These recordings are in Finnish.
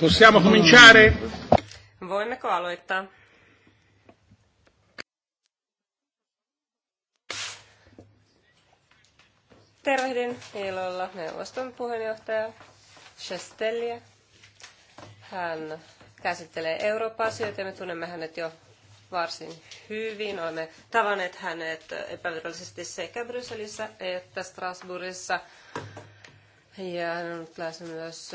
Possiamo cominciare? Voimmeko aloittaa? Tervehdin ilolla neuvoston puheenjohtaja Chestelliä. Hän käsittelee Euroopan asioita ja me tunnemme hänet jo varsin hyvin. Olemme tavanneet hänet epävirallisesti sekä Brysselissä että Strasbourgissa ja hän on ollut läsnä myös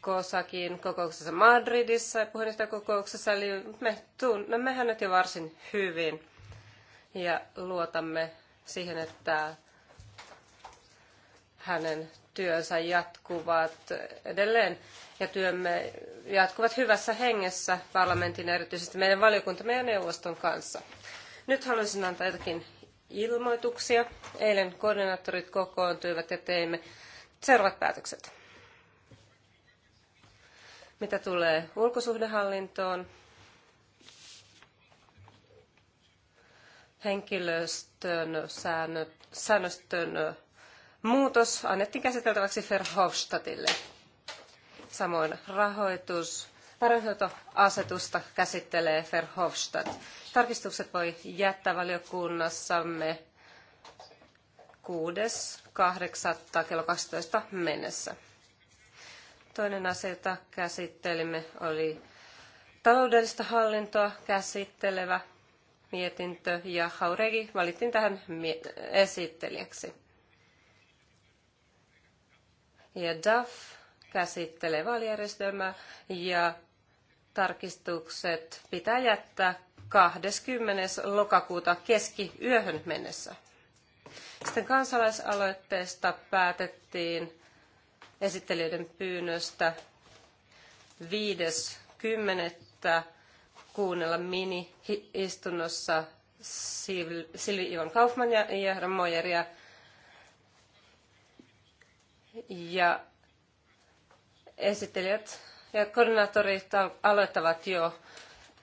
Kosakin kokouksessa Madridissa ja puheenjohtajakokouksessa, eli me tunnemme hänet jo varsin hyvin ja luotamme siihen, että hänen työnsä jatkuvat edelleen ja työmme jatkuvat hyvässä hengessä parlamentin erityisesti meidän valiokuntamme ja neuvoston kanssa. Nyt haluaisin antaa jotakin ilmoituksia. Eilen koordinaattorit kokoontuivat ja teimme seuraavat päätökset. Mitä tulee ulkosuhdehallintoon, henkilöstön säännöt, säännöstön muutos annettiin käsiteltäväksi Verhofstadtille. Samoin rahoitus, asetusta käsittelee Verhofstadt. Tarkistukset voi jättää valiokunnassamme 6.8. kello 12 mennessä. Toinen asia, jota käsittelimme, oli taloudellista hallintoa käsittelevä mietintö ja Hauregi valittiin tähän esittelijäksi. Ja DAF käsittelee vaalijärjestelmää ja tarkistukset pitää jättää 20. lokakuuta keskiyöhön mennessä. Sitten kansalaisaloitteesta päätettiin esittelijöiden pyynnöstä 5.10. kuunnella mini-istunnossa Silvi Ivan Kaufman ja Jehra Mojeria. Ja esittelijät ja koordinaattorit aloittavat jo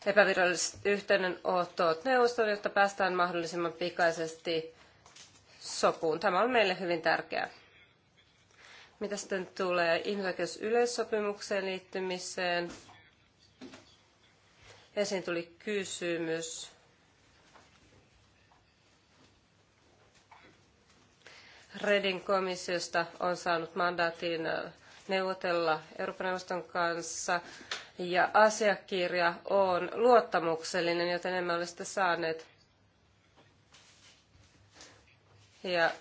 epäviralliset yhteydenotot neuvoston, jotta päästään mahdollisimman pikaisesti sopuun. Tämä on meille hyvin tärkeää. Mitä sitten tulee ihmisoikeusyleissopimukseen liittymiseen? Esiin tuli kysymys. Redin komissiosta on saanut mandaatin äh, neuvotella Euroopan neuvoston kanssa ja asiakirja on luottamuksellinen, joten emme ole sitä saaneet ja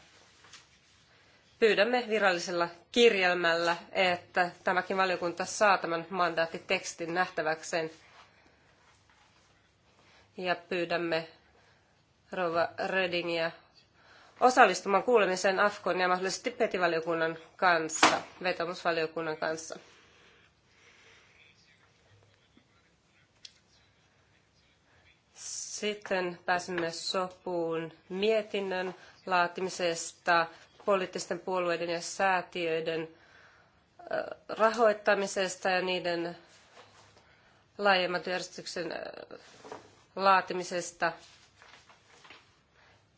pyydämme virallisella kirjelmällä, että tämäkin valiokunta saa tämän mandaattitekstin nähtäväkseen. Ja pyydämme Rova Redingiä osallistumaan kuulemiseen Afkon ja mahdollisesti petivaliokunnan kanssa, vetomusvaliokunnan kanssa. Sitten pääsimme sopuun mietinnön laatimisesta, poliittisten puolueiden ja säätiöiden rahoittamisesta ja niiden laajemman työjärjestyksen laatimisesta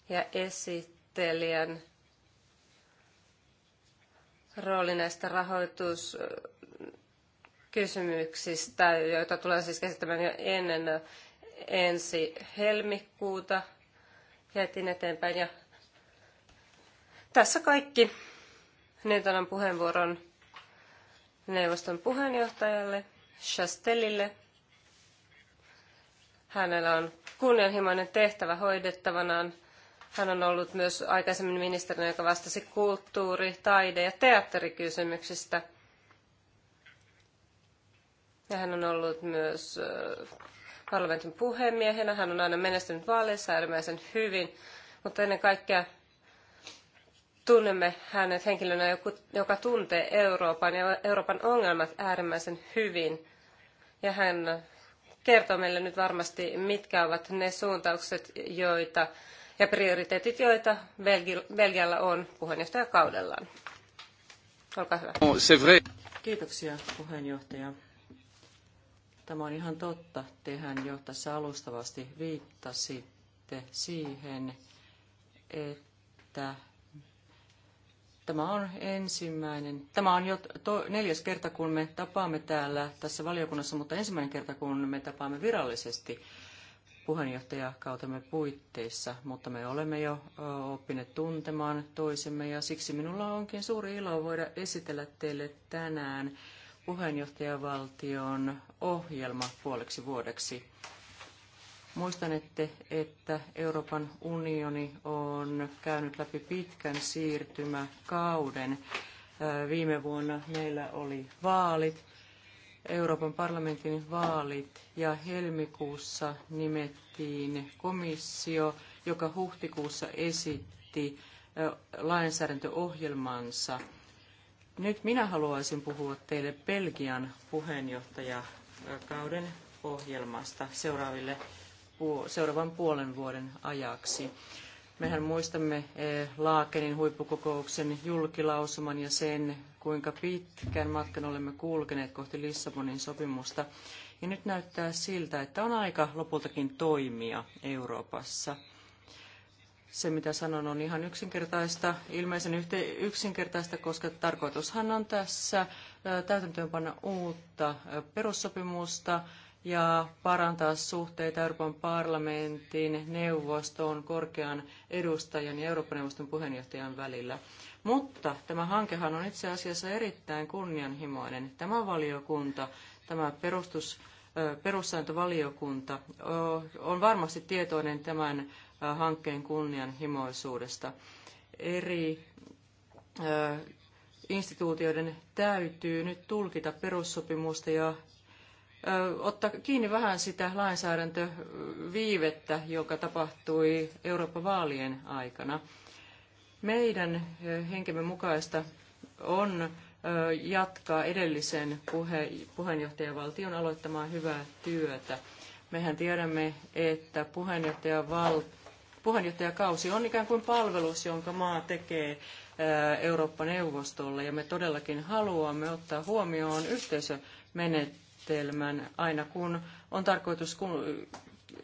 ja esittelijän rooli näistä rahoituskysymyksistä, joita tullaan siis käsittämään jo ennen ensi helmikuuta. Jätin eteenpäin ja tässä kaikki. Nyt annan puheenvuoron neuvoston puheenjohtajalle Chastelille. Hänellä on kunnianhimoinen tehtävä hoidettavanaan. Hän on ollut myös aikaisemmin ministerinä, joka vastasi kulttuuri-, taide- ja teatterikysymyksistä. Ja hän on ollut myös parlamentin puhemiehenä. Hän on aina menestynyt vaaleissa äärimmäisen hyvin, mutta ennen kaikkea tunnemme hänet henkilönä, joka tuntee Euroopan ja Euroopan ongelmat äärimmäisen hyvin. Ja hän kertoo meille nyt varmasti, mitkä ovat ne suuntaukset joita, ja prioriteetit, joita Belgialla on puheenjohtajakaudellaan. Olkaa hyvä. Kiitoksia puheenjohtaja. Tämä on ihan totta. Tehän jo tässä alustavasti viittasitte siihen, että Tämä on ensimmäinen, tämä on jo to, neljäs kerta, kun me tapaamme täällä tässä valiokunnassa, mutta ensimmäinen kerta, kun me tapaamme virallisesti puheenjohtajakautemme puitteissa, mutta me olemme jo oppineet tuntemaan toisemme ja siksi minulla onkin suuri ilo voida esitellä teille tänään puheenjohtajavaltion ohjelma puoleksi vuodeksi. Muistanette, että Euroopan unioni on käynyt läpi pitkän siirtymäkauden. Viime vuonna meillä oli vaalit, Euroopan parlamentin vaalit ja helmikuussa nimettiin komissio, joka huhtikuussa esitti lainsäädäntöohjelmansa. Nyt minä haluaisin puhua teille Belgian puheenjohtajakauden ohjelmasta seuraaville seuraavan puolen vuoden ajaksi. Mehän muistamme eh, Laakenin huippukokouksen julkilausuman ja sen, kuinka pitkän matkan olemme kulkeneet kohti Lissabonin sopimusta. Ja nyt näyttää siltä, että on aika lopultakin toimia Euroopassa. Se, mitä sanon, on ihan yksinkertaista, ilmeisen yhte- yksinkertaista, koska tarkoitushan on tässä eh, täytäntöönpanna uutta eh, perussopimusta, ja parantaa suhteita Euroopan parlamentin, neuvoston, korkean edustajan ja Euroopan neuvoston puheenjohtajan välillä. Mutta tämä hankehan on itse asiassa erittäin kunnianhimoinen. Tämä valiokunta, tämä perustus, perussääntövaliokunta on varmasti tietoinen tämän hankkeen kunnianhimoisuudesta. Eri instituutioiden täytyy nyt tulkita perussopimusta ja ottaa kiinni vähän sitä lainsäädäntöviivettä, joka tapahtui Euroopan vaalien aikana. Meidän henkemme mukaista on jatkaa edellisen puhe, puheenjohtajavaltion aloittamaa hyvää työtä. Mehän tiedämme, että puheenjohtajaval, puheenjohtajakausi on ikään kuin palvelus, jonka maa tekee Eurooppa-neuvostolle, ja me todellakin haluamme ottaa huomioon yhteisömenettelyä järjestelmän aina kun on tarkoitus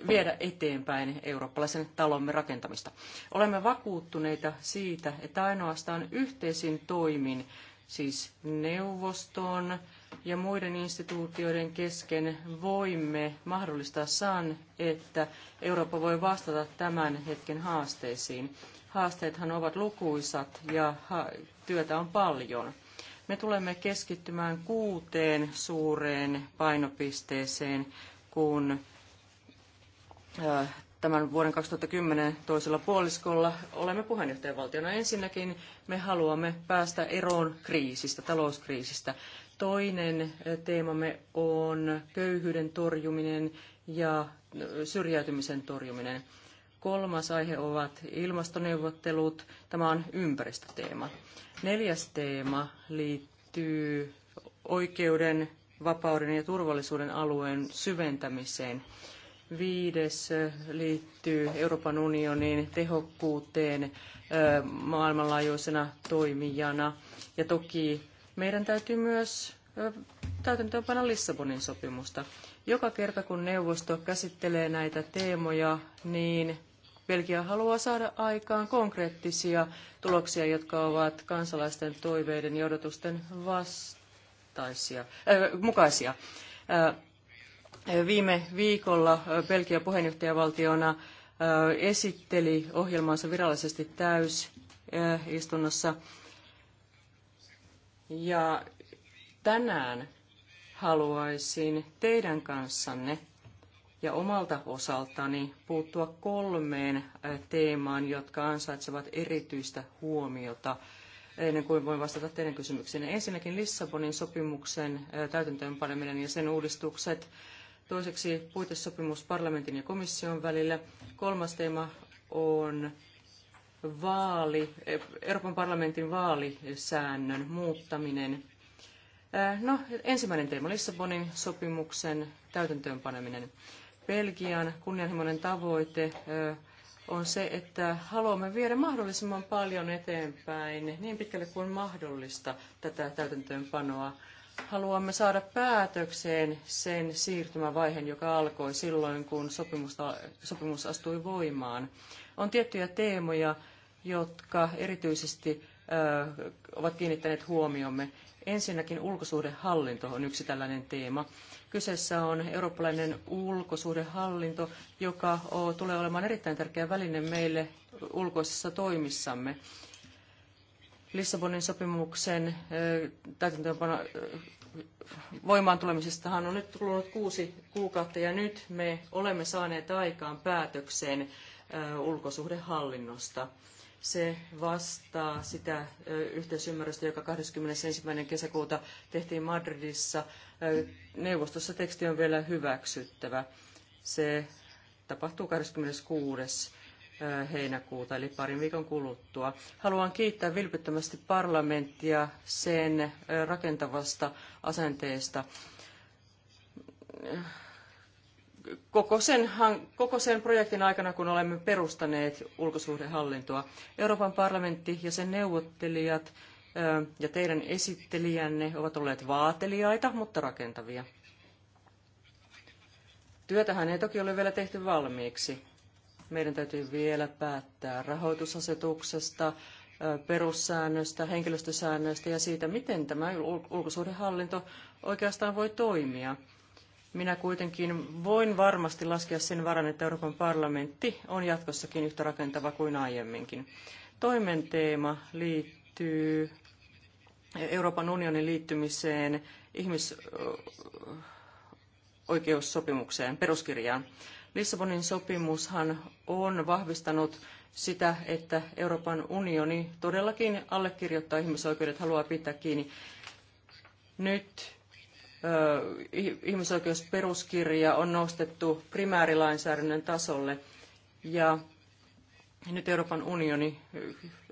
viedä eteenpäin eurooppalaisen talomme rakentamista. Olemme vakuuttuneita siitä, että ainoastaan yhteisin toimin, siis neuvoston ja muiden instituutioiden kesken, voimme mahdollistaa sen, että Eurooppa voi vastata tämän hetken haasteisiin. Haasteethan ovat lukuisat ja työtä on paljon. Me tulemme keskittymään kuuteen suureen painopisteeseen, kun tämän vuoden 2010 toisella puoliskolla olemme puheenjohtajavaltiona. Ensinnäkin me haluamme päästä eroon kriisistä, talouskriisistä. Toinen teemamme on köyhyyden torjuminen ja syrjäytymisen torjuminen. Kolmas aihe ovat ilmastoneuvottelut. Tämä on ympäristöteema. Neljäs teema liittyy oikeuden, vapauden ja turvallisuuden alueen syventämiseen. Viides liittyy Euroopan unionin tehokkuuteen maailmanlaajuisena toimijana. Ja toki meidän täytyy myös täytäntöönpana Lissabonin sopimusta. Joka kerta kun neuvosto käsittelee näitä teemoja, niin Belgia haluaa saada aikaan konkreettisia tuloksia, jotka ovat kansalaisten toiveiden ja odotusten vastaisia, äh, mukaisia. Äh, viime viikolla äh, Belgia puheenjohtajavaltiona äh, esitteli ohjelmansa virallisesti täysistunnossa. Ja tänään haluaisin teidän kanssanne ja omalta osaltani puuttua kolmeen teemaan, jotka ansaitsevat erityistä huomiota ennen kuin voin vastata teidän kysymykseen. Ensinnäkin Lissabonin sopimuksen täytäntöönpaneminen ja sen uudistukset. Toiseksi puitesopimus parlamentin ja komission välillä. Kolmas teema on vaali, Euroopan parlamentin vaalisäännön muuttaminen. No, ensimmäinen teema Lissabonin sopimuksen täytäntöönpaneminen. Belgian kunnianhimoinen tavoite on se, että haluamme viedä mahdollisimman paljon eteenpäin, niin pitkälle kuin mahdollista, tätä täytäntöönpanoa. Haluamme saada päätökseen sen siirtymävaiheen, joka alkoi silloin, kun sopimus astui voimaan. On tiettyjä teemoja, jotka erityisesti ovat kiinnittäneet huomiomme. Ensinnäkin ulkosuhdehallinto on yksi tällainen teema. Kyseessä on eurooppalainen ulkosuhdehallinto, joka tulee olemaan erittäin tärkeä väline meille ulkoisissa toimissamme. Lissabonin sopimuksen täytäntöönpano voimaan tulemisestahan on nyt kulunut kuusi kuukautta ja nyt me olemme saaneet aikaan päätöksen ulkosuhdehallinnosta. Se vastaa sitä yhteisymmärrystä, joka 21. kesäkuuta tehtiin Madridissa. Neuvostossa teksti on vielä hyväksyttävä. Se tapahtuu 26 heinäkuuta, eli parin viikon kuluttua. Haluan kiittää vilpittömästi parlamenttia sen rakentavasta asenteesta koko sen, koko sen projektin aikana, kun olemme perustaneet ulkosuhdehallintoa. Euroopan parlamentti ja sen neuvottelijat ja teidän esittelijänne ovat olleet vaateliaita, mutta rakentavia. Työtähän ei toki ole vielä tehty valmiiksi. Meidän täytyy vielä päättää rahoitusasetuksesta, perussäännöstä, henkilöstösäännöistä ja siitä, miten tämä ulkosuhdehallinto oikeastaan voi toimia. Minä kuitenkin voin varmasti laskea sen varan, että Euroopan parlamentti on jatkossakin yhtä rakentava kuin aiemminkin. Toinen teema liittyy Euroopan unionin liittymiseen ihmisoikeussopimukseen, peruskirjaan. Lissabonin sopimushan on vahvistanut sitä, että Euroopan unioni todellakin allekirjoittaa ihmisoikeudet, haluaa pitää kiinni. Nyt ihmisoikeusperuskirja on nostettu primäärilainsäädännön tasolle ja nyt Euroopan unioni,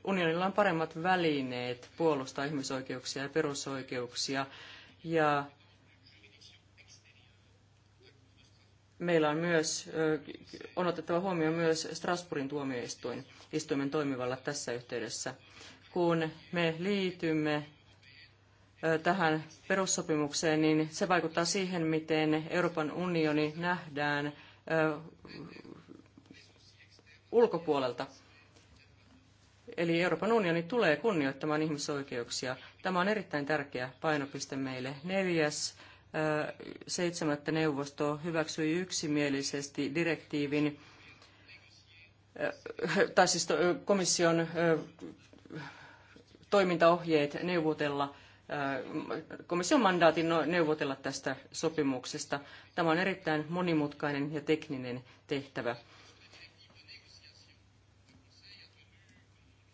unionilla on paremmat välineet puolustaa ihmisoikeuksia ja perusoikeuksia ja meillä on myös, on otettava huomioon myös Strasbourgin tuomioistuin, istuimen toimivalla tässä yhteydessä. Kun me liitymme tähän perussopimukseen, niin se vaikuttaa siihen, miten Euroopan unioni nähdään ulkopuolelta. Eli Euroopan unioni tulee kunnioittamaan ihmisoikeuksia. Tämä on erittäin tärkeä painopiste meille. Neljäs seitsemättä neuvosto hyväksyi yksimielisesti direktiivin, tai siis komission toimintaohjeet neuvotella – komission mandaatin no-, neuvotella tästä sopimuksesta. Tämä on erittäin monimutkainen ja tekninen tehtävä.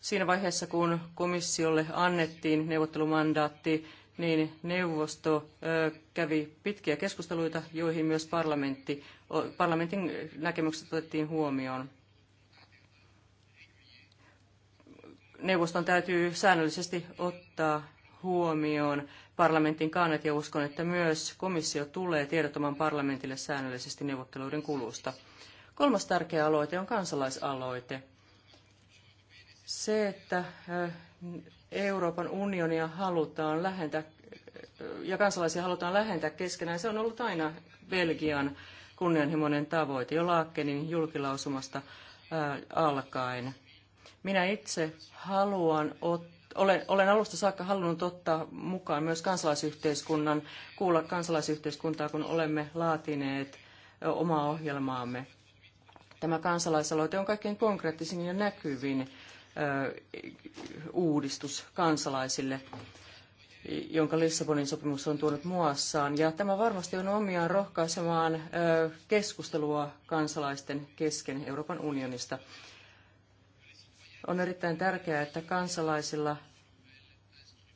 Siinä vaiheessa, kun komissiolle annettiin neuvottelumandaatti, niin neuvosto kävi pitkiä keskusteluita, joihin myös parlamentti, parlamentin näkemykset otettiin huomioon. Neuvoston täytyy säännöllisesti ottaa huomioon parlamentin kannat ja uskon, että myös komissio tulee tiedottamaan parlamentille säännöllisesti neuvotteluiden kulusta. Kolmas tärkeä aloite on kansalaisaloite. Se, että Euroopan unionia halutaan lähentää ja kansalaisia halutaan lähentää keskenään, se on ollut aina Belgian kunnianhimoinen tavoite jo Laakkenin julkilausumasta alkaen. Minä itse haluan ottaa olen, olen alusta saakka halunnut ottaa mukaan myös kansalaisyhteiskunnan, kuulla kansalaisyhteiskuntaa, kun olemme laatineet omaa ohjelmaamme. Tämä kansalaisaloite on kaikkein konkreettisin ja näkyvin uudistus kansalaisille, jonka Lissabonin sopimus on tuonut muassaan. Ja tämä varmasti on omiaan rohkaisemaan keskustelua kansalaisten kesken Euroopan unionista. On erittäin tärkeää, että kansalaisilla,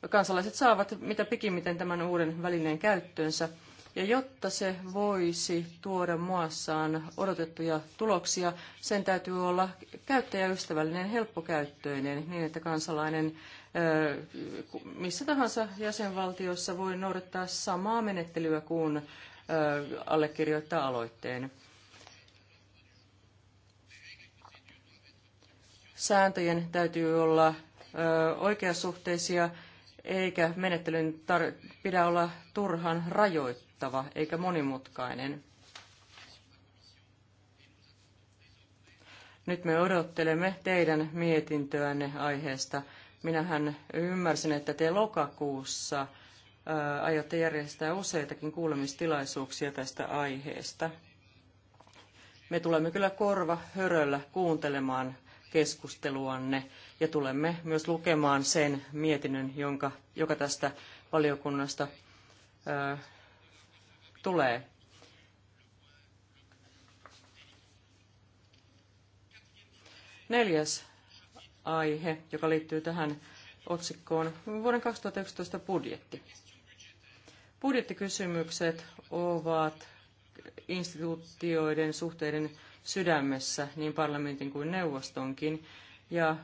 kansalaiset saavat mitä pikimmiten tämän uuden välineen käyttöönsä. Ja jotta se voisi tuoda muassaan odotettuja tuloksia, sen täytyy olla käyttäjäystävällinen, helppokäyttöinen, niin että kansalainen missä tahansa jäsenvaltiossa voi noudattaa samaa menettelyä kuin allekirjoittaa aloitteen. Sääntöjen täytyy olla oikeasuhteisia, eikä menettelyn pidä olla turhan rajoittava eikä monimutkainen. Nyt me odottelemme teidän mietintöänne aiheesta. Minähän ymmärsin, että te lokakuussa aiotte järjestää useitakin kuulemistilaisuuksia tästä aiheesta. Me tulemme kyllä korva höröllä kuuntelemaan keskusteluanne ja tulemme myös lukemaan sen mietinnön, jonka, joka tästä valiokunnasta ö, tulee. Neljäs aihe, joka liittyy tähän otsikkoon, vuoden 2011 budjetti. Budjettikysymykset ovat instituutioiden suhteiden sydämessä niin parlamentin kuin neuvostonkin. Ja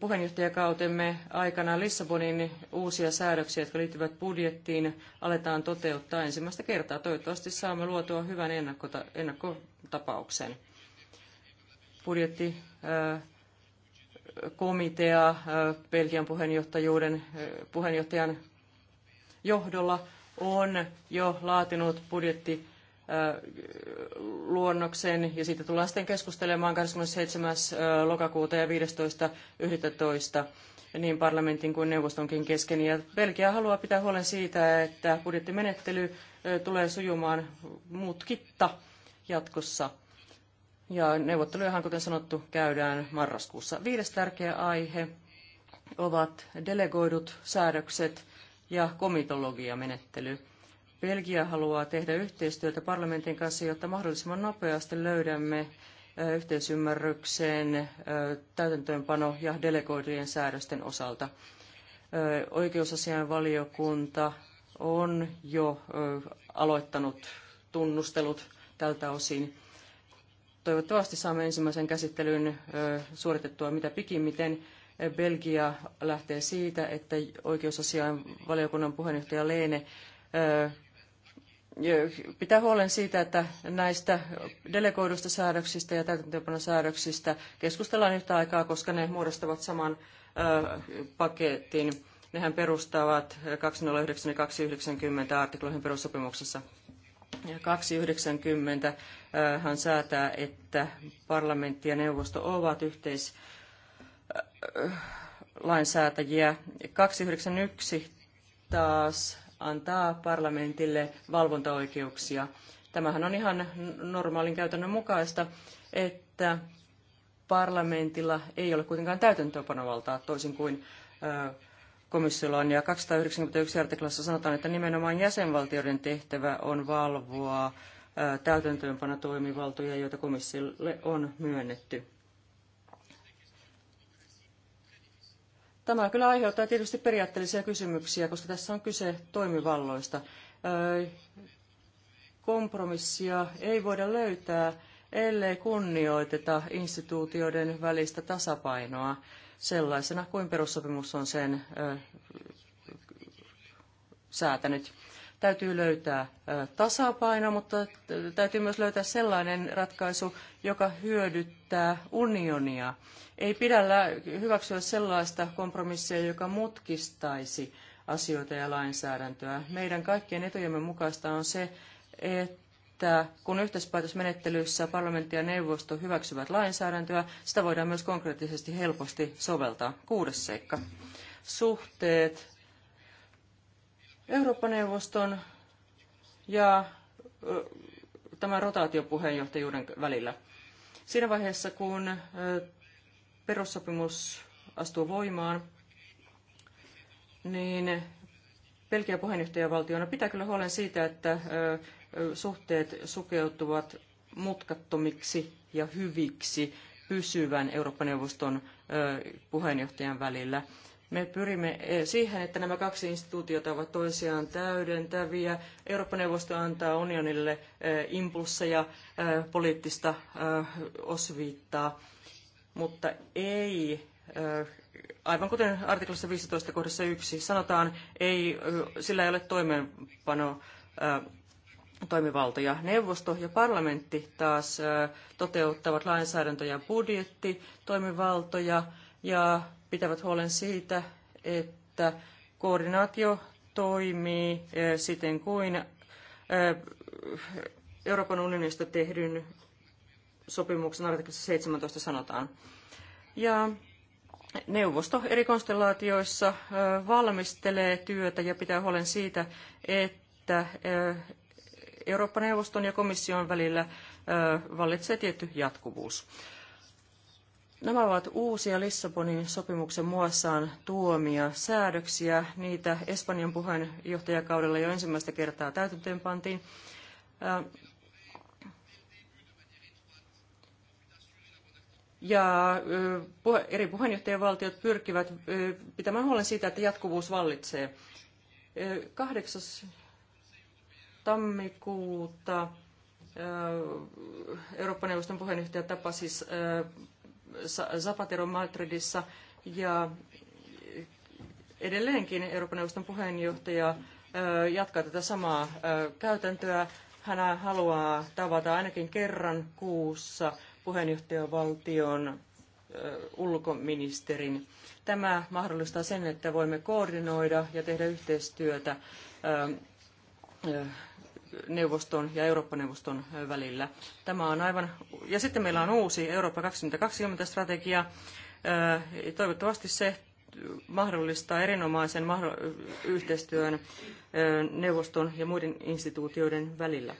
puheenjohtajakautemme aikana Lissabonin uusia säädöksiä, jotka liittyvät budjettiin, aletaan toteuttaa ensimmäistä kertaa. Toivottavasti saamme luotua hyvän ennakkotapauksen. Budjetti äh, komitea äh, Belgian puheenjohtajuuden, äh, puheenjohtajan johdolla on jo laatinut budjetti luonnoksen ja siitä tullaan sitten keskustelemaan 27. lokakuuta ja 15.11. niin parlamentin kuin neuvostonkin kesken. Ja Belgia haluaa pitää huolen siitä, että budjettimenettely tulee sujumaan mutkitta jatkossa. Ja neuvottelujahan, kuten sanottu, käydään marraskuussa. Viides tärkeä aihe ovat delegoidut säädökset – ja komitologiamenettely. Belgia haluaa tehdä yhteistyötä parlamentin kanssa, jotta mahdollisimman nopeasti löydämme yhteisymmärrykseen täytäntöönpano- ja delegoitujen säädösten osalta. Oikeusasian valiokunta on jo aloittanut tunnustelut tältä osin. Toivottavasti saamme ensimmäisen käsittelyn suoritettua mitä pikimmiten. Belgia lähtee siitä, että oikeusasian valiokunnan puheenjohtaja Leene pitää huolen siitä, että näistä delegoidusta säädöksistä ja täytäntöönpanosäädöksistä keskustellaan yhtä aikaa, koska ne muodostavat saman paketin. Nehän perustavat 209 ja 290 artikloihin perussopimuksessa. Ja 290 hän säätää, että parlamentti ja neuvosto ovat yhteis- lainsäätäjiä. 291 taas antaa parlamentille valvontaoikeuksia. Tämähän on ihan normaalin käytännön mukaista, että parlamentilla ei ole kuitenkaan täytäntöönpanovaltaa toisin kuin komissiolla on. Ja 291 artiklassa sanotaan, että nimenomaan jäsenvaltioiden tehtävä on valvoa täytäntöönpanotoimivaltoja, joita komissiolle on myönnetty. Tämä kyllä aiheuttaa tietysti periaatteellisia kysymyksiä, koska tässä on kyse toimivalloista. Kompromissia ei voida löytää, ellei kunnioiteta instituutioiden välistä tasapainoa sellaisena kuin perussopimus on sen säätänyt. Täytyy löytää tasapaino, mutta täytyy myös löytää sellainen ratkaisu, joka hyödyttää unionia. Ei pidä hyväksyä sellaista kompromissia, joka mutkistaisi asioita ja lainsäädäntöä. Meidän kaikkien etujemme mukaista on se, että kun yhteispäätösmenettelyssä parlamentti ja neuvosto hyväksyvät lainsäädäntöä, sitä voidaan myös konkreettisesti helposti soveltaa. Kuudes seikka. Suhteet Eurooppa-neuvoston ja tämän rotaatiopuheenjohtajuuden välillä. Siinä vaiheessa, kun perussopimus astuu voimaan, niin Pelkiä puheenjohtajavaltiona pitää kyllä huolen siitä, että suhteet sukeutuvat mutkattomiksi ja hyviksi pysyvän Eurooppa-neuvoston puheenjohtajan välillä. Me pyrimme eh, siihen, että nämä kaksi instituutiota ovat toisiaan täydentäviä. Eurooppa-neuvosto antaa unionille eh, impulsseja, eh, poliittista osviittaa, mutta ei aivan kuten artiklassa 15 kohdassa 1 sanotaan, ei, sillä ei ole toimeenpano toimivaltoja. Neuvosto ja parlamentti taas toteuttavat lainsäädäntö- ja budjettitoimivaltoja ja pitävät huolen siitä, että koordinaatio toimii siten kuin Euroopan unionista tehdyn sopimuksen artiklassa 17 sanotaan. Ja neuvosto eri konstellaatioissa valmistelee työtä ja pitää huolen siitä, että Eurooppa-neuvoston ja komission välillä vallitsee tietty jatkuvuus. Nämä ovat uusia Lissabonin sopimuksen muassaan tuomia säädöksiä. Niitä Espanjan puheenjohtajakaudella jo ensimmäistä kertaa täytäntöön pantiin. Ja eri puheenjohtajavaltiot pyrkivät pitämään huolen siitä, että jatkuvuus vallitsee. 8. tammikuuta Eurooppa-neuvoston puheenjohtaja tapasi Zapatero Madridissa ja edelleenkin Euroopan neuvoston puheenjohtaja jatkaa tätä samaa käytäntöä. Hän haluaa tavata ainakin kerran kuussa puheenjohtajavaltion ulkoministerin. Tämä mahdollistaa sen, että voimme koordinoida ja tehdä yhteistyötä neuvoston ja Eurooppa-neuvoston välillä. Tämä on aivan... Ja sitten meillä on uusi Eurooppa 2020-strategia. Toivottavasti se mahdollistaa erinomaisen yhteistyön neuvoston ja muiden instituutioiden välillä.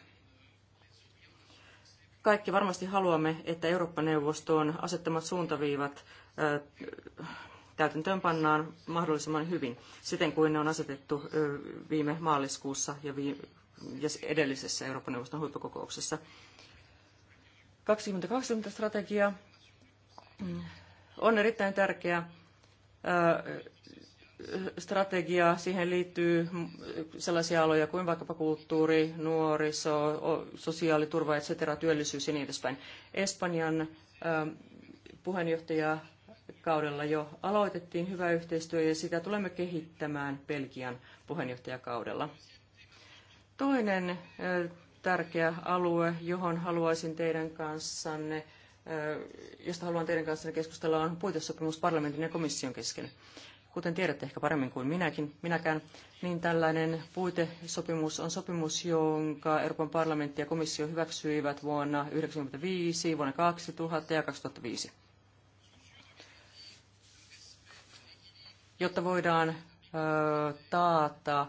Kaikki varmasti haluamme, että Eurooppa-neuvoston asettamat suuntaviivat täytäntöön pannaan mahdollisimman hyvin, siten kuin ne on asetettu viime maaliskuussa ja ja edellisessä Euroopan neuvoston huippukokouksessa. 2020-strategia mm, on erittäin tärkeä strategia. Siihen liittyy sellaisia aloja kuin vaikkapa kulttuuri, nuoriso, sosiaaliturva, etc., työllisyys ja niin edespäin. Espanjan kaudella jo aloitettiin hyvä yhteistyö ja sitä tulemme kehittämään Belgian puheenjohtajakaudella. Toinen tärkeä alue, johon haluaisin teidän kanssanne, josta haluan teidän kanssanne keskustella, on puitesopimus parlamentin ja komission kesken. Kuten tiedätte ehkä paremmin kuin minäkin, minäkään, niin tällainen puitesopimus on sopimus, jonka Euroopan parlamentti ja komissio hyväksyivät vuonna 1995, vuonna 2000 ja 2005. Jotta voidaan taata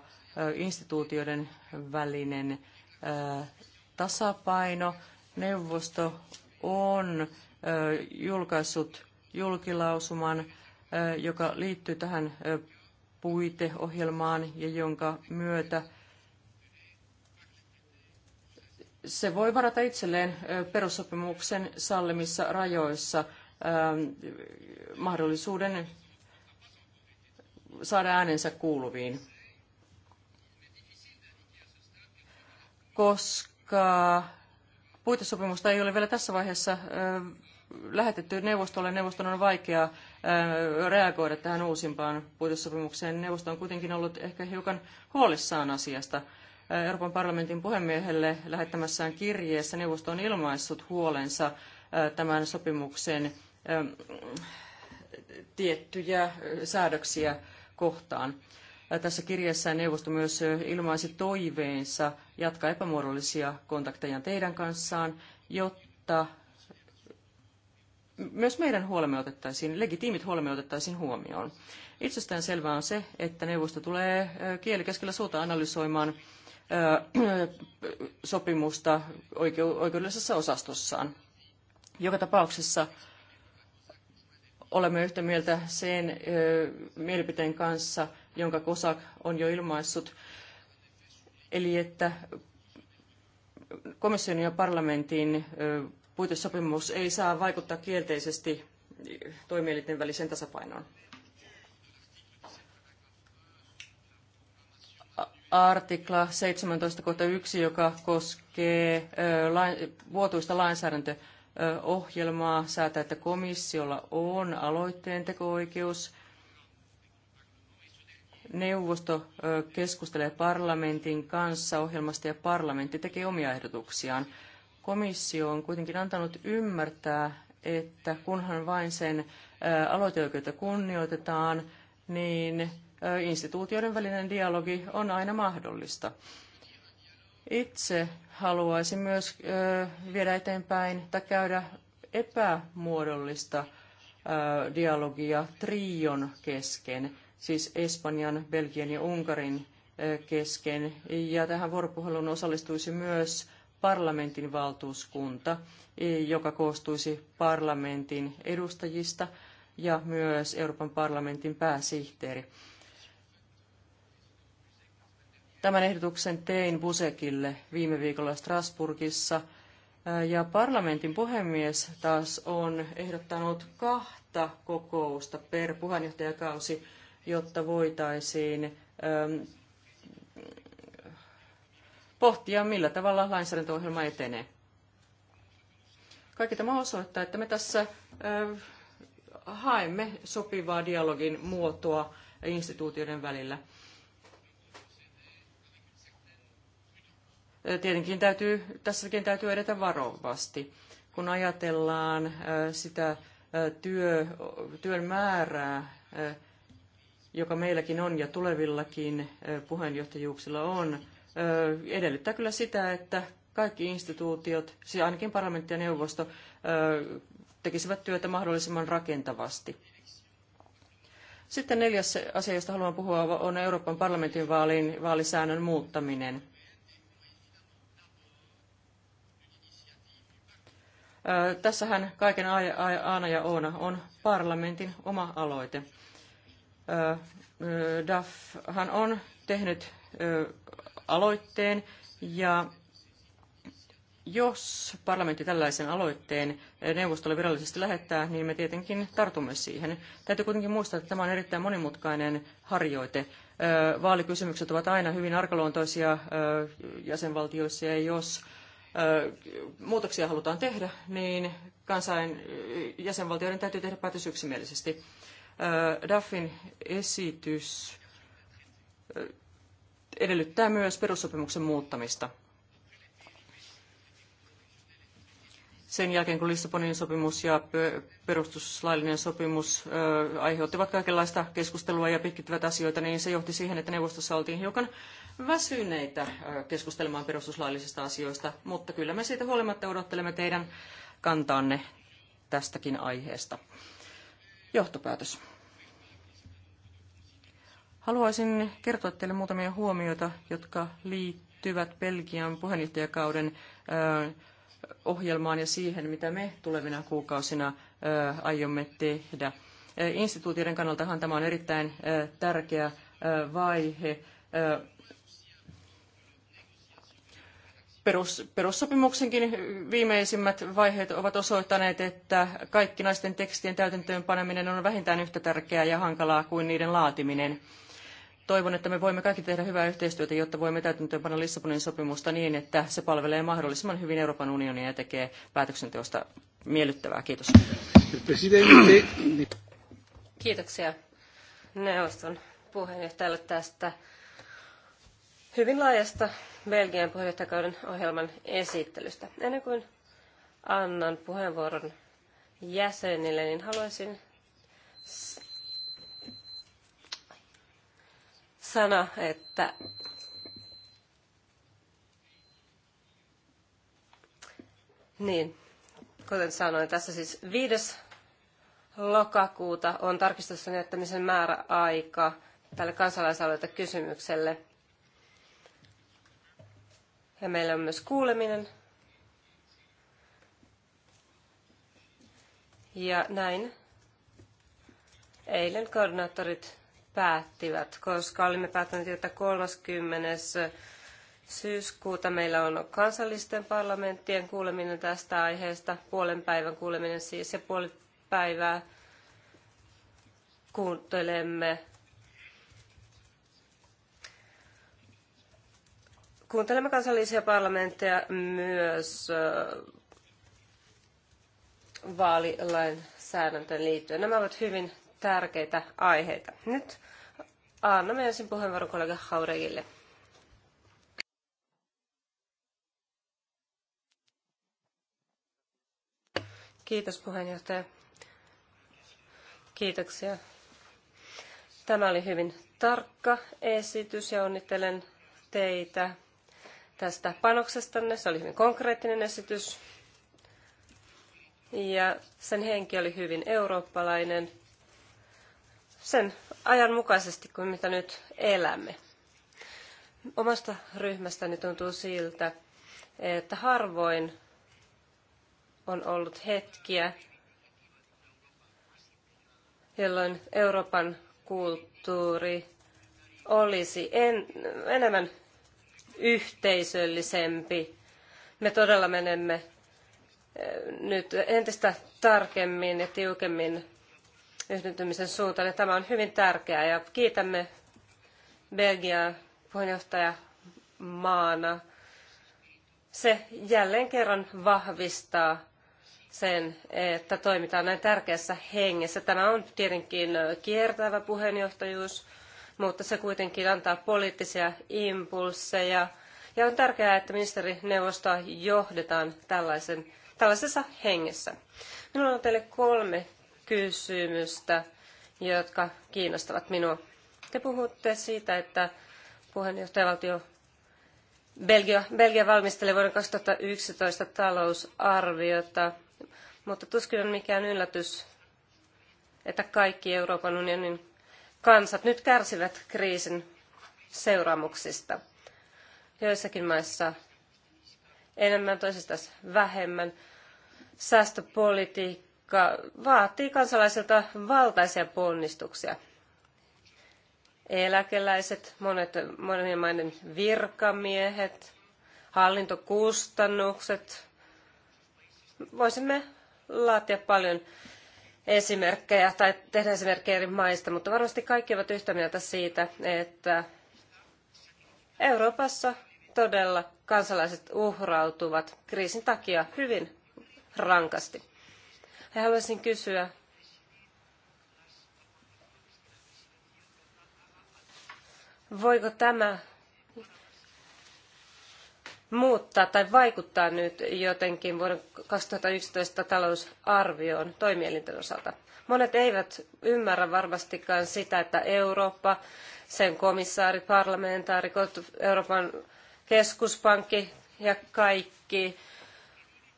instituutioiden välinen tasapaino. Neuvosto on julkaissut julkilausuman, joka liittyy tähän puiteohjelmaan ja jonka myötä se voi varata itselleen perussopimuksen sallimissa rajoissa mahdollisuuden saada äänensä kuuluviin. koska puitesopimusta ei ole vielä tässä vaiheessa lähetetty neuvostolle. Neuvoston on vaikea reagoida tähän uusimpaan puitesopimukseen. Neuvosto on kuitenkin ollut ehkä hiukan huolissaan asiasta. Euroopan parlamentin puhemiehelle lähettämässään kirjeessä neuvosto on ilmaissut huolensa tämän sopimuksen tiettyjä säädöksiä kohtaan. Tässä kirjassa neuvosto myös ilmaisi toiveensa jatkaa epämuodollisia kontakteja teidän kanssaan, jotta myös meidän huolemme otettaisiin, legitiimit huolemme otettaisiin huomioon. Itsestään selvää on se, että neuvosto tulee kieli keskellä suuta analysoimaan sopimusta oikeudellisessa osastossaan. Joka tapauksessa olemme yhtä mieltä sen mielipiteen kanssa, jonka COSAC on jo ilmaissut. Eli että komission ja parlamentin puitesopimus ei saa vaikuttaa kielteisesti toimielinten väliseen tasapainoon. Artikla 17.1, joka koskee vuotuista lainsäädäntöohjelmaa, säätää, että komissiolla on aloitteen teko-oikeus – neuvosto keskustelee parlamentin kanssa ohjelmasta ja parlamentti tekee omia ehdotuksiaan. Komissio on kuitenkin antanut ymmärtää, että kunhan vain sen aloiteoikeutta kunnioitetaan, niin instituutioiden välinen dialogi on aina mahdollista. Itse haluaisin myös viedä eteenpäin tai käydä epämuodollista dialogia trion kesken siis Espanjan, Belgian ja Unkarin kesken. Ja tähän vuoropuheluun osallistuisi myös parlamentin valtuuskunta, e, joka koostuisi parlamentin edustajista ja myös Euroopan parlamentin pääsihteeri. Tämän ehdotuksen tein Busekille viime viikolla Strasburgissa. Ja parlamentin puhemies taas on ehdottanut kahta kokousta per puheenjohtajakausi jotta voitaisiin ähm, pohtia, millä tavalla lainsäädäntöohjelma etenee. Kaikki tämä osoittaa, että me tässä ähm, haemme sopivaa dialogin muotoa instituutioiden välillä. Äh, tietenkin täytyy, tässäkin täytyy edetä varovasti. Kun ajatellaan äh, sitä äh, työ, työn määrää, joka meilläkin on ja tulevillakin puheenjohtajuuksilla on, edellyttää kyllä sitä, että kaikki instituutiot, siis ainakin parlamentti ja neuvosto, tekisivät työtä mahdollisimman rakentavasti. Sitten neljäs asia, josta haluan puhua, on Euroopan parlamentin vaalin, vaalisäännön muuttaminen. Tässähän kaiken aana ja oona on parlamentin oma aloite. Hän on tehnyt aloitteen ja jos parlamentti tällaisen aloitteen neuvostolle virallisesti lähettää, niin me tietenkin tartumme siihen. Täytyy kuitenkin muistaa, että tämä on erittäin monimutkainen harjoite. Vaalikysymykset ovat aina hyvin arkaluontoisia jäsenvaltioissa ja jos muutoksia halutaan tehdä, niin kansain jäsenvaltioiden täytyy tehdä päätös yksimielisesti. Daffin esitys edellyttää myös perussopimuksen muuttamista. Sen jälkeen, kun Lissabonin sopimus ja perustuslaillinen sopimus aiheuttivat kaikenlaista keskustelua ja pitkittivät asioita, niin se johti siihen, että neuvostossa oltiin hiukan väsyneitä keskustelemaan perustuslaillisista asioista, mutta kyllä me siitä huolimatta odottelemme teidän kantaanne tästäkin aiheesta johtopäätös. Haluaisin kertoa teille muutamia huomioita, jotka liittyvät Belgian puheenjohtajakauden ohjelmaan ja siihen, mitä me tulevina kuukausina aiomme tehdä. Instituutioiden kannaltahan tämä on erittäin tärkeä vaihe Perus, perussopimuksenkin viimeisimmät vaiheet ovat osoittaneet, että kaikki naisten tekstien täytäntöönpaneminen on vähintään yhtä tärkeää ja hankalaa kuin niiden laatiminen. Toivon, että me voimme kaikki tehdä hyvää yhteistyötä, jotta voimme täytäntöönpanna Lissabonin sopimusta niin, että se palvelee mahdollisimman hyvin Euroopan unionia ja tekee päätöksenteosta miellyttävää. Kiitos. Kiitoksia neuvoston puheenjohtajalle tästä hyvin laajasta Belgian puheenjohtajakauden ohjelman esittelystä. Ennen kuin annan puheenvuoron jäsenille, niin haluaisin sanoa, että niin, kuten sanoin, tässä siis 5. lokakuuta on tarkistusten jättämisen määräaika tälle kansalaisaloitekysymykselle. kysymykselle ja meillä on myös kuuleminen. Ja näin eilen koordinaattorit päättivät, koska olimme päättäneet, että 30. syyskuuta meillä on kansallisten parlamenttien kuuleminen tästä aiheesta, puolen päivän kuuleminen siis, ja puoli päivää kuuntelemme kuuntelemme kansallisia parlamentteja myös vaalilainsäädäntöön liittyen. Nämä ovat hyvin tärkeitä aiheita. Nyt annamme ensin puheenvuoron kollega Haureille. Kiitos puheenjohtaja. Kiitoksia. Tämä oli hyvin tarkka esitys ja onnittelen teitä tästä panoksestanne. Se oli hyvin konkreettinen esitys. Ja sen henki oli hyvin eurooppalainen sen ajan mukaisesti kuin mitä nyt elämme. Omasta ryhmästäni tuntuu siltä, että harvoin on ollut hetkiä, jolloin Euroopan kulttuuri olisi en, enemmän yhteisöllisempi. Me todella menemme eh, nyt entistä tarkemmin ja tiukemmin yhdentymisen suuntaan. Ja tämä on hyvin tärkeää ja kiitämme Belgiaa puheenjohtaja maana. Se jälleen kerran vahvistaa sen, että toimitaan näin tärkeässä hengessä. Tämä on tietenkin kiertävä puheenjohtajuus, mutta se kuitenkin antaa poliittisia impulseja. Ja on tärkeää, että ministerineuvostoa johdetaan tällaisen, tällaisessa hengessä. Minulla on teille kolme kysymystä, jotka kiinnostavat minua. Te puhutte siitä, että puheenjohtajavaltio Belgia, Belgia valmistelee vuoden 2011 talousarviota, mutta tuskin on mikään yllätys, että kaikki Euroopan unionin kansat nyt kärsivät kriisin seuraamuksista. Joissakin maissa enemmän, toisissa vähemmän. Säästöpolitiikka vaatii kansalaisilta valtaisia ponnistuksia. Eläkeläiset, monet, monien maiden virkamiehet, hallintokustannukset. Voisimme laatia paljon esimerkkejä tai tehdä esimerkkejä eri maista, mutta varmasti kaikki ovat yhtä mieltä siitä, että Euroopassa todella kansalaiset uhrautuvat kriisin takia hyvin rankasti. Ja haluaisin kysyä, voiko tämä muuttaa tai vaikuttaa nyt jotenkin vuoden 2011 talousarvioon toimielinten osalta. Monet eivät ymmärrä varmastikaan sitä, että Eurooppa, sen komissaarit, parlamentaarikot, Euroopan keskuspankki ja kaikki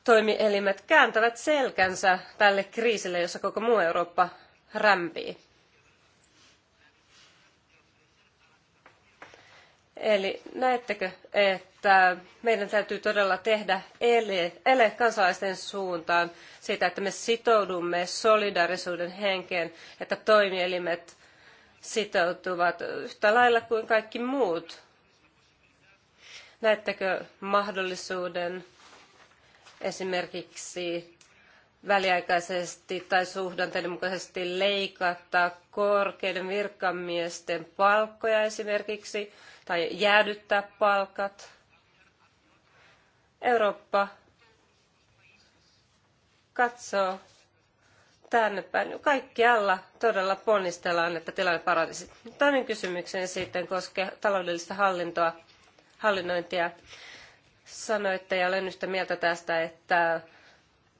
toimielimet kääntävät selkänsä tälle kriisille, jossa koko muu Eurooppa rämpii. Eli näettekö, että meidän täytyy todella tehdä ele, ele kansalaisten suuntaan siitä, että me sitoudumme solidaarisuuden henkeen, että toimielimet sitoutuvat yhtä lailla kuin kaikki muut. Näettekö mahdollisuuden esimerkiksi väliaikaisesti tai suhdanteiden mukaisesti leikata korkeiden virkamiesten palkkoja esimerkiksi tai jäädyttää palkat. Eurooppa katsoo tänne päin. Kaikkialla todella ponnistellaan, että tilanne paranisi. Toinen kysymykseni sitten koskee taloudellista hallintoa, hallinnointia. Sanoitte ja olen yhtä mieltä tästä, että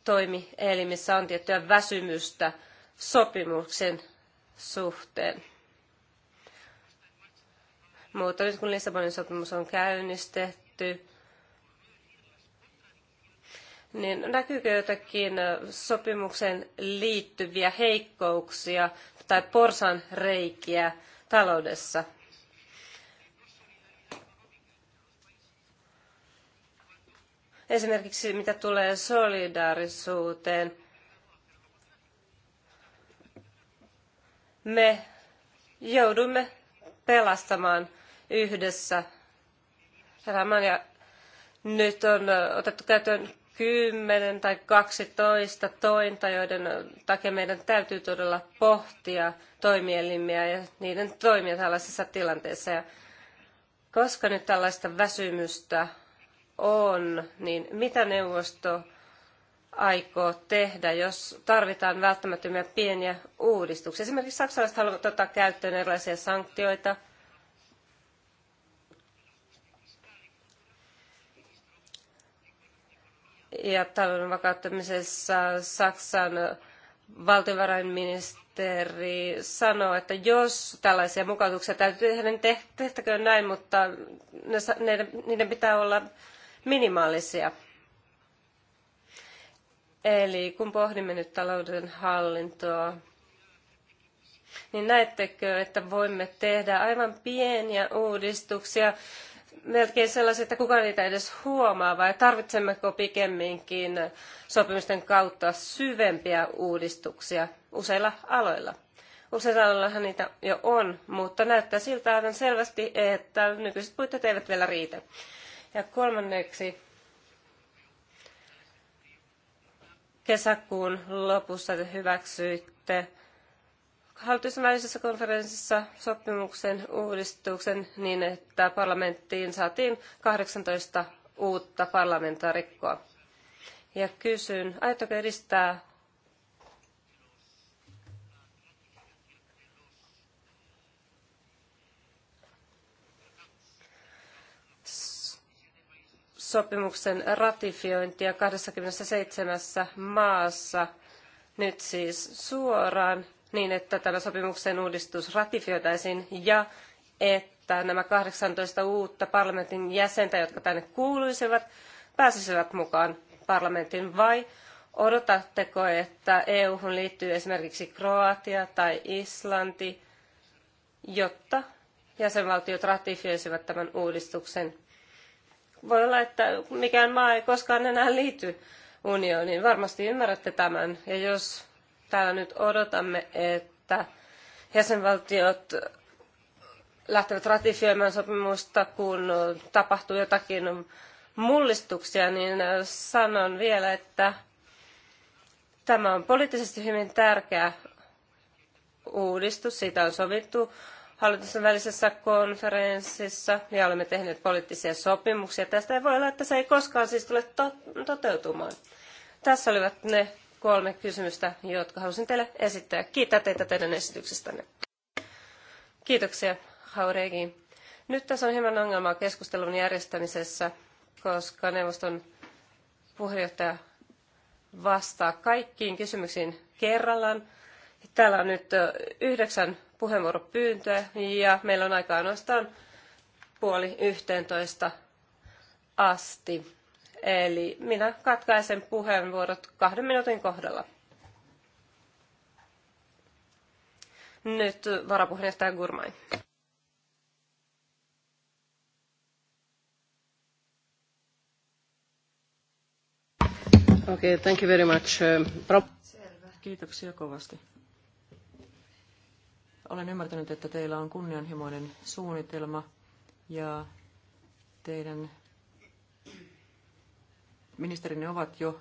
toimielimissä on tiettyä väsymystä sopimuksen suhteen. Mutta nyt kun Lissabonin sopimus on käynnistetty, niin näkyykö jotakin sopimuksen liittyviä heikkouksia tai porsan reikiä taloudessa? Esimerkiksi mitä tulee solidaarisuuteen, me joudumme pelastamaan yhdessä elämän ja nyt on otettu käyttöön 10 tai 12 tointa, joiden takia meidän täytyy todella pohtia toimielimiä ja niiden toimia tällaisessa tilanteessa. Ja koska nyt tällaista väsymystä on, niin mitä neuvosto aikoo tehdä, jos tarvitaan välttämättömiä pieniä uudistuksia. Esimerkiksi saksalaiset haluavat ottaa käyttöön erilaisia sanktioita. Ja talouden vakauttamisessa Saksan valtiovarainministeri sanoo, että jos tällaisia mukautuksia täytyy tehdä, niin tehtäköön näin, mutta niiden pitää olla minimaalisia. Eli kun pohdimme nyt talouden hallintoa, niin näettekö, että voimme tehdä aivan pieniä uudistuksia, melkein sellaisia, että kukaan niitä edes huomaa, vai tarvitsemmeko pikemminkin sopimusten kautta syvempiä uudistuksia useilla aloilla? Useilla aloillahan niitä jo on, mutta näyttää siltä aivan selvästi, että nykyiset puitteet eivät vielä riitä. Ja kolmanneksi kesäkuun lopussa te hyväksyitte hallitusten välisessä konferenssissa sopimuksen uudistuksen niin, että parlamenttiin saatiin 18 uutta parlamentaarikkoa. Ja kysyn, aiotteko edistää sopimuksen ratifiointia 27 maassa nyt siis suoraan niin, että tämä sopimuksen uudistus ratifioitaisiin ja että nämä 18 uutta parlamentin jäsentä, jotka tänne kuuluisivat, pääsisivät mukaan parlamentin vai odotatteko, että EU-hun liittyy esimerkiksi Kroatia tai Islanti, jotta jäsenvaltiot ratifioisivat tämän uudistuksen voi olla, että mikään maa ei koskaan enää liity unioniin. Varmasti ymmärrätte tämän. Ja jos täällä nyt odotamme, että jäsenvaltiot lähtevät ratifioimaan sopimusta, kun tapahtuu jotakin mullistuksia, niin sanon vielä, että tämä on poliittisesti hyvin tärkeä uudistus. Siitä on sovittu hallitusten välisessä konferenssissa ja olemme tehneet poliittisia sopimuksia. Tästä ei voi olla, että se ei koskaan siis tule to- toteutumaan. Tässä olivat ne kolme kysymystä, jotka halusin teille esittää. Kiitän teitä teidän esityksestänne. Kiitoksia, Hauregi. Nyt tässä on hieman ongelmaa keskustelun järjestämisessä, koska neuvoston puheenjohtaja vastaa kaikkiin kysymyksiin kerrallaan Täällä on nyt yhdeksän puheenvuoropyyntöä ja meillä on aikaa ainoastaan puoli yhteentoista asti. Eli minä katkaisen puheenvuorot kahden minuutin kohdalla. Nyt varapuheenjohtaja Gurmai. Okei, okay, thank you very much. Um, pro- Kiitoksia kovasti. Olen ymmärtänyt, että teillä on kunnianhimoinen suunnitelma ja teidän ministerinne ovat jo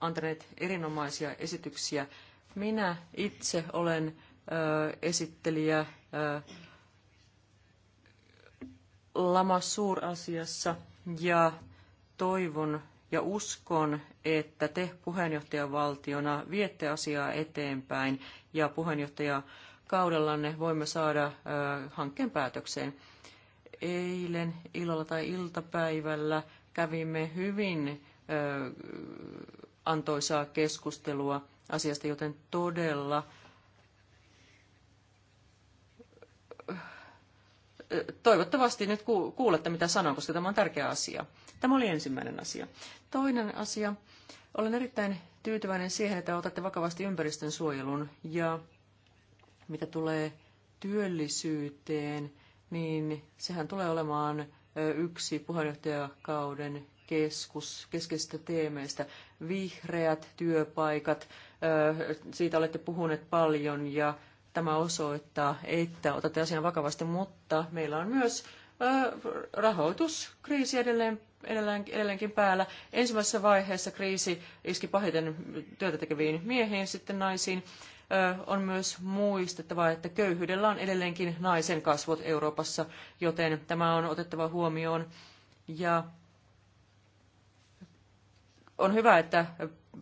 antaneet erinomaisia esityksiä. Minä itse olen esittelijä lama suurasiassa ja toivon, ja uskon, että te puheenjohtajavaltiona viette asiaa eteenpäin ja puheenjohtajakaudellanne voimme saada hankkeen päätökseen. Eilen illalla tai iltapäivällä kävimme hyvin antoisaa keskustelua asiasta, joten todella – toivottavasti nyt kuulette, mitä sanon, koska tämä on tärkeä asia. Tämä oli ensimmäinen asia. Toinen asia. Olen erittäin tyytyväinen siihen, että otatte vakavasti ympäristön suojelun ja mitä tulee työllisyyteen, niin sehän tulee olemaan yksi puheenjohtajakauden keskus, keskeisistä teemeistä. Vihreät työpaikat, siitä olette puhuneet paljon ja Tämä osoittaa, että otatte asian vakavasti, mutta meillä on myös rahoituskriisi edelleen, edelleen, edelleenkin päällä. Ensimmäisessä vaiheessa kriisi iski pahiten työtä tekeviin miehiin, sitten naisiin. On myös muistettava, että köyhyydellä on edelleenkin naisen kasvot Euroopassa, joten tämä on otettava huomioon. Ja on hyvä, että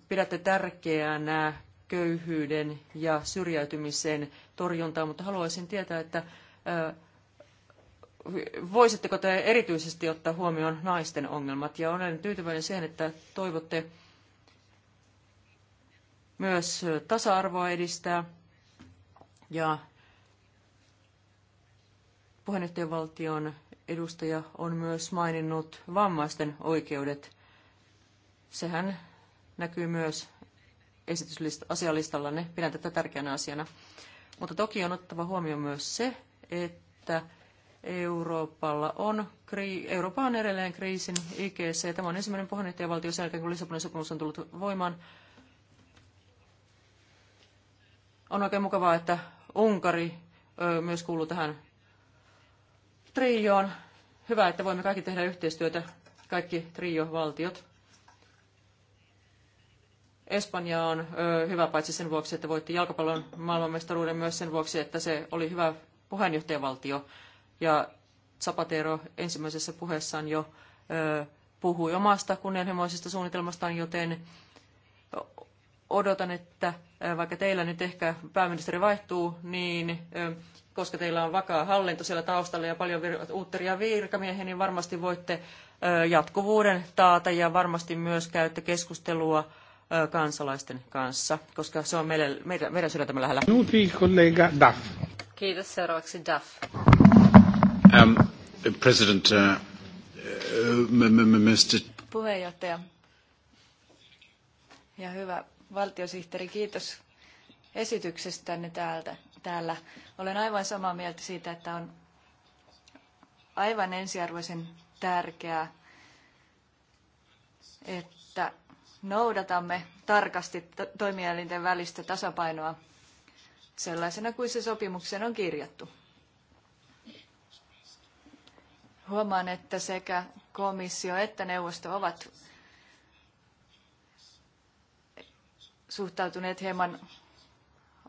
pidätte tärkeänä köyhyyden ja syrjäytymisen torjuntaa, mutta haluaisin tietää, että voisitteko te erityisesti ottaa huomioon naisten ongelmat. Ja olen tyytyväinen siihen, että toivotte myös tasa-arvoa edistää. Ja puheenjohtajavaltion edustaja on myös maininnut vammaisten oikeudet. Sehän näkyy myös esitysasialistallanne. Niin pidän tätä tärkeänä asiana. Mutta toki on otettava huomioon myös se, että Euroopalla on, Eurooppa on edelleen kriisin IGC. Tämä on ensimmäinen puheenjohtajavaltio sen jälkeen, kun Lissabonin sopimus on tullut voimaan. On oikein mukavaa, että Unkari myös kuuluu tähän trioon. Hyvä, että voimme kaikki tehdä yhteistyötä, kaikki triovaltiot. Espanja on hyvä paitsi sen vuoksi, että voitti jalkapallon maailmanmestaruuden myös sen vuoksi, että se oli hyvä puheenjohtajavaltio. Ja Zapatero ensimmäisessä puheessaan jo puhui omasta kunnianhimoisesta suunnitelmastaan, joten odotan, että vaikka teillä nyt ehkä pääministeri vaihtuu, niin koska teillä on vakaa hallinto siellä taustalla ja paljon vir- uutteria virkamiehiä, niin varmasti voitte jatkuvuuden taata ja varmasti myös käytte keskustelua kansalaisten kanssa, koska se on meille meidän, meidän sydäntämme lähellä. Minuutti kollega Duff. Kiitos. Seuraavaksi Duff. Um, president, uh, uh Mr. Puheenjohtaja ja hyvä valtiosihteeri, kiitos esityksestänne täältä, täällä. Olen aivan samaa mieltä siitä, että on aivan ensiarvoisen tärkeää, että noudatamme tarkasti toimielinten välistä tasapainoa sellaisena kuin se sopimukseen on kirjattu. Huomaan, että sekä komissio että neuvosto ovat suhtautuneet hieman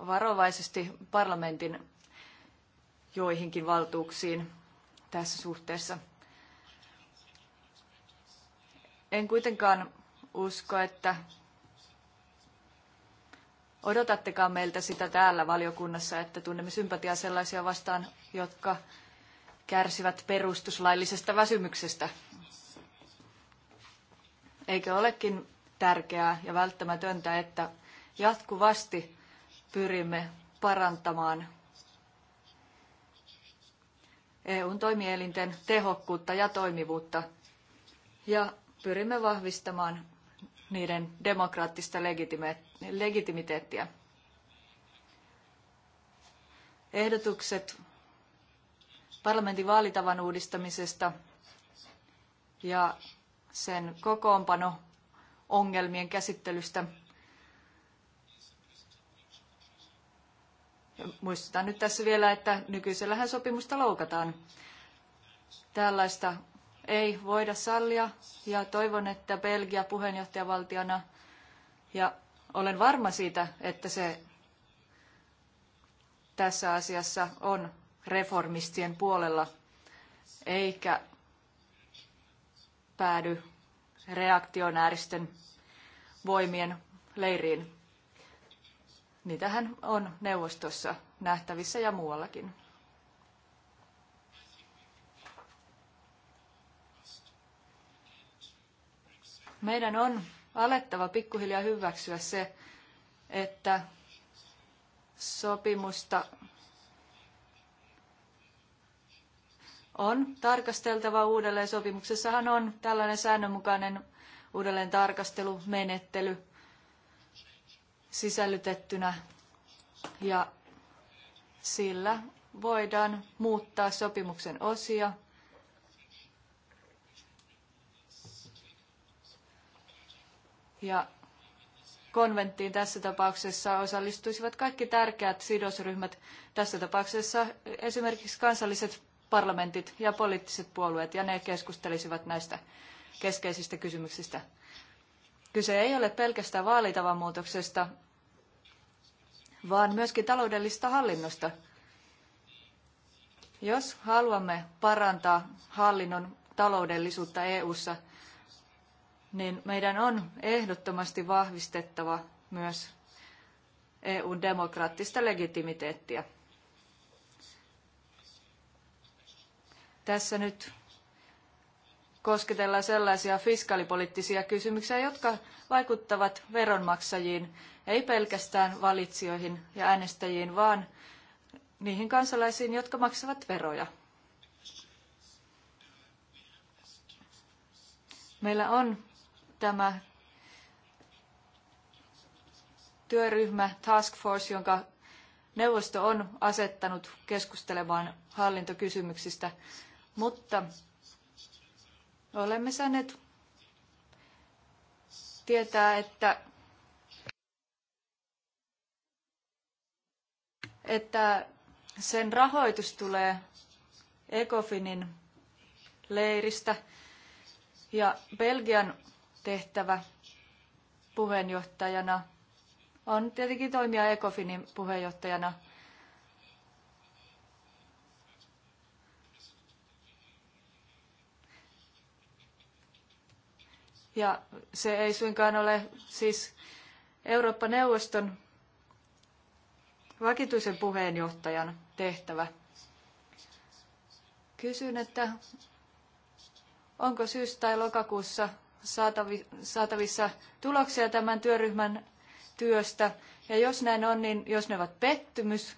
varovaisesti parlamentin joihinkin valtuuksiin tässä suhteessa. En kuitenkaan usko, että odotattekaan meiltä sitä täällä valiokunnassa, että tunnemme sympatiaa sellaisia vastaan, jotka kärsivät perustuslaillisesta väsymyksestä. Eikö olekin tärkeää ja välttämätöntä, että jatkuvasti pyrimme parantamaan EUn toimielinten tehokkuutta ja toimivuutta ja pyrimme vahvistamaan niiden demokraattista legitimiteettiä. Ehdotukset parlamentin vaalitavan uudistamisesta ja sen kokoonpano ongelmien käsittelystä. Muistutan nyt tässä vielä, että nykyisellähän sopimusta loukataan. Tällaista ei voida sallia ja toivon, että Belgia puheenjohtajavaltiona ja olen varma siitä, että se tässä asiassa on reformistien puolella eikä päädy reaktionääristen voimien leiriin. Niitähän on neuvostossa nähtävissä ja muuallakin. Meidän on alettava pikkuhiljaa hyväksyä se, että sopimusta on tarkasteltava uudelleen. Sopimuksessahan on tällainen säännönmukainen uudelleen tarkastelumenettely sisällytettynä ja sillä voidaan muuttaa sopimuksen osia Ja konventtiin tässä tapauksessa osallistuisivat kaikki tärkeät sidosryhmät, tässä tapauksessa esimerkiksi kansalliset parlamentit ja poliittiset puolueet, ja ne keskustelisivat näistä keskeisistä kysymyksistä. Kyse ei ole pelkästään vaalitavan muutoksesta, vaan myöskin taloudellista hallinnosta. Jos haluamme parantaa hallinnon taloudellisuutta EU:ssa, ssa niin meidän on ehdottomasti vahvistettava myös EUn demokraattista legitimiteettiä. Tässä nyt kosketellaan sellaisia fiskaalipoliittisia kysymyksiä, jotka vaikuttavat veronmaksajiin, ei pelkästään valitsijoihin ja äänestäjiin, vaan niihin kansalaisiin, jotka maksavat veroja. Meillä on tämä työryhmä, task force, jonka neuvosto on asettanut keskustelemaan hallintokysymyksistä, mutta olemme saaneet tietää, että, että sen rahoitus tulee Ecofinin leiristä ja Belgian tehtävä puheenjohtajana on tietenkin toimia Ecofinin puheenjohtajana. Ja se ei suinkaan ole siis Eurooppa-neuvoston vakituisen puheenjohtajan tehtävä. Kysyn, että onko syys- tai lokakuussa saatavissa tuloksia tämän työryhmän työstä. Ja jos näin on, niin jos ne ovat pettymys,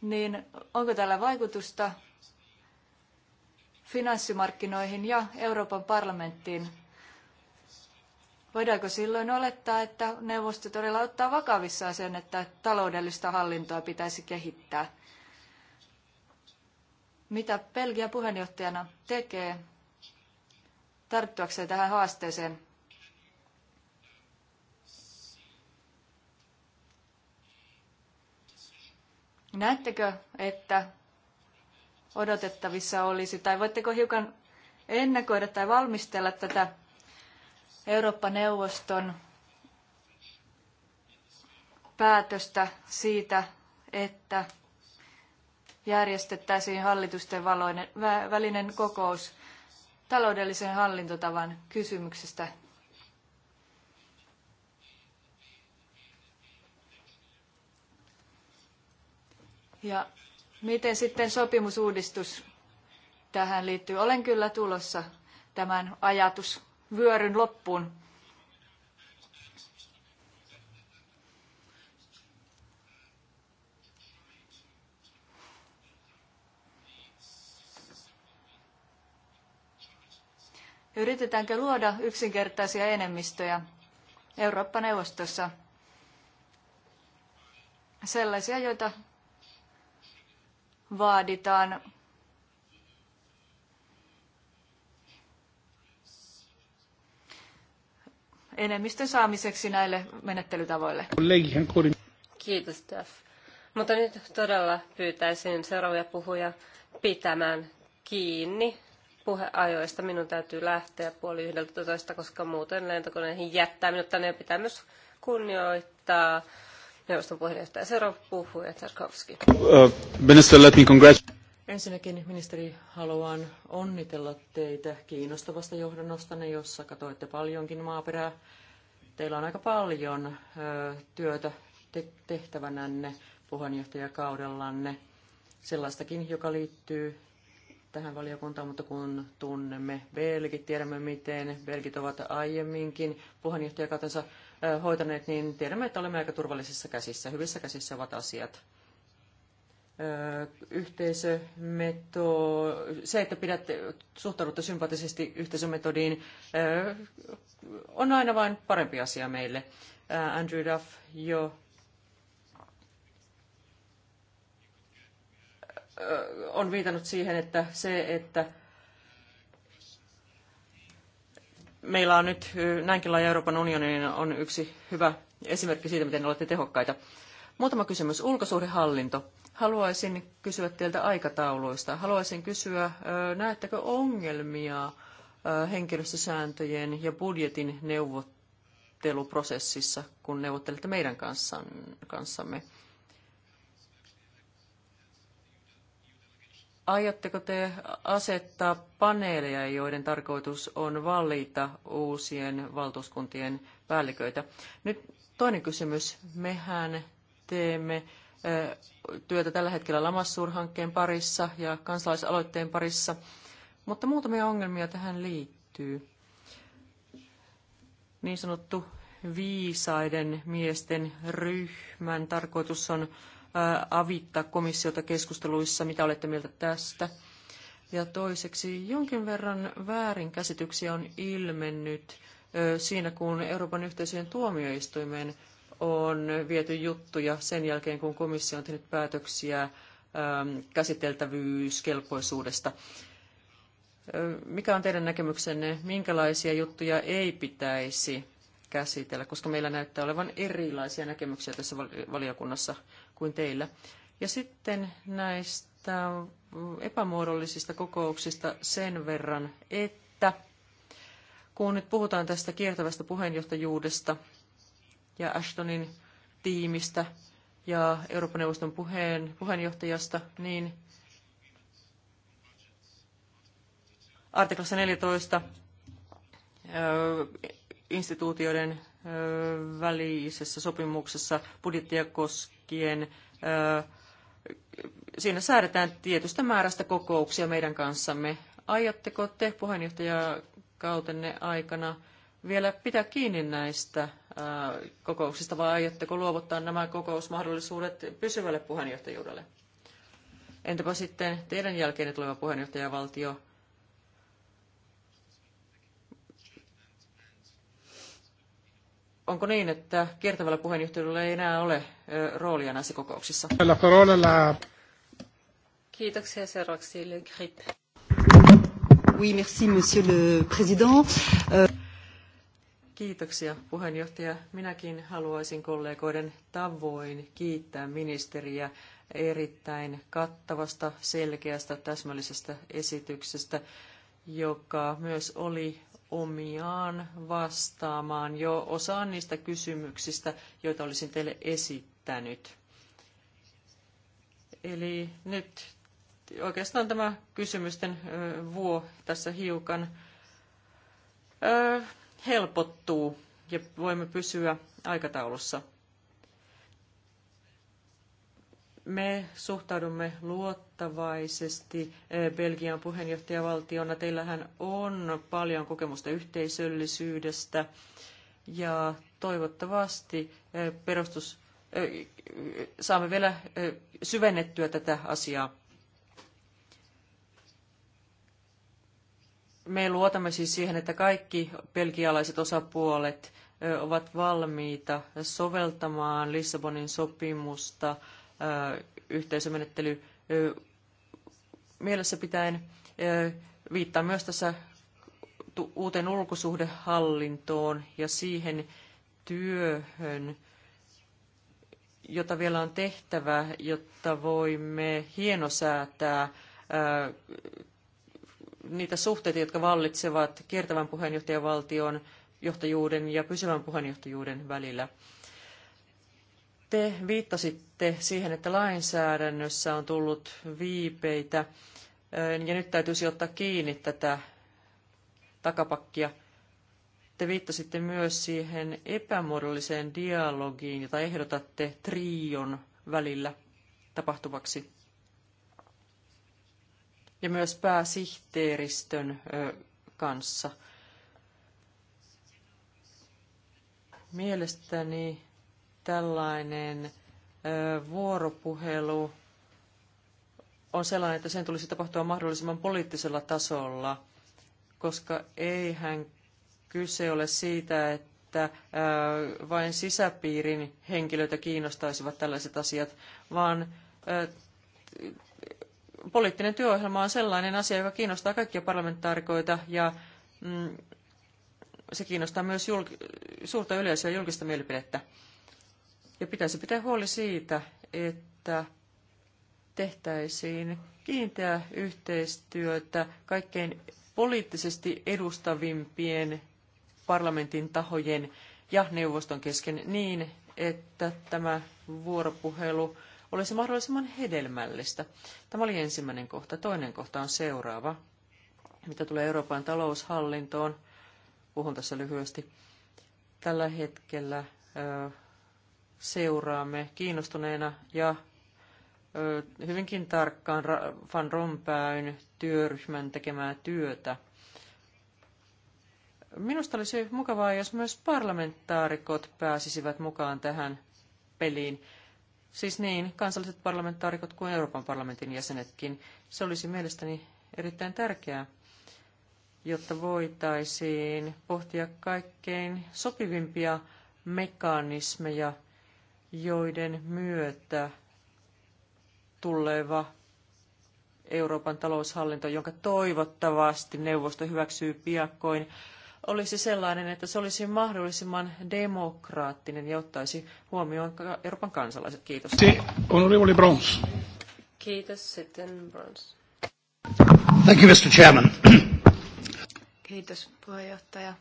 niin onko tällä vaikutusta finanssimarkkinoihin ja Euroopan parlamenttiin? Voidaanko silloin olettaa, että neuvosto todella ottaa vakavissaan sen, että taloudellista hallintoa pitäisi kehittää? Mitä Belgia puheenjohtajana tekee tarttuakseen tähän haasteeseen. Näettekö, että odotettavissa olisi, tai voitteko hiukan ennakoida tai valmistella tätä Eurooppa-neuvoston päätöstä siitä, että järjestettäisiin hallitusten välinen kokous taloudellisen hallintotavan kysymyksestä. Ja miten sitten sopimusuudistus tähän liittyy? Olen kyllä tulossa tämän ajatusvyöryn loppuun. Yritetäänkö luoda yksinkertaisia enemmistöjä Eurooppa-neuvostossa? Sellaisia, joita vaaditaan enemmistön saamiseksi näille menettelytavoille. Kiitos, Jeff. Mutta nyt todella pyytäisin seuraavia puhuja pitämään kiinni puheajoista. Minun täytyy lähteä puoli yhdeltä koska muuten lentokoneihin jättää minut tänne ja pitää myös kunnioittaa neuvoston puheenjohtaja Seuraava puhuja Tarkovski. Uh, let me congratulate. Ensinnäkin ministeri haluan onnitella teitä kiinnostavasta johdannostanne, jossa katoitte paljonkin maaperää. Teillä on aika paljon ö, uh, työtä te- tehtävänänne puheenjohtajakaudellanne, sellaistakin, joka liittyy tähän valiokuntaan, mutta kun tunnemme Belgit, tiedämme miten Belgit ovat aiemminkin puheenjohtajakautensa hoitaneet, niin tiedämme, että olemme aika turvallisissa käsissä, hyvissä käsissä ovat asiat. Yhteisömeto, se, että pidätte, suhtaudutte sympaattisesti yhteisömetodiin, on aina vain parempi asia meille. Andrew Duff jo on viitannut siihen, että se, että meillä on nyt näinkin laaja Euroopan unioni, niin on yksi hyvä esimerkki siitä, miten olette tehokkaita. Muutama kysymys. Ulkosuhdehallinto. Haluaisin kysyä teiltä aikatauluista. Haluaisin kysyä, näettekö ongelmia henkilöstösääntöjen ja budjetin neuvotteluprosessissa, kun neuvottelette meidän kanssamme? Aiotteko te asettaa paneeleja, joiden tarkoitus on valita uusien valtuuskuntien päälliköitä? Nyt toinen kysymys. Mehän teemme työtä tällä hetkellä Lamassuur-hankkeen parissa ja kansalaisaloitteen parissa, mutta muutamia ongelmia tähän liittyy. Niin sanottu viisaiden miesten ryhmän tarkoitus on avittaa komissiota keskusteluissa. Mitä olette mieltä tästä? Ja toiseksi, jonkin verran väärinkäsityksiä on ilmennyt siinä, kun Euroopan yhteisöjen tuomioistuimeen on viety juttuja sen jälkeen, kun komissio on tehnyt päätöksiä käsiteltävyyskelpoisuudesta. Mikä on teidän näkemyksenne, minkälaisia juttuja ei pitäisi käsitellä, koska meillä näyttää olevan erilaisia näkemyksiä tässä valiokunnassa kuin teillä. Ja sitten näistä epämuodollisista kokouksista sen verran, että kun nyt puhutaan tästä kiertävästä puheenjohtajuudesta ja Ashtonin tiimistä ja Euroopan neuvoston puheen, puheenjohtajasta, niin artiklassa 14 instituutioiden välisessä sopimuksessa budjettia koskien siinä säädetään tietystä määrästä kokouksia meidän kanssamme. Aiotteko te puheenjohtajakautenne aikana vielä pitää kiinni näistä kokouksista vai aiotteko luovuttaa nämä kokousmahdollisuudet pysyvälle puheenjohtajuudelle? Entäpä sitten teidän jälkeenne tuleva puheenjohtajavaltio? onko niin, että kiertävällä puheenjohtajalla ei enää ole roolia näissä kokouksissa? Kiitoksia seuraavaksi Le Grip. Oui, merci, monsieur le président. Euh, Kiitoksia puheenjohtaja. Minäkin haluaisin kollegoiden tavoin kiittää ministeriä erittäin kattavasta, selkeästä, täsmällisestä esityksestä, joka myös oli omiaan vastaamaan jo osaan niistä kysymyksistä, joita olisin teille esittänyt. Eli nyt oikeastaan tämä kysymysten vuo tässä hiukan helpottuu ja voimme pysyä aikataulussa. Me suhtaudumme luottavaisesti eh, Belgian puheenjohtajavaltiona. Teillähän on paljon kokemusta yhteisöllisyydestä ja toivottavasti eh, perustus, eh, saamme vielä syvennettyä tätä asiaa. Me luotamme siis siihen, että kaikki belgialaiset osapuolet ovat valmiita soveltamaan Lissabonin sopimusta – yhteisömenettely mielessä pitäen. Viittaan myös tässä uuteen ulkosuhdehallintoon ja siihen työhön, jota vielä on tehtävä, jotta voimme hienosäätää niitä suhteita, jotka vallitsevat kiertävän puheenjohtajavaltion johtajuuden ja pysyvän puheenjohtajuuden välillä. Te viittasitte siihen, että lainsäädännössä on tullut viipeitä ja nyt täytyisi ottaa kiinni tätä takapakkia. Te viittasitte myös siihen epämuodolliseen dialogiin, jota ehdotatte trion välillä tapahtuvaksi. Ja myös pääsihteeristön kanssa. Mielestäni tällainen vuoropuhelu on sellainen, että sen tulisi tapahtua mahdollisimman poliittisella tasolla, koska eihän kyse ole siitä, että vain sisäpiirin henkilöitä kiinnostaisivat tällaiset asiat, vaan poliittinen työohjelma on sellainen asia, joka kiinnostaa kaikkia parlamentaarikoita ja mm, se kiinnostaa myös suurta yleisöä julkista mielipidettä. Ja pitäisi pitää huoli siitä, että tehtäisiin kiinteää yhteistyötä kaikkein poliittisesti edustavimpien parlamentin tahojen ja neuvoston kesken niin, että tämä vuoropuhelu olisi mahdollisimman hedelmällistä. Tämä oli ensimmäinen kohta. Toinen kohta on seuraava, mitä tulee Euroopan taloushallintoon. Puhun tässä lyhyesti. Tällä hetkellä seuraamme kiinnostuneena ja hyvinkin tarkkaan Van Rompäyn työryhmän tekemää työtä. Minusta olisi mukavaa, jos myös parlamentaarikot pääsisivät mukaan tähän peliin. Siis niin, kansalliset parlamentaarikot kuin Euroopan parlamentin jäsenetkin. Se olisi mielestäni erittäin tärkeää, jotta voitaisiin pohtia kaikkein sopivimpia mekanismeja – joiden myötä tuleva Euroopan taloushallinto, jonka toivottavasti neuvosto hyväksyy piakkoin, olisi sellainen, että se olisi mahdollisimman demokraattinen ja ottaisi huomioon Euroopan kansalaiset. Kiitos. Brons. Kiitos. Sitten Brons. Thank you, Mr. Chairman. Kiitos, puheenjohtaja.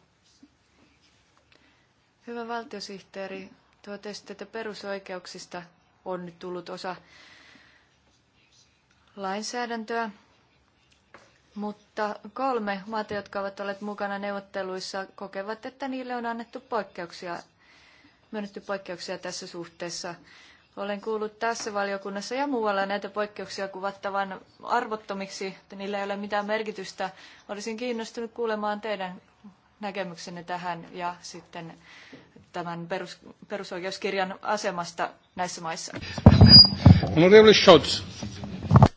Hyvä valtiosihteeri, Totesitte, että perusoikeuksista on nyt tullut osa lainsäädäntöä, mutta kolme maata, jotka ovat olleet mukana neuvotteluissa, kokevat, että niille on annettu poikkeuksia, myönnetty poikkeuksia tässä suhteessa. Olen kuullut tässä valiokunnassa ja muualla näitä poikkeuksia kuvattavan arvottomiksi, että niillä ei ole mitään merkitystä. Olisin kiinnostunut kuulemaan teidän näkemyksenne tähän ja sitten tämän perus, perusoikeuskirjan asemasta näissä maissa. Honorable Scholz.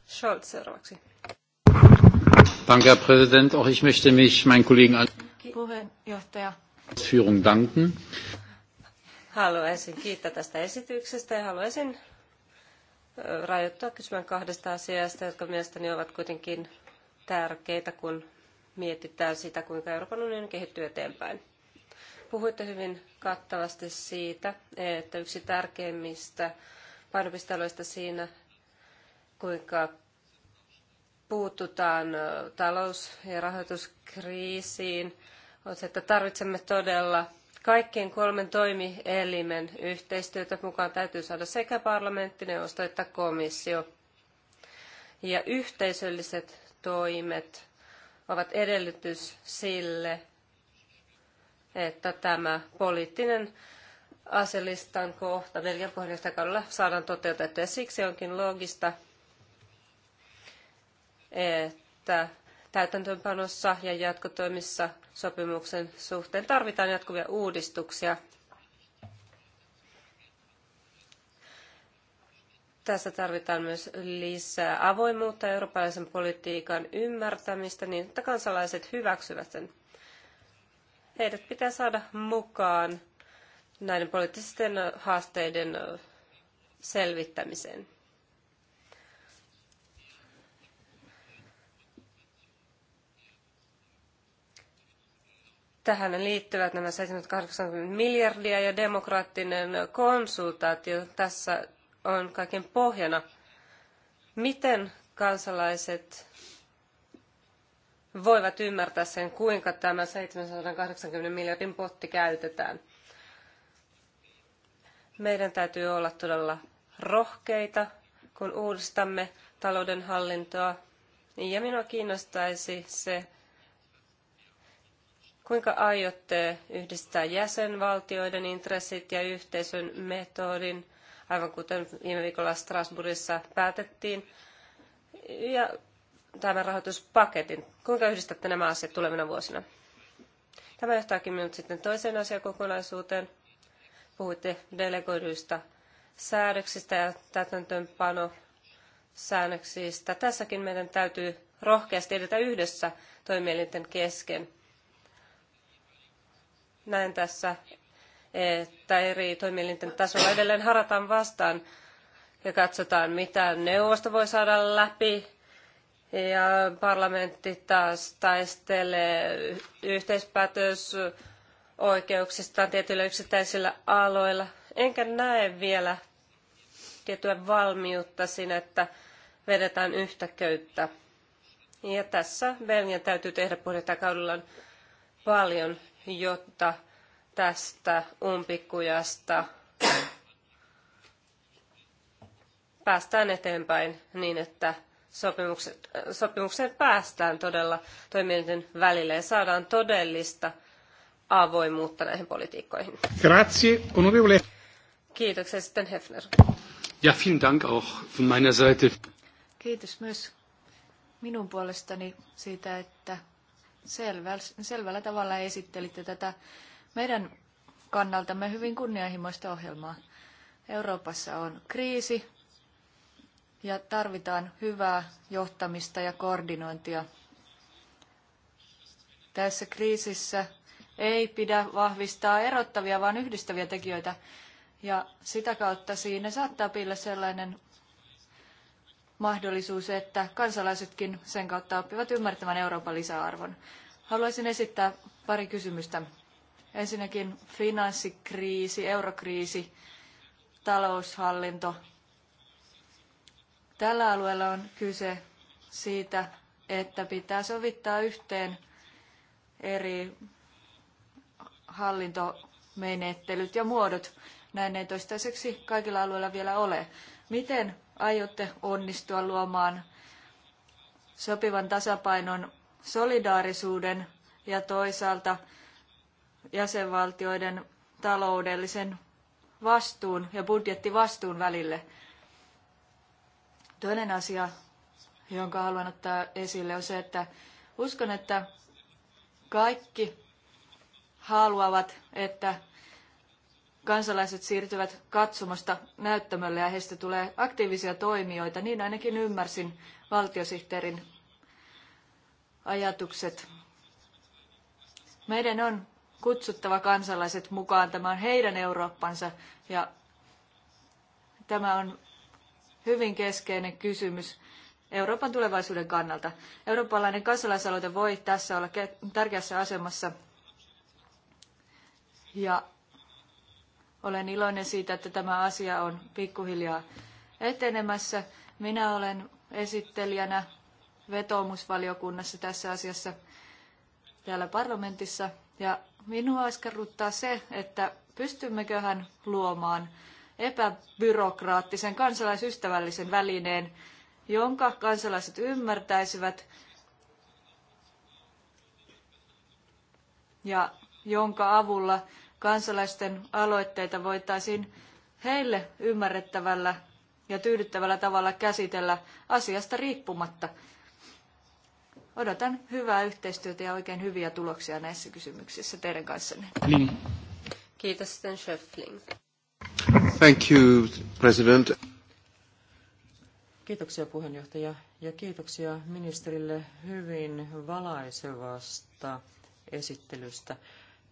Scholz seuraavaksi. Danke, Herr Präsident. Auch ich möchte mich meinen Kollegen an Puheenjohtaja. Führung danken. Haluaisin kiittää tästä esityksestä ja haluaisin rajoittaa kysymään kahdesta asiasta, jotka mielestäni ovat kuitenkin tärkeitä, kun mietitään sitä, kuinka Euroopan unioni kehittyy eteenpäin. Puhuitte hyvin kattavasti siitä, että yksi tärkeimmistä painopistealueista siinä, kuinka puututaan talous- ja rahoituskriisiin, on se, että tarvitsemme todella kaikkien kolmen toimielimen yhteistyötä. Mukaan täytyy saada sekä parlamentti, neuvosto että komissio. Ja yhteisölliset toimet ovat edellytys sille, että tämä poliittinen aselistan kohta Belgian kaudella saadaan toteutettua. Ja siksi onkin loogista, että täytäntöönpanossa ja jatkotoimissa sopimuksen suhteen tarvitaan jatkuvia uudistuksia Tässä tarvitaan myös lisää avoimuutta eurooppalaisen politiikan ymmärtämistä niin, että kansalaiset hyväksyvät sen. Heidät pitää saada mukaan näiden poliittisten haasteiden selvittämiseen. Tähän liittyvät nämä 780 miljardia ja demokraattinen konsultaatio. Tässä on kaiken pohjana. Miten kansalaiset voivat ymmärtää sen, kuinka tämä 780 miljardin potti käytetään. Meidän täytyy olla todella rohkeita, kun uudistamme talouden hallintoa. Ja minua kiinnostaisi se, kuinka aiotte yhdistää jäsenvaltioiden intressit ja yhteisön metodin aivan kuten viime viikolla Strasbourgissa päätettiin, ja tämän rahoituspaketin. Kuinka yhdistätte nämä asiat tulevina vuosina? Tämä johtaakin minut sitten toiseen asiakokonaisuuteen. Puhuitte delegoiduista säädöksistä ja täytäntöönpano säännöksistä. Tässäkin meidän täytyy rohkeasti edetä yhdessä toimielinten kesken. Näen tässä että eri toimielinten tasolla edelleen harataan vastaan ja katsotaan, mitä neuvosto voi saada läpi. Ja parlamentti taas taistelee yhteispäätös oikeuksistaan tietyillä yksittäisillä aloilla. Enkä näe vielä tiettyä valmiutta siinä, että vedetään yhtä köyttä. Ja tässä Belgian täytyy tehdä puheenjohtajakaudellaan paljon, jotta tästä umpikujasta päästään eteenpäin niin, että sopimukset, sopimukseen päästään todella toimijoiden välillä ja saadaan todellista avoimuutta näihin politiikkoihin. Grazie, onorevole. Kiitoksia sitten Hefner. Ja vielen Dank auch von meiner Seite. Kiitos myös minun puolestani siitä, että selvä, selvällä tavalla esittelitte tätä meidän kannaltamme hyvin kunnianhimoista ohjelmaa. Euroopassa on kriisi ja tarvitaan hyvää johtamista ja koordinointia. Tässä kriisissä ei pidä vahvistaa erottavia, vaan yhdistäviä tekijöitä. Ja sitä kautta siinä saattaa piillä sellainen mahdollisuus, että kansalaisetkin sen kautta oppivat ymmärtämään Euroopan lisäarvon. Haluaisin esittää pari kysymystä Ensinnäkin finanssikriisi, eurokriisi, taloushallinto. Tällä alueella on kyse siitä, että pitää sovittaa yhteen eri hallintomenettelyt ja muodot. Näin ei toistaiseksi kaikilla alueilla vielä ole. Miten aiotte onnistua luomaan sopivan tasapainon solidaarisuuden ja toisaalta jäsenvaltioiden taloudellisen vastuun ja budjettivastuun välille. Toinen asia, jonka haluan ottaa esille, on se, että uskon, että kaikki haluavat, että kansalaiset siirtyvät katsomasta näyttämölle ja heistä tulee aktiivisia toimijoita. Niin ainakin ymmärsin valtiosihteerin ajatukset. Meidän on kutsuttava kansalaiset mukaan. Tämä on heidän Eurooppansa ja tämä on hyvin keskeinen kysymys Euroopan tulevaisuuden kannalta. Eurooppalainen kansalaisaloite voi tässä olla tärkeässä asemassa ja olen iloinen siitä, että tämä asia on pikkuhiljaa etenemässä. Minä olen esittelijänä vetoomusvaliokunnassa tässä asiassa täällä parlamentissa ja Minua askarruttaa se, että pystymmeköhän luomaan epäbyrokraattisen kansalaisystävällisen välineen, jonka kansalaiset ymmärtäisivät ja jonka avulla kansalaisten aloitteita voitaisiin heille ymmärrettävällä ja tyydyttävällä tavalla käsitellä asiasta riippumatta. Odotan hyvää yhteistyötä ja oikein hyviä tuloksia näissä kysymyksissä teidän kanssanne. Lin. Niin. Kiitos, Sten Schöffling. Thank you, President. Kiitoksia puheenjohtaja ja kiitoksia ministerille hyvin valaisevasta esittelystä.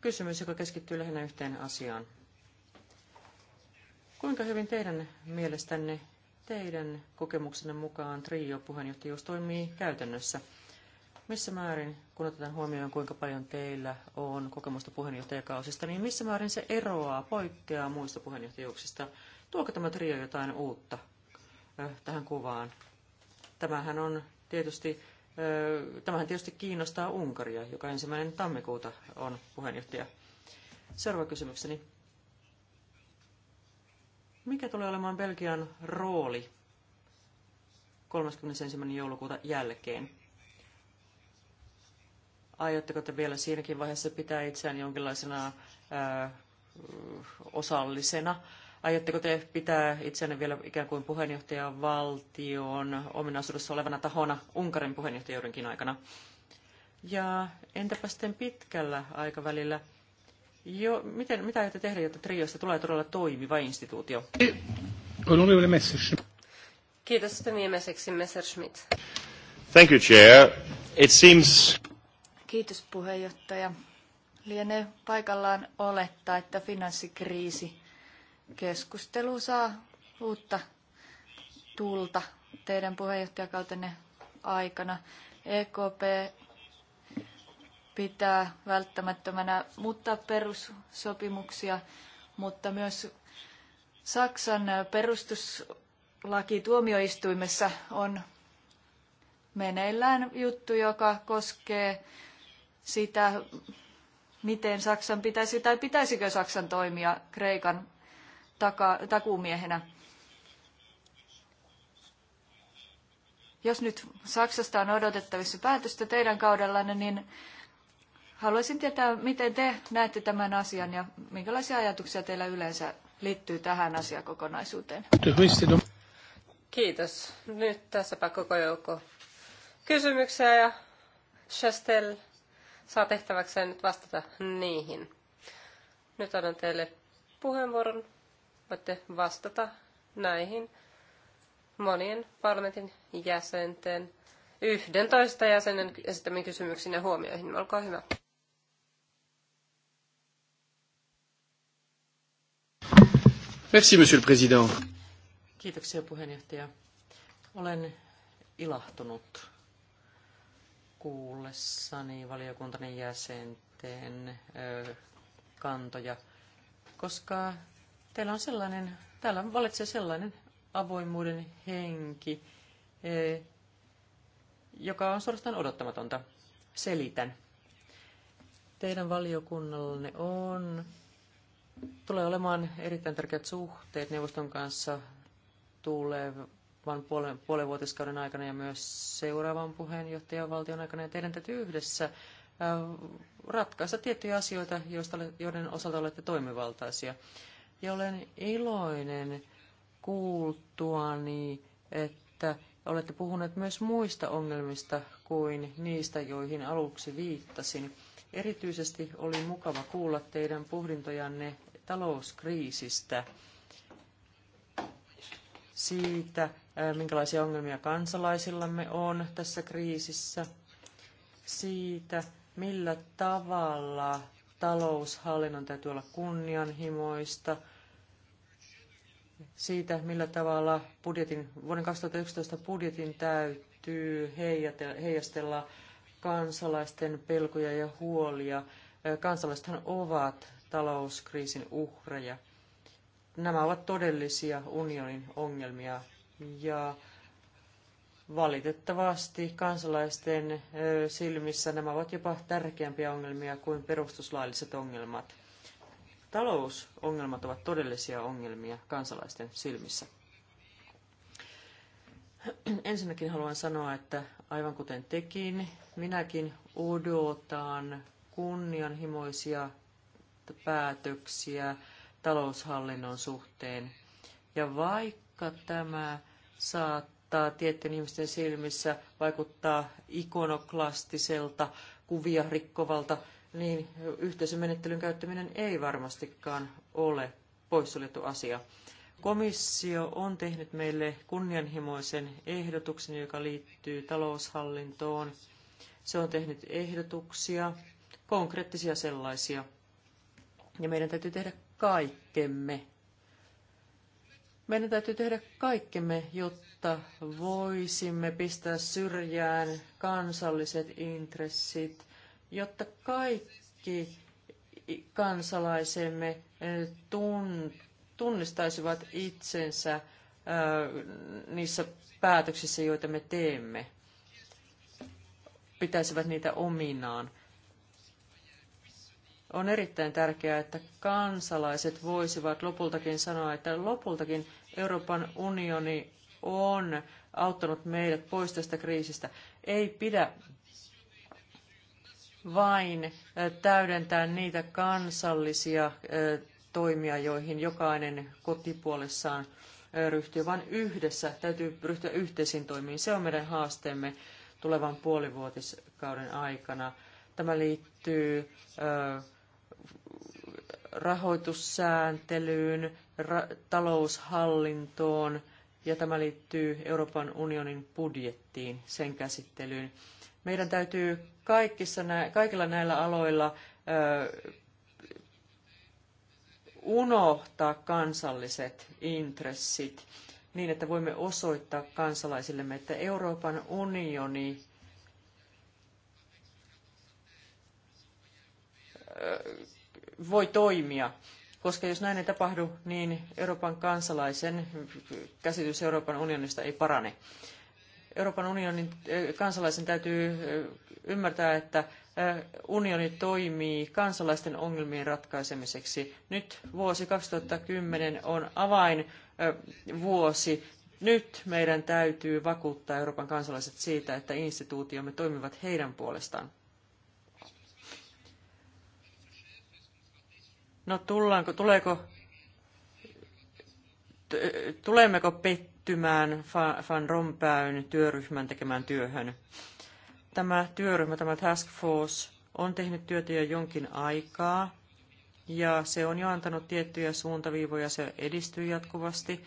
Kysymys, joka keskittyy lähinnä yhteen asiaan. Kuinka hyvin teidän mielestänne, teidän kokemuksenne mukaan trio puheenjohtajuus toimii käytännössä? missä määrin, kun otetaan huomioon, kuinka paljon teillä on kokemusta puheenjohtajakausista, niin missä määrin se eroaa, poikkeaa muista puheenjohtajuuksista? Tuoko tämä trio jotain uutta tähän kuvaan? Tämähän on tietysti Tämähän tietysti kiinnostaa Unkaria, joka ensimmäinen tammikuuta on puheenjohtaja. Seuraava kysymykseni. Mikä tulee olemaan Belgian rooli 31. joulukuuta jälkeen? Aiotteko te vielä siinäkin vaiheessa pitää itseään jonkinlaisena ää, osallisena? Aiotteko te pitää itseänne vielä ikään kuin puheenjohtajan valtion ominaisuudessa olevana tahona Unkarin puheenjohtajuudenkin aikana? Ja entäpä sitten pitkällä aikavälillä? Jo, miten, mitä aiotte tehdä, jotta Triosta tulee todella toimiva instituutio? Kiitos viimeiseksi niin Messerschmitt. Thank you, Chair. It seems... Kiitos puheenjohtaja. Lienee paikallaan olettaa, että finanssikriisi keskustelu saa uutta tulta teidän puheenjohtajakautenne aikana. EKP pitää välttämättömänä muuttaa perussopimuksia, mutta myös Saksan perustuslaki tuomioistuimessa on meneillään juttu, joka koskee sitä, miten Saksan pitäisi tai pitäisikö Saksan toimia Kreikan taka, takumiehenä. Jos nyt Saksasta on odotettavissa päätöstä teidän kaudellanne, niin haluaisin tietää, miten te näette tämän asian ja minkälaisia ajatuksia teillä yleensä liittyy tähän asiakokonaisuuteen. Kiitos. Nyt tässäpä koko joukko kysymyksiä ja Chastel saa tehtäväkseen nyt vastata niihin. Nyt annan teille puheenvuoron. Voitte vastata näihin monien parlamentin jäsenten, toista jäsenen esittämiin kysymyksiin ja huomioihin. Olkaa hyvä. Merci, monsieur le président. Kiitoksia puheenjohtaja. Olen ilahtunut kuullessani valiokuntani jäsenten kantoja, koska teillä on sellainen, täällä valitsee sellainen avoimuuden henki, joka on suorastaan odottamatonta. Selitän. Teidän valiokunnallanne on, tulee olemaan erittäin tärkeät suhteet neuvoston kanssa tulev- vain puolen, puolen vuotiskauden aikana ja myös seuraavan puheenjohtajavaltion aikana. Ja teidän täytyy yhdessä äh, ratkaista tiettyjä asioita, joista, joiden osalta olette toimivaltaisia. Ja olen iloinen kuultuani, että olette puhuneet myös muista ongelmista kuin niistä, joihin aluksi viittasin. Erityisesti oli mukava kuulla teidän pohdintojanne talouskriisistä, siitä, minkälaisia ongelmia kansalaisillamme on tässä kriisissä, siitä, millä tavalla taloushallinnon täytyy olla kunnianhimoista, siitä, millä tavalla budjetin, vuoden 2011 budjetin täytyy heijastella kansalaisten pelkoja ja huolia. Kansalaisethan ovat talouskriisin uhreja. Nämä ovat todellisia unionin ongelmia ja valitettavasti kansalaisten silmissä nämä ovat jopa tärkeämpiä ongelmia kuin perustuslailliset ongelmat. Talousongelmat ovat todellisia ongelmia kansalaisten silmissä. Ensinnäkin haluan sanoa, että aivan kuten tekin, minäkin odotan kunnianhimoisia päätöksiä taloushallinnon suhteen. Ja vaikka tämä saattaa tiettyjen ihmisten silmissä vaikuttaa ikonoklastiselta, kuvia rikkovalta, niin yhteisömenettelyn käyttäminen ei varmastikaan ole poissuljettu asia. Komissio on tehnyt meille kunnianhimoisen ehdotuksen, joka liittyy taloushallintoon. Se on tehnyt ehdotuksia, konkreettisia sellaisia. Ja meidän täytyy tehdä kaikkemme, meidän täytyy tehdä kaikkemme, jotta voisimme pistää syrjään kansalliset intressit, jotta kaikki kansalaisemme eh, tunnistaisivat itsensä eh, niissä päätöksissä, joita me teemme, pitäisivät niitä ominaan. On erittäin tärkeää, että kansalaiset voisivat lopultakin sanoa, että lopultakin Euroopan unioni on auttanut meidät pois tästä kriisistä. Ei pidä vain täydentää niitä kansallisia toimia, joihin jokainen kotipuolessaan ryhtyy, vaan yhdessä täytyy ryhtyä yhteisiin toimiin. Se on meidän haasteemme tulevan puolivuotiskauden aikana. Tämä liittyy rahoitussääntelyyn, ra- taloushallintoon ja tämä liittyy Euroopan unionin budjettiin, sen käsittelyyn. Meidän täytyy kaikissa nä- kaikilla näillä aloilla ö, unohtaa kansalliset intressit niin, että voimme osoittaa kansalaisillemme, että Euroopan unioni voi toimia. Koska jos näin ei tapahdu, niin Euroopan kansalaisen käsitys Euroopan unionista ei parane. Euroopan unionin eh, kansalaisen täytyy eh, ymmärtää, että eh, unioni toimii kansalaisten ongelmien ratkaisemiseksi. Nyt vuosi 2010 on avainvuosi. Nyt meidän täytyy vakuuttaa Euroopan kansalaiset siitä, että instituutiomme toimivat heidän puolestaan. No tullaanko, tuleeko, tulemmeko pettymään Van Rompäyn työryhmän tekemään työhön? Tämä työryhmä, tämä task force, on tehnyt työtä jo jonkin aikaa ja se on jo antanut tiettyjä suuntaviivoja, se edistyy jatkuvasti.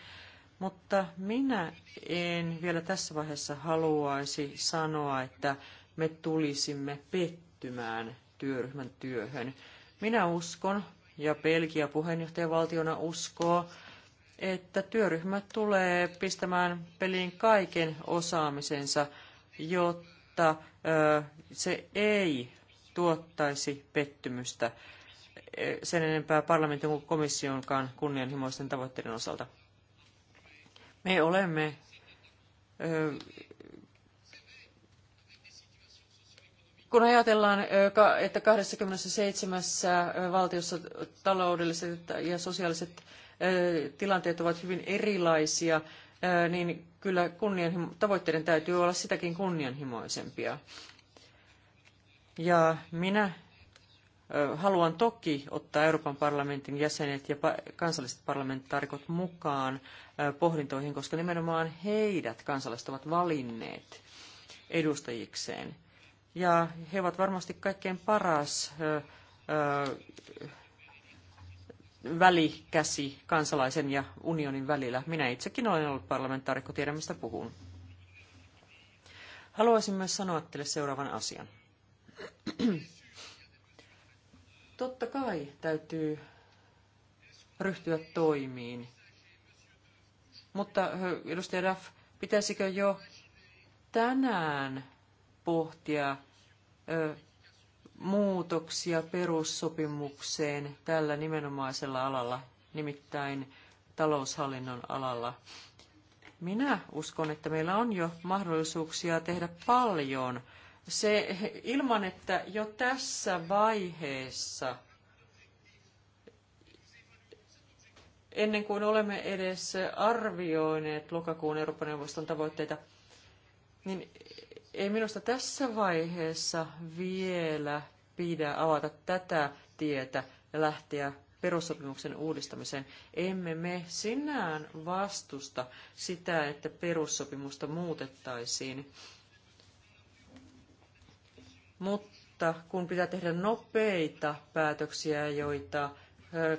Mutta minä en vielä tässä vaiheessa haluaisi sanoa, että me tulisimme pettymään työryhmän työhön. Minä uskon ja Belgia puheenjohtajavaltiona uskoo, että työryhmä tulee pistämään peliin kaiken osaamisensa, jotta se ei tuottaisi pettymystä sen enempää parlamentin kuin komissionkaan kunnianhimoisten tavoitteiden osalta. Me olemme Kun ajatellaan, että 27 valtiossa taloudelliset ja sosiaaliset tilanteet ovat hyvin erilaisia, niin kyllä kunnianhimo, tavoitteiden täytyy olla sitäkin kunnianhimoisempia. Ja minä haluan toki ottaa Euroopan parlamentin jäsenet ja kansalliset parlamentaarikot mukaan pohdintoihin, koska nimenomaan heidät kansalaiset ovat valinneet edustajikseen ja he ovat varmasti kaikkein paras ö, ö, välikäsi kansalaisen ja unionin välillä. Minä itsekin olen ollut parlamentaarikko, tiedän mistä puhun. Haluaisin myös sanoa teille seuraavan asian. Totta kai täytyy ryhtyä toimiin. Mutta edustaja Duff, pitäisikö jo tänään pohtia muutoksia perussopimukseen tällä nimenomaisella alalla, nimittäin taloushallinnon alalla. Minä uskon, että meillä on jo mahdollisuuksia tehdä paljon. Se, ilman, että jo tässä vaiheessa, ennen kuin olemme edes arvioineet lokakuun Euroopan neuvoston tavoitteita, niin ei minusta tässä vaiheessa vielä pidä avata tätä tietä ja lähteä perussopimuksen uudistamiseen. Emme me sinään vastusta sitä, että perussopimusta muutettaisiin. Mutta kun pitää tehdä nopeita päätöksiä, joita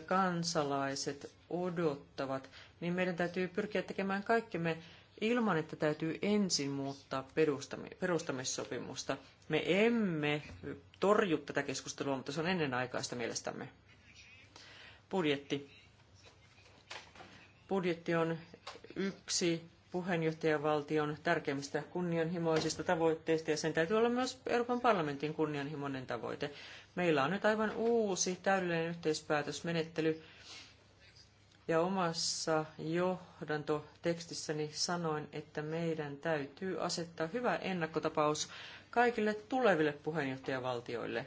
kansalaiset odottavat, niin meidän täytyy pyrkiä tekemään kaikkemme ilman, että täytyy ensin muuttaa perustamissopimusta. Me emme torju tätä keskustelua, mutta se on ennenaikaista mielestämme. Budjetti. Budjetti on yksi puheenjohtajavaltion tärkeimmistä kunnianhimoisista tavoitteista, ja sen täytyy olla myös Euroopan parlamentin kunnianhimoinen tavoite. Meillä on nyt aivan uusi täydellinen yhteispäätösmenettely, ja omassa johdantotekstissäni sanoin, että meidän täytyy asettaa hyvä ennakkotapaus kaikille tuleville puheenjohtajavaltioille.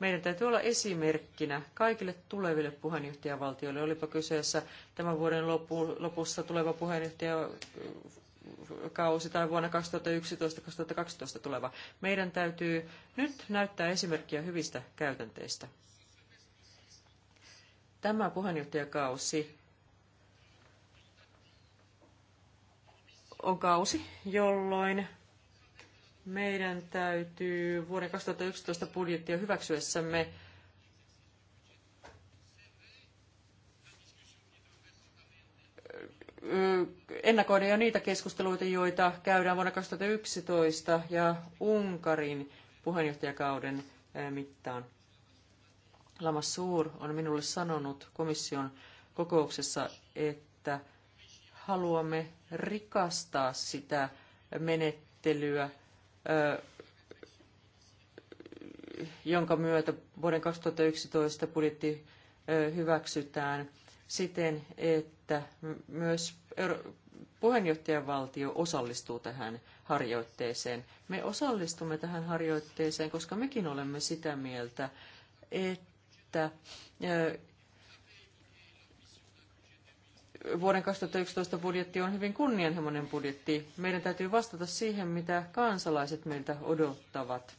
Meidän täytyy olla esimerkkinä kaikille tuleville puheenjohtajavaltioille, olipa kyseessä tämän vuoden lopu, lopussa tuleva puheenjohtajakausi tai vuonna 2011-2012 tuleva. Meidän täytyy nyt näyttää esimerkkiä hyvistä käytänteistä. Tämä puheenjohtajakausi on kausi, jolloin meidän täytyy vuoden 2011 budjettia hyväksyessämme ennakoida jo niitä keskusteluita, joita käydään vuonna 2011 ja Unkarin puheenjohtajakauden mittaan. Lamassuur on minulle sanonut komission kokouksessa, että haluamme rikastaa sitä menettelyä, jonka myötä vuoden 2011 budjetti hyväksytään siten, että myös puheenjohtajavaltio osallistuu tähän harjoitteeseen. Me osallistumme tähän harjoitteeseen, koska mekin olemme sitä mieltä, että että vuoden 2011 budjetti on hyvin kunnianhimoinen budjetti. Meidän täytyy vastata siihen, mitä kansalaiset meiltä odottavat.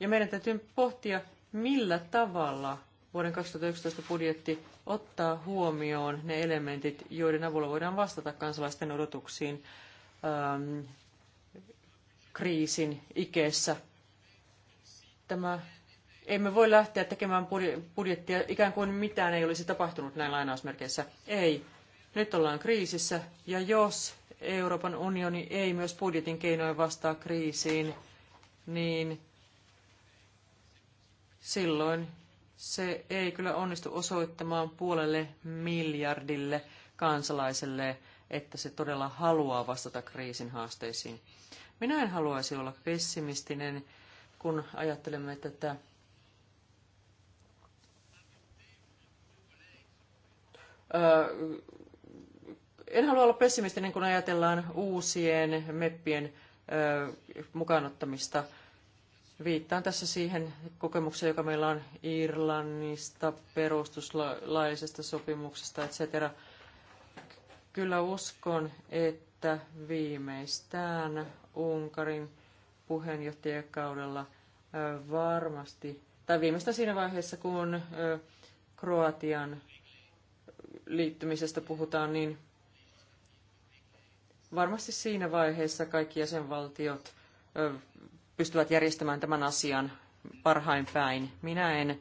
Ja meidän täytyy pohtia, millä tavalla vuoden 2011 budjetti ottaa huomioon ne elementit, joiden avulla voidaan vastata kansalaisten odotuksiin. Ähm, kriisin ikeessä. Tämä, emme voi lähteä tekemään budjettia ikään kuin mitään ei olisi tapahtunut näin lainausmerkeissä. Ei. Nyt ollaan kriisissä ja jos Euroopan unioni ei myös budjetin keinoin vastaa kriisiin, niin silloin se ei kyllä onnistu osoittamaan puolelle miljardille kansalaiselle että se todella haluaa vastata kriisin haasteisiin. Minä en haluaisi olla pessimistinen, kun ajattelemme tätä öö, en halua olla pessimistinen, kun ajatellaan uusien meppien mukaanottamista. Viittaan tässä siihen kokemukseen, joka meillä on Irlannista, perustuslaillisesta sopimuksesta, etc. Kyllä uskon, että viimeistään Unkarin puheenjohtajakaudella varmasti, tai viimeistään siinä vaiheessa, kun Kroatian liittymisestä puhutaan, niin varmasti siinä vaiheessa kaikki jäsenvaltiot pystyvät järjestämään tämän asian parhain päin. Minä en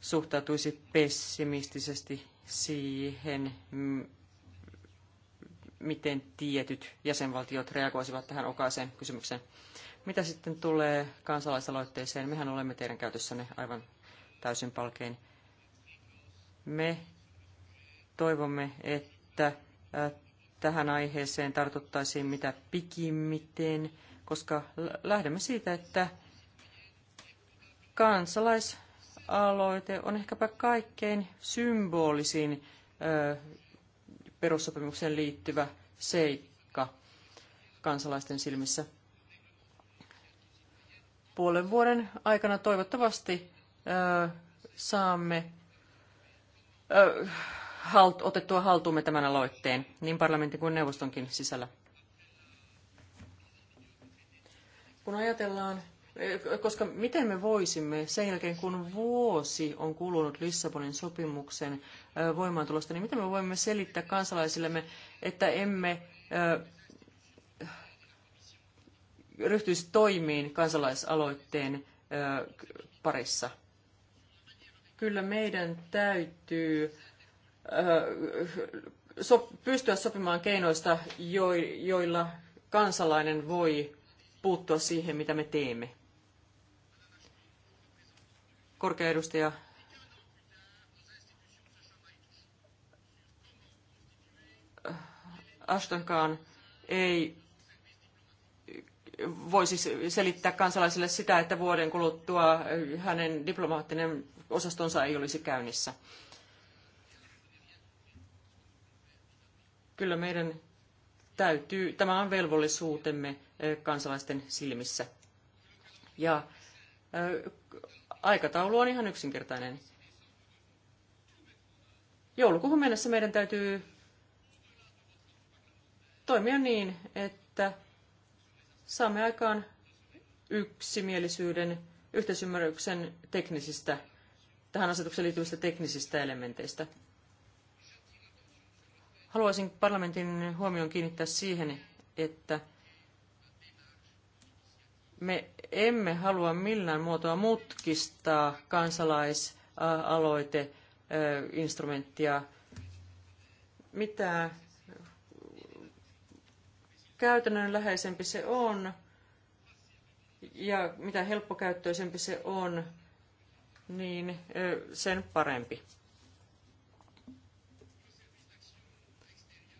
suhtautuisi pessimistisesti siihen, miten tietyt jäsenvaltiot reagoisivat tähän okaiseen kysymykseen. Mitä sitten tulee kansalaisaloitteeseen? Mehän olemme teidän käytössänne aivan täysin palkein. Me toivomme, että tähän aiheeseen tartuttaisiin mitä pikimmiten, koska lähdemme siitä, että kansalais aloite on ehkäpä kaikkein symbolisin perussopimukseen liittyvä seikka kansalaisten silmissä. Puolen vuoden aikana toivottavasti saamme otettua haltuumme tämän aloitteen, niin parlamentin kuin neuvostonkin sisällä. Kun ajatellaan koska miten me voisimme sen jälkeen, kun vuosi on kulunut Lissabonin sopimuksen voimaantulosta, niin miten me voimme selittää kansalaisillemme, että emme ryhtyisi toimiin kansalaisaloitteen parissa? Kyllä meidän täytyy pystyä sopimaan keinoista, joilla kansalainen voi puuttua siihen, mitä me teemme korkea edustaja Ashtonkaan ei voisi selittää kansalaisille sitä, että vuoden kuluttua hänen diplomaattinen osastonsa ei olisi käynnissä. Kyllä meidän täytyy, tämä on velvollisuutemme eh, kansalaisten silmissä. Ja eh, Aikataulu on ihan yksinkertainen. Joulukuuhun mennessä meidän täytyy toimia niin, että saamme aikaan yksimielisyyden, yhteisymmärryksen teknisistä, tähän asetukseen liittyvistä teknisistä elementeistä. Haluaisin parlamentin huomion kiinnittää siihen, että me emme halua millään muotoa mutkistaa kansalaisaloiteinstrumenttia. Mitä käytännönläheisempi se on ja mitä helppokäyttöisempi se on, niin sen parempi.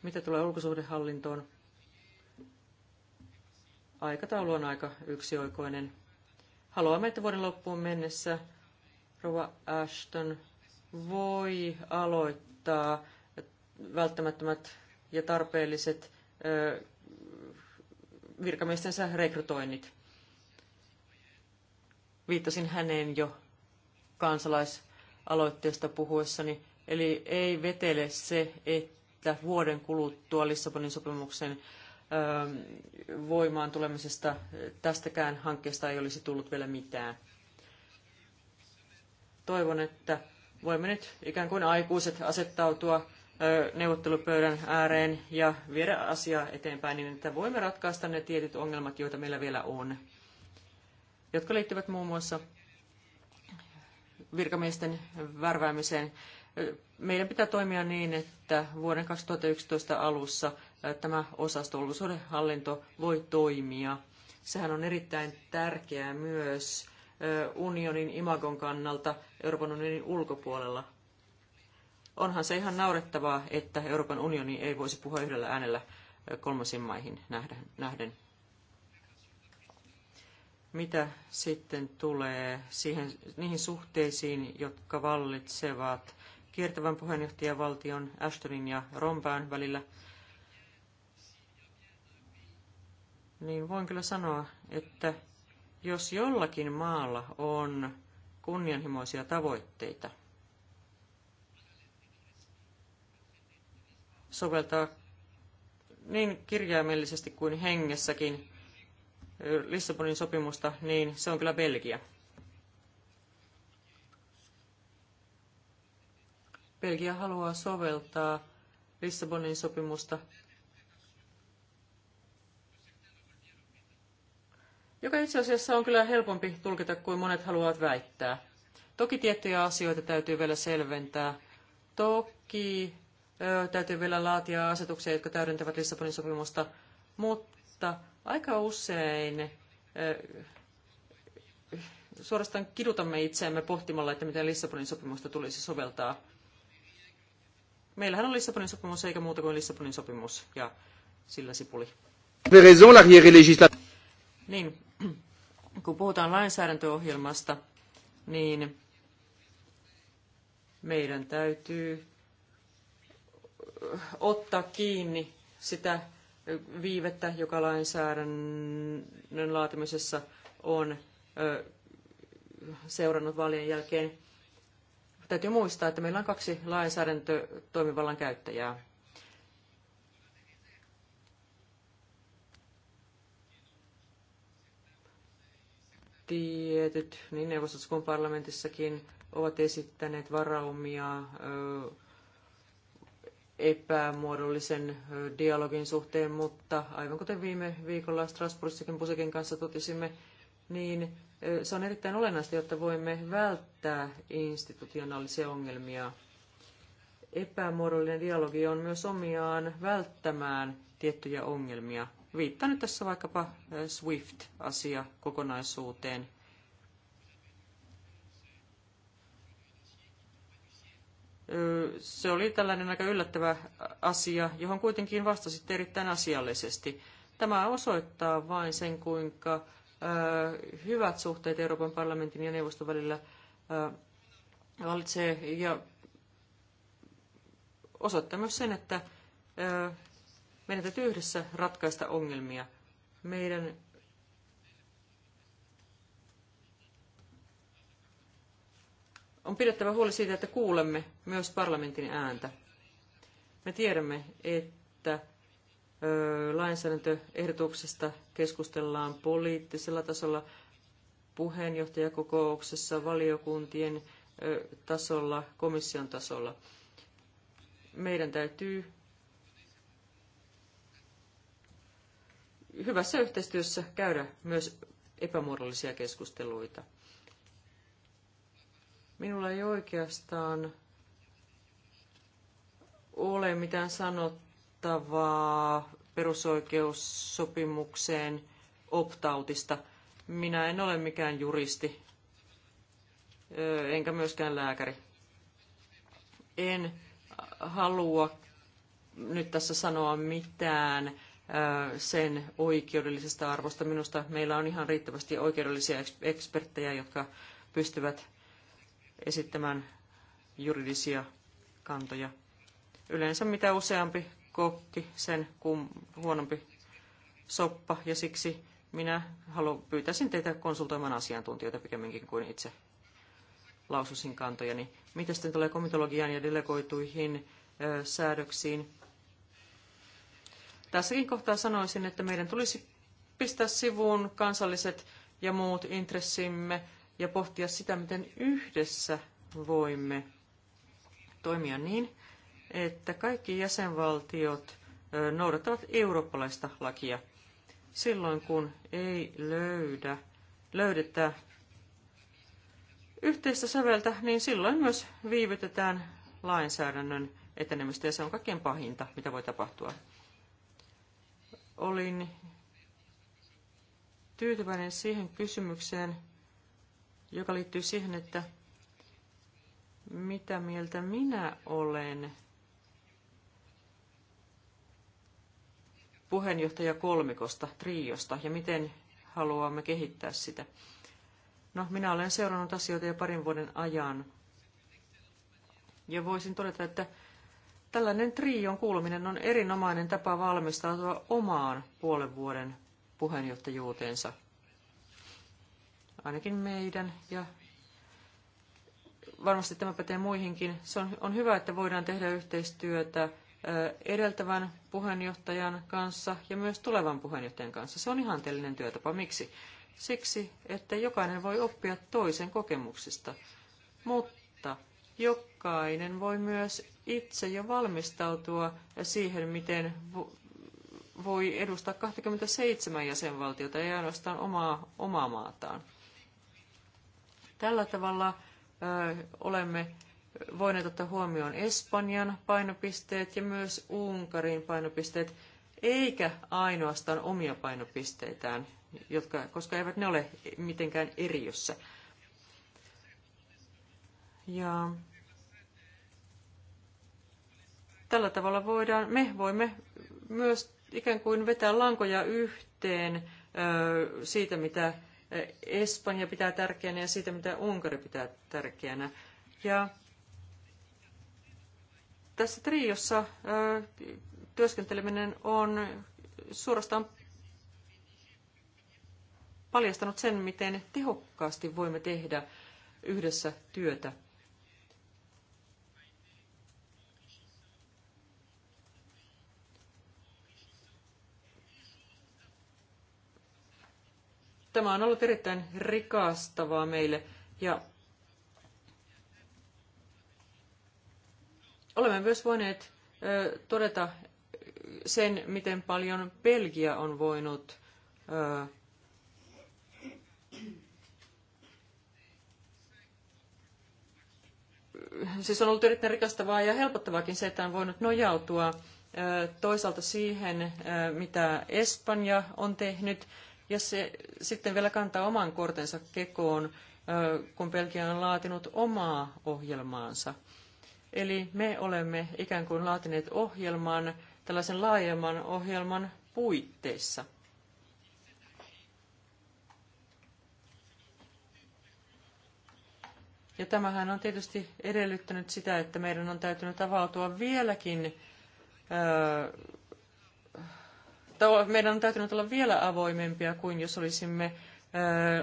Mitä tulee ulkosuhdehallintoon, Aikataulu on aika yksioikoinen. Haluamme, että vuoden loppuun mennessä Rova Ashton voi aloittaa välttämättömät ja tarpeelliset virkamiestensä rekrytoinnit. Viittasin häneen jo kansalaisaloitteesta puhuessani, eli ei vetele se, että vuoden kuluttua Lissabonin sopimuksen Ähm, voimaan tulemisesta tästäkään hankkeesta ei olisi tullut vielä mitään. Toivon, että voimme nyt ikään kuin aikuiset asettautua neuvottelupöydän ääreen ja viedä asiaa eteenpäin niin, että voimme ratkaista ne tietyt ongelmat, joita meillä vielä on, jotka liittyvät muun muassa virkamiesten värväämiseen. Meidän pitää toimia niin, että vuoden 2011 alussa tämä osasto hallinto voi toimia. Sehän on erittäin tärkeää myös unionin imagon kannalta Euroopan unionin ulkopuolella. Onhan se ihan naurettavaa, että Euroopan unioni ei voisi puhua yhdellä äänellä kolmansiin maihin nähden. Mitä sitten tulee siihen, niihin suhteisiin, jotka vallitsevat kiertävän puheenjohtajavaltion Ashtonin ja Rompään välillä – niin voin kyllä sanoa, että jos jollakin maalla on kunnianhimoisia tavoitteita soveltaa niin kirjaimellisesti kuin hengessäkin Lissabonin sopimusta, niin se on kyllä Belgia. Belgia haluaa soveltaa Lissabonin sopimusta joka itse asiassa on kyllä helpompi tulkita kuin monet haluavat väittää. Toki tiettyjä asioita täytyy vielä selventää. Toki ö, täytyy vielä laatia asetuksia, jotka täydentävät Lissabonin sopimusta, mutta aika usein ö, suorastaan kidutamme itseämme pohtimalla, että miten Lissabonin sopimusta tulisi soveltaa. Meillähän on Lissabonin sopimus eikä muuta kuin Lissabonin sopimus ja sillä sipuli. Niin, kun puhutaan lainsäädäntöohjelmasta, niin meidän täytyy ottaa kiinni sitä viivettä, joka lainsäädännön laatimisessa on seurannut vaalien jälkeen. Täytyy muistaa, että meillä on kaksi lainsäädäntötoimivallan käyttäjää. tietyt, niin neuvostossa kuin parlamentissakin, ovat esittäneet varaumia epämuodollisen dialogin suhteen, mutta aivan kuten viime viikolla Strasbourgissakin Pusekin kanssa totesimme, niin se on erittäin olennaista, jotta voimme välttää institutionaalisia ongelmia. Epämuodollinen dialogi on myös omiaan välttämään tiettyjä ongelmia Viittaan nyt tässä vaikkapa SWIFT-asia kokonaisuuteen. Se oli tällainen aika yllättävä asia, johon kuitenkin vastasitte erittäin asiallisesti. Tämä osoittaa vain sen, kuinka hyvät suhteet Euroopan parlamentin ja neuvoston välillä valitsee ja osoittaa myös sen, että meidän täytyy yhdessä ratkaista ongelmia. Meidän on pidettävä huoli siitä, että kuulemme myös parlamentin ääntä. Me tiedämme, että lainsäädäntöehdotuksesta keskustellaan poliittisella tasolla, puheenjohtajakokouksessa, valiokuntien tasolla, komission tasolla. Meidän täytyy hyvässä yhteistyössä käydä myös epämuodollisia keskusteluita. Minulla ei oikeastaan ole mitään sanottavaa perusoikeussopimukseen optautista. Minä en ole mikään juristi, enkä myöskään lääkäri. En halua nyt tässä sanoa mitään sen oikeudellisesta arvosta. Minusta meillä on ihan riittävästi oikeudellisia eksperttejä, jotka pystyvät esittämään juridisia kantoja. Yleensä mitä useampi kokki, sen kum, huonompi soppa, ja siksi minä haluan, pyytäisin teitä konsultoimaan asiantuntijoita pikemminkin kuin itse laususin kantojani. Mitä sitten tulee komitologiaan ja delegoituihin ö, säädöksiin? Tässäkin kohtaa sanoisin, että meidän tulisi pistää sivuun kansalliset ja muut intressimme ja pohtia sitä, miten yhdessä voimme toimia niin, että kaikki jäsenvaltiot noudattavat eurooppalaista lakia. Silloin kun ei löydä, löydetä yhteistä säveltä, niin silloin myös viivytetään lainsäädännön etenemistä ja se on kaikkein pahinta, mitä voi tapahtua olin tyytyväinen siihen kysymykseen, joka liittyy siihen, että mitä mieltä minä olen puheenjohtaja kolmikosta, triosta ja miten haluamme kehittää sitä. No, minä olen seurannut asioita jo parin vuoden ajan. Ja voisin todeta, että Tällainen trion kuuluminen on erinomainen tapa valmistautua omaan puolen vuoden puheenjohtajuuteensa. Ainakin meidän ja varmasti tämä pätee muihinkin. Se on, on hyvä, että voidaan tehdä yhteistyötä edeltävän puheenjohtajan kanssa ja myös tulevan puheenjohtajan kanssa. Se on ihanteellinen työtapa. Miksi? Siksi, että jokainen voi oppia toisen kokemuksista, mutta jokainen voi myös itse jo valmistautua siihen, miten voi edustaa 27 jäsenvaltiota, ei ainoastaan omaa, omaa maataan. Tällä tavalla ö, olemme voineet ottaa huomioon Espanjan painopisteet ja myös Unkarin painopisteet, eikä ainoastaan omia painopisteitään, jotka, koska eivät ne ole mitenkään eriössä. Ja tällä tavalla voidaan, me voimme myös ikään kuin vetää lankoja yhteen siitä, mitä Espanja pitää tärkeänä ja siitä, mitä Unkari pitää tärkeänä. Ja tässä triossa työskenteleminen on suorastaan paljastanut sen, miten tehokkaasti voimme tehdä yhdessä työtä. Tämä on ollut erittäin rikastavaa meille ja olemme myös voineet todeta sen, miten paljon Belgia on voinut siis on ollut erittäin rikastavaa ja helpottavaakin se, että on voinut nojautua toisaalta siihen, mitä Espanja on tehnyt, ja se sitten vielä kantaa oman kortensa kekoon, kun Belgia on laatinut omaa ohjelmaansa. Eli me olemme ikään kuin laatineet ohjelman, tällaisen laajemman ohjelman puitteissa. Ja tämähän on tietysti edellyttänyt sitä, että meidän on täytynyt avautua vieläkin meidän on täytynyt olla vielä avoimempia kuin jos olisimme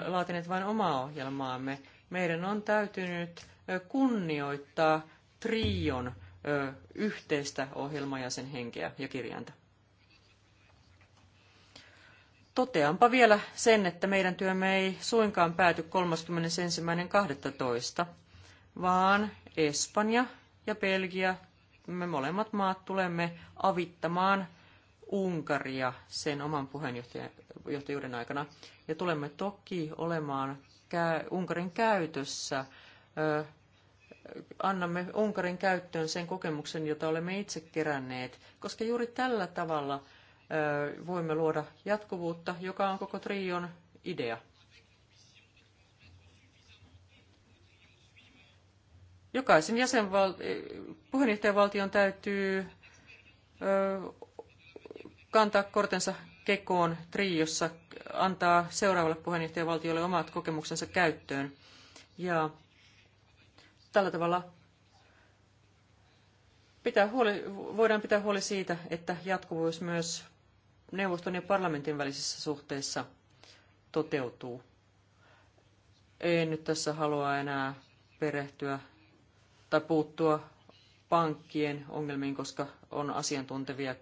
laatineet vain omaa ohjelmaamme. Meidän on täytynyt kunnioittaa trion yhteistä ohjelmaa ja sen henkeä ja kirjainta. Toteanpa vielä sen, että meidän työmme ei suinkaan pääty 31.12., vaan Espanja ja Belgia, me molemmat maat tulemme avittamaan Unkaria sen oman puheenjohtajuuden aikana. Ja tulemme toki olemaan Unkarin käytössä. Annamme Unkarin käyttöön sen kokemuksen, jota olemme itse keränneet, koska juuri tällä tavalla voimme luoda jatkuvuutta, joka on koko trion idea. Jokaisen jäsenval- puheenjohtajavaltion täytyy kantaa kortensa kekoon triossa, antaa seuraavalle puheenjohtajavaltiolle omat kokemuksensa käyttöön. Ja tällä tavalla pitää huoli, voidaan pitää huoli siitä, että jatkuvuus myös neuvoston ja parlamentin välisissä suhteissa toteutuu. En nyt tässä halua enää perehtyä tai puuttua pankkien ongelmiin, koska on asiantuntevia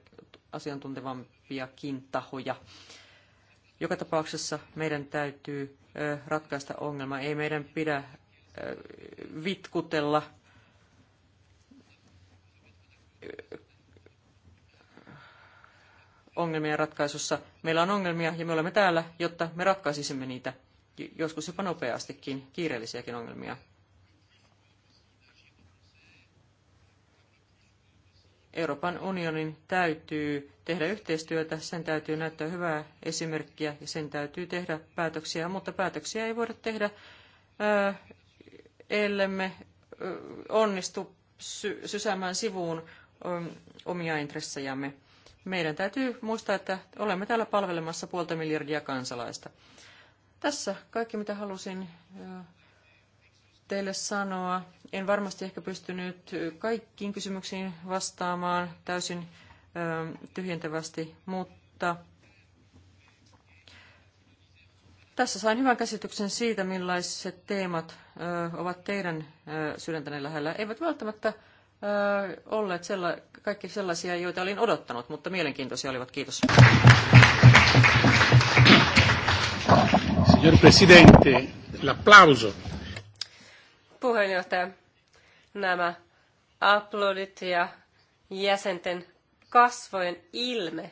asiantuntevampiakin tahoja. Joka tapauksessa meidän täytyy ratkaista ongelma. Ei meidän pidä vitkutella ongelmien ratkaisussa. Meillä on ongelmia ja me olemme täällä, jotta me ratkaisisimme niitä, joskus jopa nopeastikin, kiireellisiäkin ongelmia. Euroopan unionin täytyy tehdä yhteistyötä, sen täytyy näyttää hyvää esimerkkiä ja sen täytyy tehdä päätöksiä, mutta päätöksiä ei voida tehdä, ellemme onnistu sy- sysäämään sivuun omia intressejämme. Meidän täytyy muistaa, että olemme täällä palvelemassa puolta miljardia kansalaista. Tässä kaikki, mitä halusin teille sanoa. En varmasti ehkä pystynyt kaikkiin kysymyksiin vastaamaan täysin tyhjentävästi, mutta tässä sain hyvän käsityksen siitä, millaiset teemat ovat teidän sydäntäne lähellä. Eivät välttämättä olleet sella, kaikki sellaisia, joita olin odottanut, mutta mielenkiintoisia olivat. Kiitos. Signor Presidente, l'applauso puheenjohtaja. Nämä aplodit ja jäsenten kasvojen ilme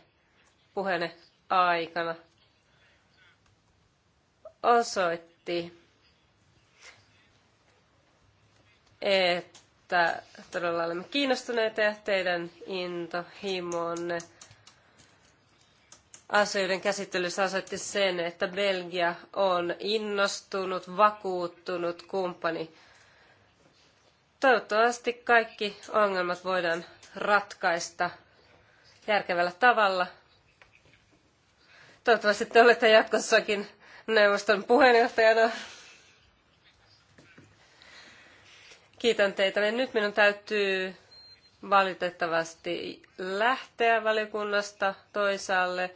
puheenne aikana osoitti, että todella olemme kiinnostuneita ja teidän intohimonne asioiden käsittelyssä osoitti sen, että Belgia on innostunut, vakuuttunut kumppani Toivottavasti kaikki ongelmat voidaan ratkaista järkevällä tavalla. Toivottavasti te olette jatkossakin neuvoston puheenjohtajana. Kiitän teitä. nyt minun täytyy valitettavasti lähteä valiokunnasta toisaalle.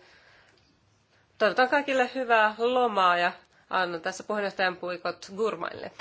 Toivotan kaikille hyvää lomaa ja annan tässä puheenjohtajan puikot Gurmaille.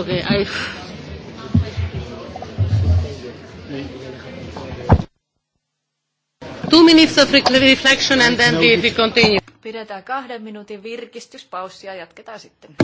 Okay, I... Two minutes of reflection and then we, we continue. Pidetään kahden minuutin virkistyspaussia ja jatketaan sitten.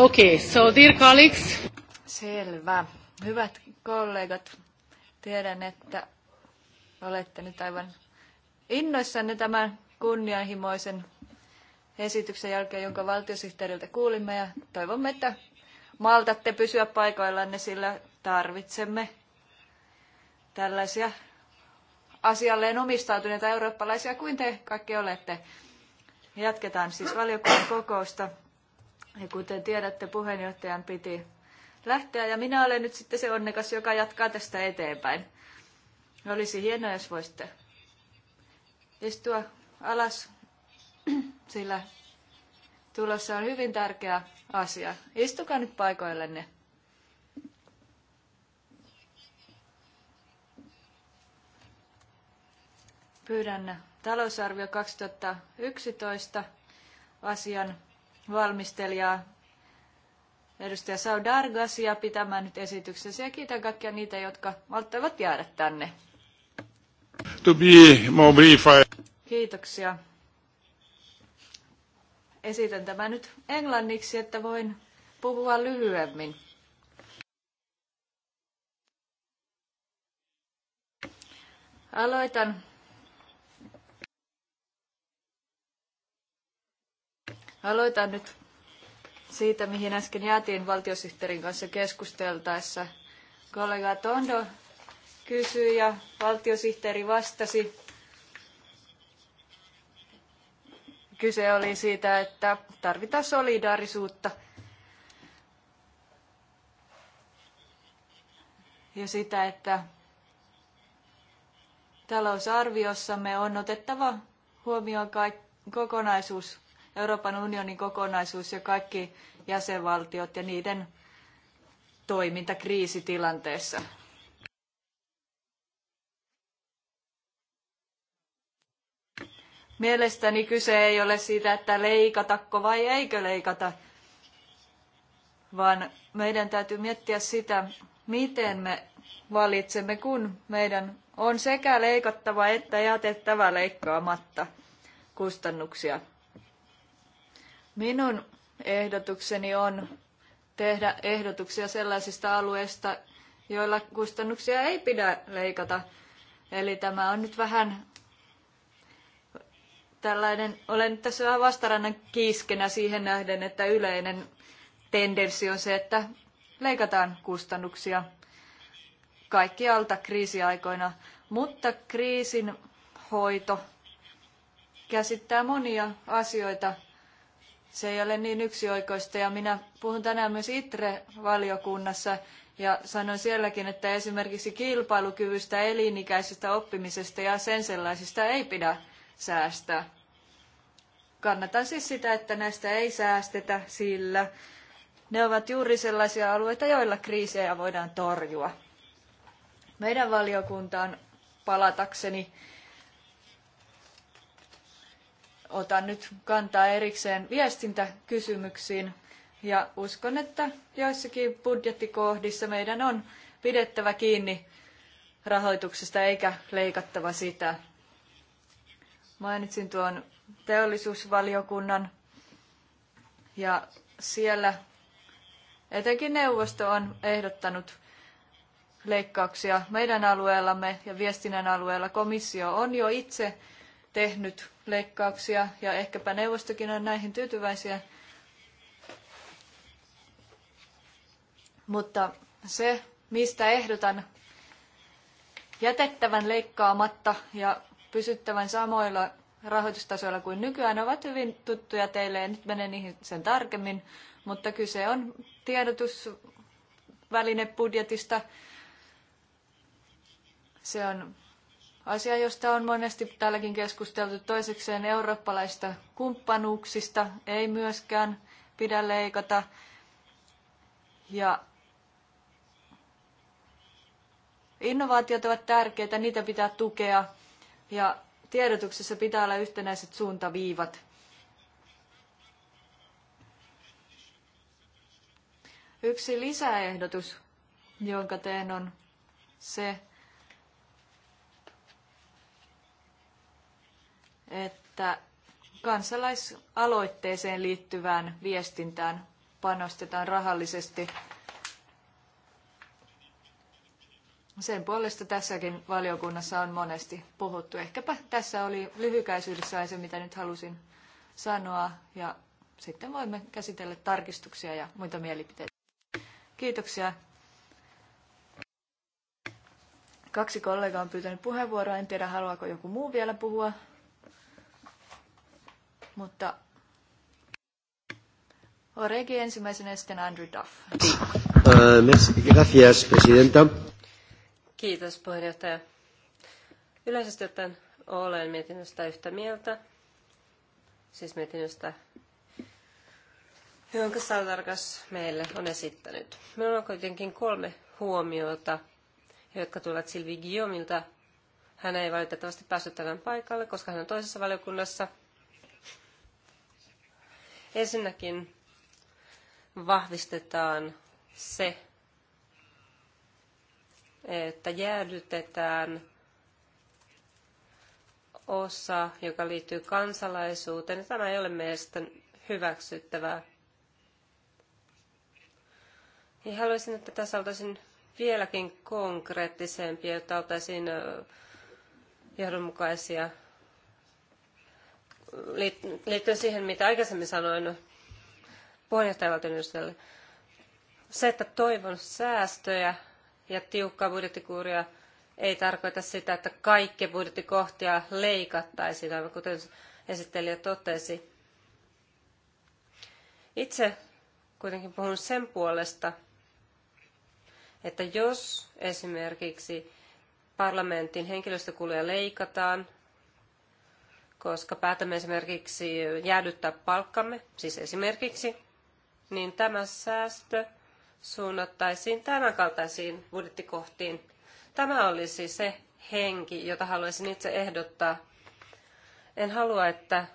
Okay, so dear colleagues. Selvä. Hyvät kollegat, tiedän, että olette nyt aivan innoissanne tämän kunnianhimoisen esityksen jälkeen, jonka valtiosihteeriltä kuulimme ja toivomme, että maltatte pysyä paikoillanne, sillä tarvitsemme tällaisia asialleen omistautuneita eurooppalaisia kuin te kaikki olette. Jatketaan siis valiokunnan kokousta. Ja kuten tiedätte, puheenjohtajan piti lähteä ja minä olen nyt sitten se onnekas, joka jatkaa tästä eteenpäin. Olisi hienoa, jos voisitte istua alas, sillä tulossa on hyvin tärkeä asia. Istukaa nyt paikoillenne. Pyydän talousarvio 2011 asian valmistelijaa edustaja Saudargasia pitämään nyt esityksensä ja kiitän kaikkia niitä, jotka malttavat jäädä tänne. To be more brief, I... Kiitoksia. Esitän tämän nyt englanniksi, että voin puhua lyhyemmin. Aloitan Aloitan nyt siitä, mihin äsken jäätiin valtiosihteerin kanssa keskusteltaessa. Kollega Tondo kysyi ja valtiosihteeri vastasi. Kyse oli siitä, että tarvitaan solidaarisuutta ja sitä, että talousarviossamme on otettava huomioon kaikki kokonaisuus Euroopan unionin kokonaisuus ja kaikki jäsenvaltiot ja niiden toiminta kriisitilanteessa. Mielestäni kyse ei ole siitä, että leikatako vai eikö leikata, vaan meidän täytyy miettiä sitä, miten me valitsemme, kun meidän on sekä leikattava että jätettävä leikkaamatta kustannuksia. Minun ehdotukseni on tehdä ehdotuksia sellaisista alueista, joilla kustannuksia ei pidä leikata. Eli tämä on nyt vähän tällainen, olen nyt tässä vähän vastarannan kiiskenä siihen nähden, että yleinen tendenssi on se, että leikataan kustannuksia kaikkialta kriisiaikoina, mutta kriisin hoito käsittää monia asioita, se ei ole niin yksioikoista ja minä puhun tänään myös ITRE-valiokunnassa ja sanoin sielläkin, että esimerkiksi kilpailukyvystä, elinikäisestä oppimisesta ja sen sellaisista ei pidä säästää. Kannatan siis sitä, että näistä ei säästetä, sillä ne ovat juuri sellaisia alueita, joilla kriisejä voidaan torjua. Meidän valiokuntaan palatakseni otan nyt kantaa erikseen viestintäkysymyksiin ja uskon, että joissakin budjettikohdissa meidän on pidettävä kiinni rahoituksesta eikä leikattava sitä. Mainitsin tuon teollisuusvaliokunnan ja siellä etenkin neuvosto on ehdottanut leikkauksia meidän alueellamme ja viestinnän alueella. Komissio on jo itse tehnyt leikkauksia ja ehkäpä neuvostokin on näihin tyytyväisiä. Mutta se, mistä ehdotan jätettävän leikkaamatta ja pysyttävän samoilla rahoitustasoilla kuin nykyään, ovat hyvin tuttuja teille ja nyt menen niihin sen tarkemmin, mutta kyse on tiedotusvälinebudjetista. Se on asia, josta on monesti täälläkin keskusteltu. Toisekseen eurooppalaista kumppanuuksista ei myöskään pidä leikata. Ja innovaatiot ovat tärkeitä, niitä pitää tukea ja tiedotuksessa pitää olla yhtenäiset suuntaviivat. Yksi lisäehdotus, jonka teen, on se, että kansalaisaloitteeseen liittyvään viestintään panostetaan rahallisesti. Sen puolesta tässäkin valiokunnassa on monesti puhuttu. Ehkäpä tässä oli lyhykäisyydessä se, mitä nyt halusin sanoa, ja sitten voimme käsitellä tarkistuksia ja muita mielipiteitä. Kiitoksia. Kaksi kollegaa on pyytänyt puheenvuoroa. En tiedä, haluaako joku muu vielä puhua. Mutta Oregi ensimmäisenä sitten Andrew Duff. Eh, Gracias, presidenta. Kiitos puheenjohtaja. Yleisesti ottaen olen mietinnöstä yhtä mieltä, siis mietinnöstä, jonka Saltarkas meille on esittänyt. Minulla on kuitenkin kolme huomiota, jotka tulevat Silvi Guillaumilta. Hän ei valitettavasti päässyt tänään paikalle, koska hän on toisessa valiokunnassa – Ensinnäkin vahvistetaan se, että jäädytetään osa, joka liittyy kansalaisuuteen. Tämä ei ole mielestäni hyväksyttävää. Ja haluaisin, että tässä oltaisiin vieläkin konkreettisempia, jotta oltaisiin johdonmukaisia liittyen siihen, mitä aikaisemmin sanoin puheenjohtajavaltion edustajalle, se, että toivon säästöjä ja tiukkaa budjettikuuria ei tarkoita sitä, että kaikkia budjettikohtia leikattaisiin, aivan kuten esittelijä totesi. Itse kuitenkin puhun sen puolesta, että jos esimerkiksi parlamentin henkilöstökuluja leikataan koska päätämme esimerkiksi jäädyttää palkkamme, siis esimerkiksi, niin tämä säästö suunnattaisiin tämän kaltaisiin budjettikohtiin. Tämä olisi se henki, jota haluaisin itse ehdottaa. En halua, että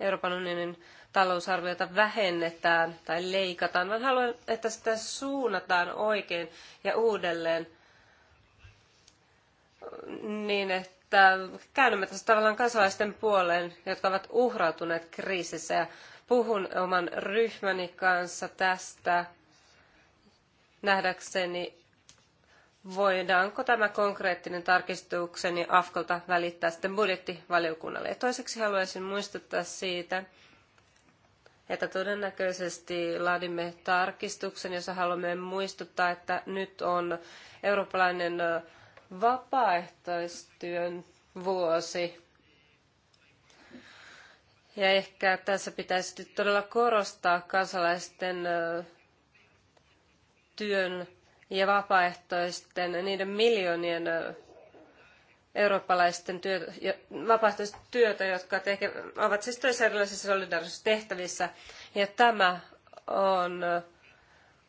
Euroopan unionin talousarviota vähennetään tai leikataan, vaan haluan, että sitä suunnataan oikein ja uudelleen niin, että että käännymme tässä tavallaan kansalaisten puoleen, jotka ovat uhrautuneet kriisissä. Ja puhun oman ryhmäni kanssa tästä nähdäkseni, voidaanko tämä konkreettinen tarkistukseni Afkolta välittää sitten budjettivaliokunnalle. Ja toiseksi haluaisin muistuttaa siitä, että todennäköisesti laadimme tarkistuksen, jossa haluamme muistuttaa, että nyt on eurooppalainen vapaaehtoistyön vuosi. Ja ehkä tässä pitäisi nyt todella korostaa kansalaisten työn ja vapaaehtoisten, niiden miljoonien eurooppalaisten vapaaehtoista työtä, jotka teke, ovat siis töissä erilaisissa solidarisuustehtävissä. Ja tämä on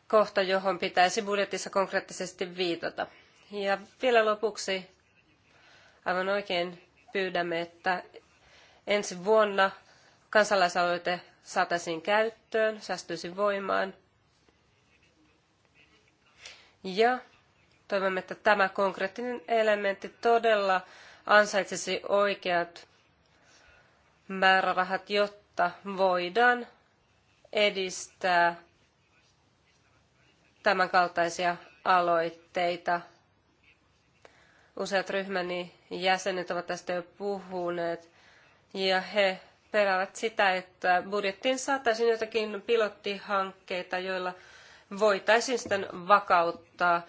kohta, johon pitäisi budjetissa konkreettisesti viitata. Ja vielä lopuksi aivan oikein pyydämme, että ensi vuonna kansalaisaloite saataisiin käyttöön, säästyisi voimaan. Ja toivomme, että tämä konkreettinen elementti todella ansaitsisi oikeat määrärahat, jotta voidaan edistää tämänkaltaisia aloitteita Useat ryhmäni jäsenet ovat tästä jo puhuneet ja he peläävät sitä, että budjettiin saataisiin jotakin pilottihankkeita, joilla voitaisiin sitten vakauttaa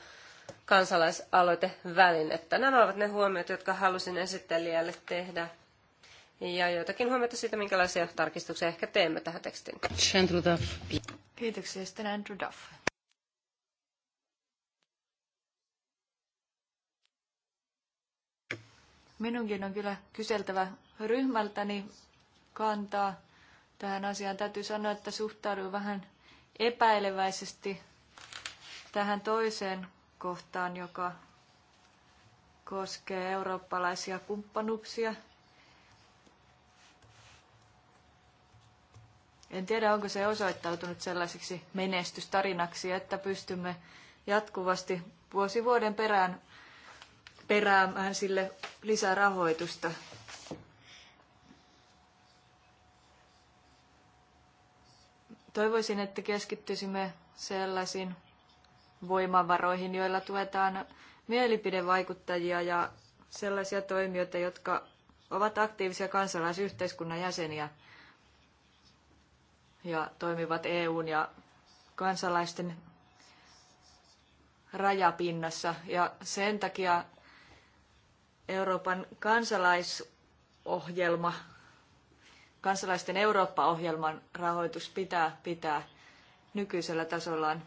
kansalaisaloitevälinettä. Nämä ovat ne huomiot, jotka halusin esittelijälle tehdä. Ja joitakin huomiota siitä, minkälaisia tarkistuksia ehkä teemme tähän tekstiin. Kiitoksia. Sitten Andrew Duff. Minunkin on kyllä kyseltävä ryhmältäni kantaa tähän asiaan. Täytyy sanoa, että suhtaudun vähän epäileväisesti tähän toiseen kohtaan, joka koskee eurooppalaisia kumppanuuksia. En tiedä, onko se osoittautunut sellaiseksi menestystarinaksi, että pystymme jatkuvasti vuosi vuoden perään peräämään sille lisää rahoitusta. Toivoisin, että keskittyisimme sellaisiin voimavaroihin, joilla tuetaan mielipidevaikuttajia ja sellaisia toimijoita, jotka ovat aktiivisia kansalaisyhteiskunnan jäseniä ja toimivat EUn ja kansalaisten rajapinnassa. Ja sen takia Euroopan kansalaisohjelma, kansalaisten Eurooppa-ohjelman rahoitus pitää pitää nykyisellä tasollaan.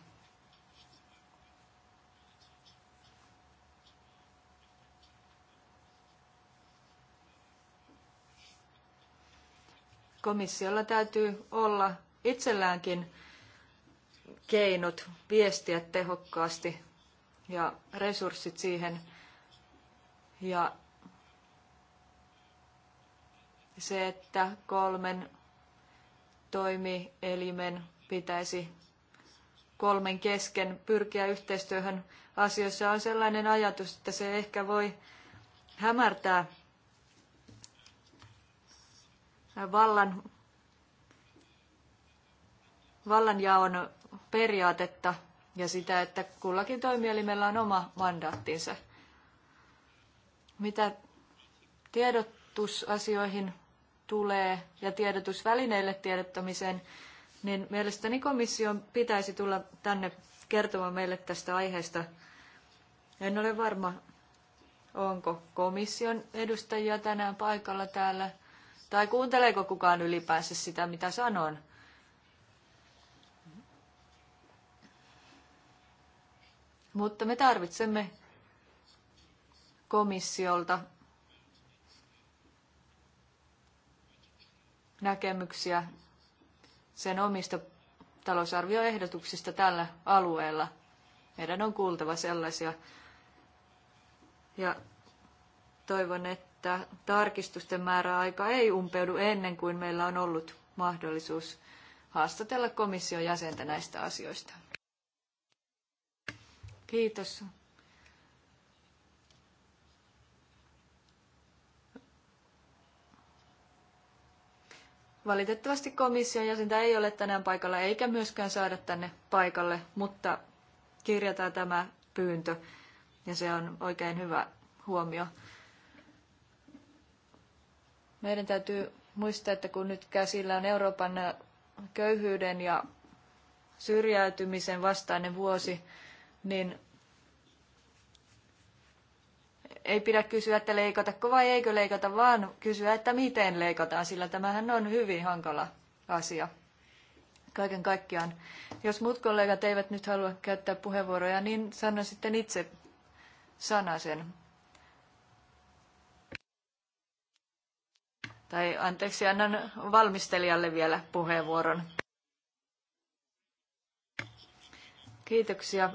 Komissiolla täytyy olla itselläänkin keinot viestiä tehokkaasti ja resurssit siihen – ja se, että kolmen toimielimen pitäisi kolmen kesken pyrkiä yhteistyöhön asioissa on sellainen ajatus, että se ehkä voi hämärtää vallan, vallanjaon periaatetta ja sitä, että kullakin toimielimellä on oma mandaattinsa. Mitä tiedotusasioihin tulee ja tiedotusvälineille tiedottamiseen, niin mielestäni komission pitäisi tulla tänne kertomaan meille tästä aiheesta. En ole varma, onko komission edustajia tänään paikalla täällä, tai kuunteleeko kukaan ylipäänsä sitä, mitä sanon. Mutta me tarvitsemme komissiolta näkemyksiä sen omista talousarvioehdotuksista tällä alueella. Meidän on kuultava sellaisia. Ja toivon, että tarkistusten määräaika ei umpeudu ennen kuin meillä on ollut mahdollisuus haastatella komission jäsentä näistä asioista. Kiitos Valitettavasti komission jäsentä ei ole tänään paikalla eikä myöskään saada tänne paikalle, mutta kirjataan tämä pyyntö ja se on oikein hyvä huomio. Meidän täytyy muistaa, että kun nyt käsillä on Euroopan köyhyyden ja syrjäytymisen vastainen vuosi, niin ei pidä kysyä, että leikatako vai eikö leikata, vaan kysyä, että miten leikataan, sillä tämähän on hyvin hankala asia kaiken kaikkiaan. Jos muut kollegat eivät nyt halua käyttää puheenvuoroja, niin sanon sitten itse sanasen. Tai anteeksi, annan valmistelijalle vielä puheenvuoron. Kiitoksia.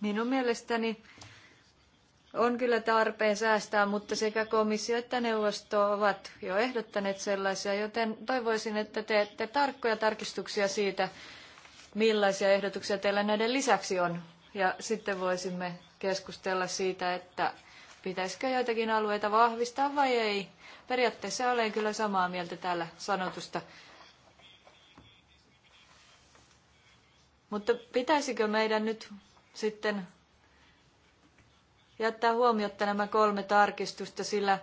Minun mielestäni on kyllä tarpeen säästää, mutta sekä komissio että neuvosto ovat jo ehdottaneet sellaisia, joten toivoisin, että teette tarkkoja tarkistuksia siitä, millaisia ehdotuksia teillä näiden lisäksi on. Ja sitten voisimme keskustella siitä, että pitäisikö joitakin alueita vahvistaa vai ei. Periaatteessa olen kyllä samaa mieltä täällä sanotusta. Mutta pitäisikö meidän nyt sitten jättää huomiotta nämä kolme tarkistusta, sillä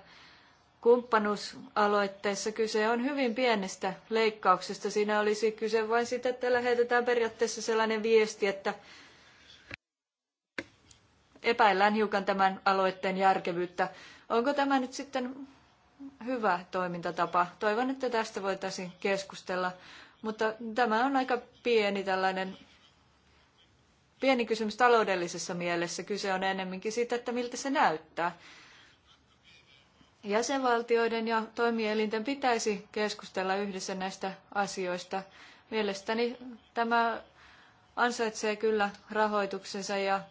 kumppanuusaloitteessa kyse on hyvin pienestä leikkauksesta. Siinä olisi kyse vain siitä, että lähetetään periaatteessa sellainen viesti, että epäillään hiukan tämän aloitteen järkevyyttä. Onko tämä nyt sitten hyvä toimintatapa? Toivon, että tästä voitaisiin keskustella, mutta tämä on aika pieni tällainen pieni kysymys taloudellisessa mielessä. Kyse on enemminkin siitä, että miltä se näyttää. Jäsenvaltioiden ja toimielinten pitäisi keskustella yhdessä näistä asioista. Mielestäni tämä ansaitsee kyllä rahoituksensa ja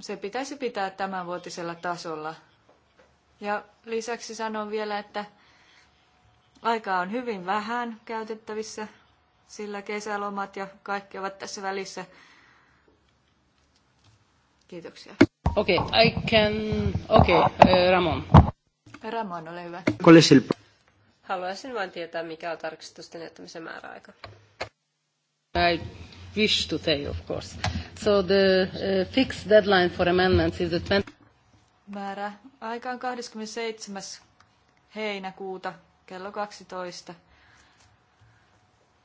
se pitäisi pitää tämänvuotisella tasolla. Ja lisäksi sanon vielä, että aikaa on hyvin vähän käytettävissä sillä kesälomat ja kaikki ovat tässä välissä. Kiitoksia. Okei, okay, I can... Okei, okay, uh, Ramon. Ramon, ole hyvä. Haluaisin vain tietää, mikä on tarkistusten jättämisen määräaika. I wish to say, of course. So the uh, fixed deadline for amendments is the 20... Määrä aika on 27. heinäkuuta kello 12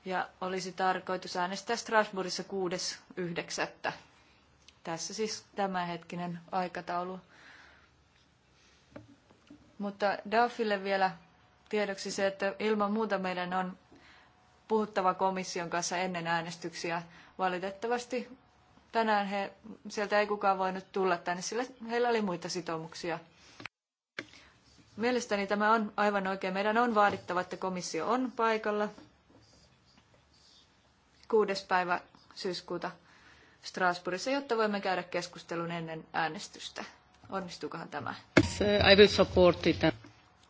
ja olisi tarkoitus äänestää Strasbourgissa 6.9. Tässä siis tämänhetkinen aikataulu. Mutta Daffille vielä tiedoksi se, että ilman muuta meidän on puhuttava komission kanssa ennen äänestyksiä. Valitettavasti tänään he, sieltä ei kukaan voinut tulla tänne, sillä heillä oli muita sitoumuksia. Mielestäni tämä on aivan oikein. Meidän on vaadittava, että komissio on paikalla 6. päivä syyskuuta Strasbourgissa, jotta voimme käydä keskustelun ennen äänestystä. Onnistuukohan tämä? I will support it.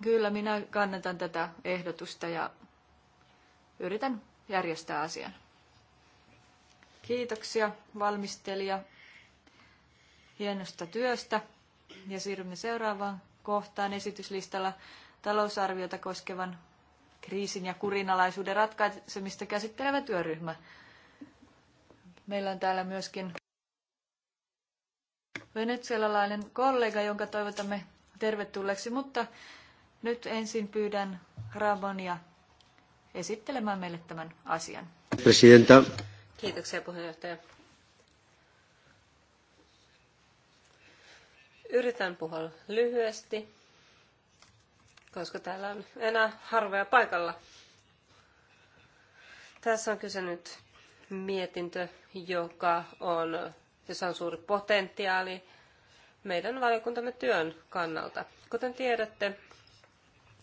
Kyllä, minä kannatan tätä ehdotusta ja yritän järjestää asian. Kiitoksia valmistelija hienosta työstä ja siirrymme seuraavaan kohtaan esityslistalla talousarviota koskevan kriisin ja kurinalaisuuden ratkaisemista käsittelevä työryhmä. Meillä on täällä myöskin venezuelalainen kollega, jonka toivotamme tervetulleeksi, mutta nyt ensin pyydän Ramonia esittelemään meille tämän asian. Presidenta. Kiitoksia puheenjohtaja. Yritän puhua lyhyesti koska täällä on enää harvoja paikalla. Tässä on kyse nyt mietintö, joka on, jossa on suuri potentiaali meidän valiokuntamme työn kannalta. Kuten tiedätte,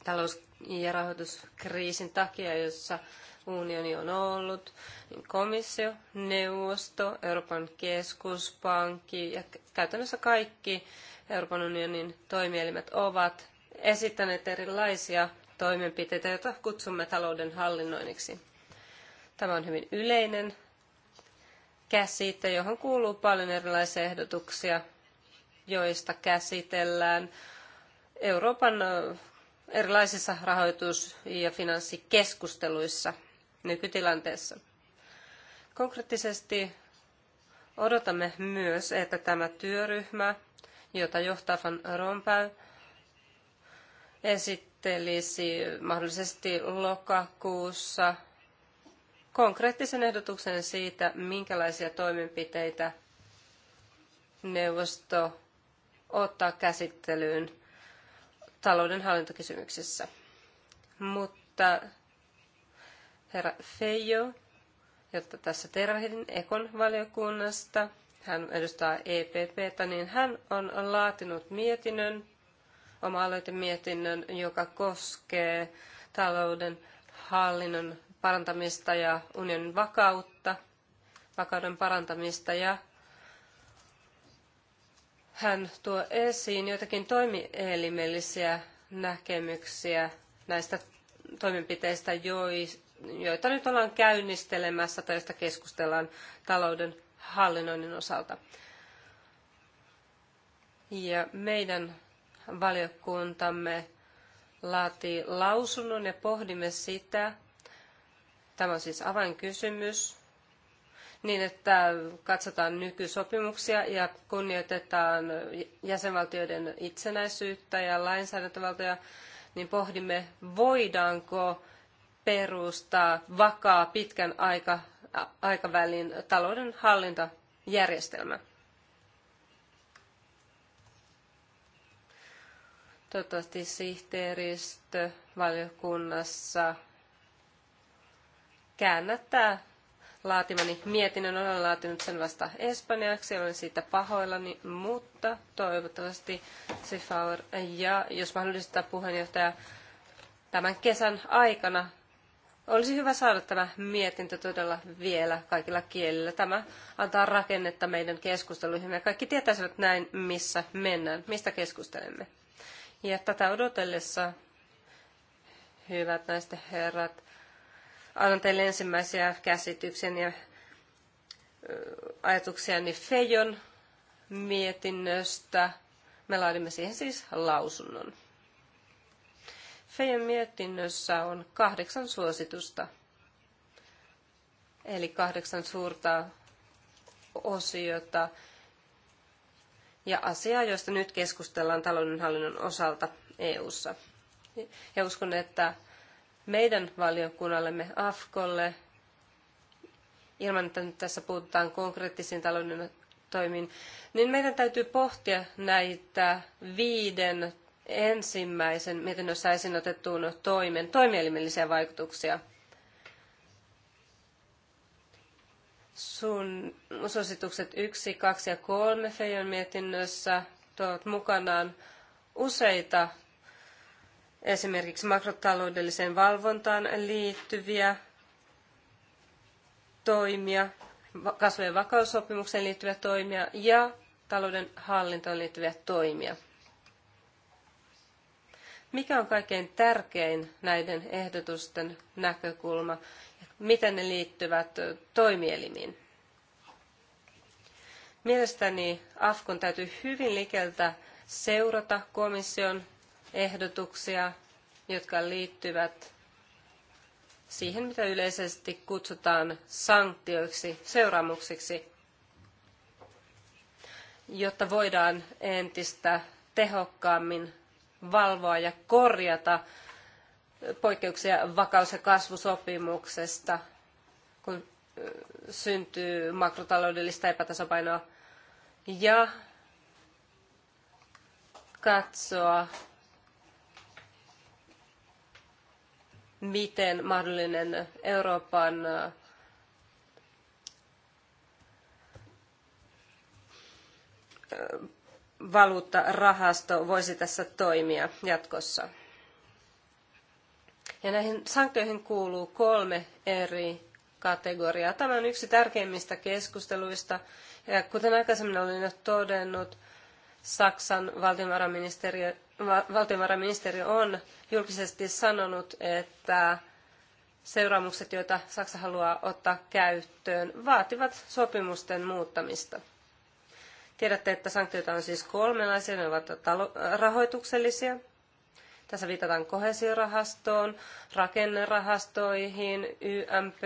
talous- ja rahoituskriisin takia, jossa unioni on ollut, niin komissio, neuvosto, Euroopan keskuspankki ja käytännössä kaikki Euroopan unionin toimielimet ovat esittäneet erilaisia toimenpiteitä, joita kutsumme talouden hallinnoinniksi. Tämä on hyvin yleinen käsite, johon kuuluu paljon erilaisia ehdotuksia, joista käsitellään Euroopan erilaisissa rahoitus- ja finanssikeskusteluissa nykytilanteessa. Konkreettisesti odotamme myös, että tämä työryhmä, jota johtaa Van Rompuy, esittelisi mahdollisesti lokakuussa konkreettisen ehdotuksen siitä, minkälaisia toimenpiteitä neuvosto ottaa käsittelyyn talouden hallintokysymyksissä. Mutta herra Feijo, jotta tässä tervehdin Ekon valiokunnasta, hän edustaa EPPtä, niin hän on laatinut mietinnön, oma mietinnön, joka koskee talouden hallinnon parantamista ja unionin vakautta, vakauden parantamista ja hän tuo esiin joitakin toimielimellisiä näkemyksiä näistä toimenpiteistä, joita nyt ollaan käynnistelemässä tai joista keskustellaan talouden hallinnoinnin osalta. Ja meidän valiokuntamme laati lausunnon ja pohdimme sitä, tämä on siis avainkysymys, niin että katsotaan nykysopimuksia ja kunnioitetaan jäsenvaltioiden itsenäisyyttä ja lainsäädäntövaltoja, niin pohdimme, voidaanko perustaa vakaa pitkän aika, aikavälin talouden hallintajärjestelmä. Toivottavasti sihteeristö valiokunnassa käännättää laatimani mietinnön. Olen laatinut sen vasta espanjaksi, olen siitä pahoillani, mutta toivottavasti Sifaur ja jos mahdollista puheenjohtaja tämän kesän aikana olisi hyvä saada tämä mietintö todella vielä kaikilla kielillä. Tämä antaa rakennetta meidän keskusteluihin ja kaikki tietäisivät näin, missä mennään, mistä keskustelemme. Ja tätä odotellessa, hyvät naiset herrat, annan teille ensimmäisiä käsityksiä ja ajatuksia Fejon mietinnöstä. Me laadimme siihen siis lausunnon. Fejon mietinnössä on kahdeksan suositusta, eli kahdeksan suurta osiota, ja asiaa, josta nyt keskustellaan taloudenhallinnon osalta EU:ssa. Ja uskon, että meidän valiokunnallemme AFKolle, ilman että nyt tässä puhutaan konkreettisiin talouden toimiin, niin meidän täytyy pohtia näitä viiden ensimmäisen mietinnössä esiin otettuun toimen toimielimellisiä vaikutuksia – sun suositukset 1, 2 ja 3 Feijon mietinnössä tuovat mukanaan useita esimerkiksi makrotaloudelliseen valvontaan liittyviä toimia, kasvu- ja vakaussopimukseen liittyviä toimia ja talouden hallintoon liittyviä toimia. Mikä on kaikkein tärkein näiden ehdotusten näkökulma? miten ne liittyvät toimielimiin. Mielestäni AFKon täytyy hyvin likeltä seurata komission ehdotuksia, jotka liittyvät siihen, mitä yleisesti kutsutaan sanktioiksi, seuraamuksiksi, jotta voidaan entistä tehokkaammin valvoa ja korjata poikkeuksia vakaus- ja kasvusopimuksesta, kun syntyy makrotaloudellista epätasapainoa, ja katsoa, miten mahdollinen Euroopan valuuttarahasto voisi tässä toimia jatkossa. Ja näihin sanktioihin kuuluu kolme eri kategoriaa. Tämä on yksi tärkeimmistä keskusteluista. Ja kuten aikaisemmin olin jo todennut, Saksan valtiovarainministeri on julkisesti sanonut, että seuraamukset, joita Saksa haluaa ottaa käyttöön, vaativat sopimusten muuttamista. Tiedätte, että sanktioita on siis kolmenlaisia. Ne ovat rahoituksellisia, tässä viitataan kohesiorahastoon, rakennerahastoihin, YMP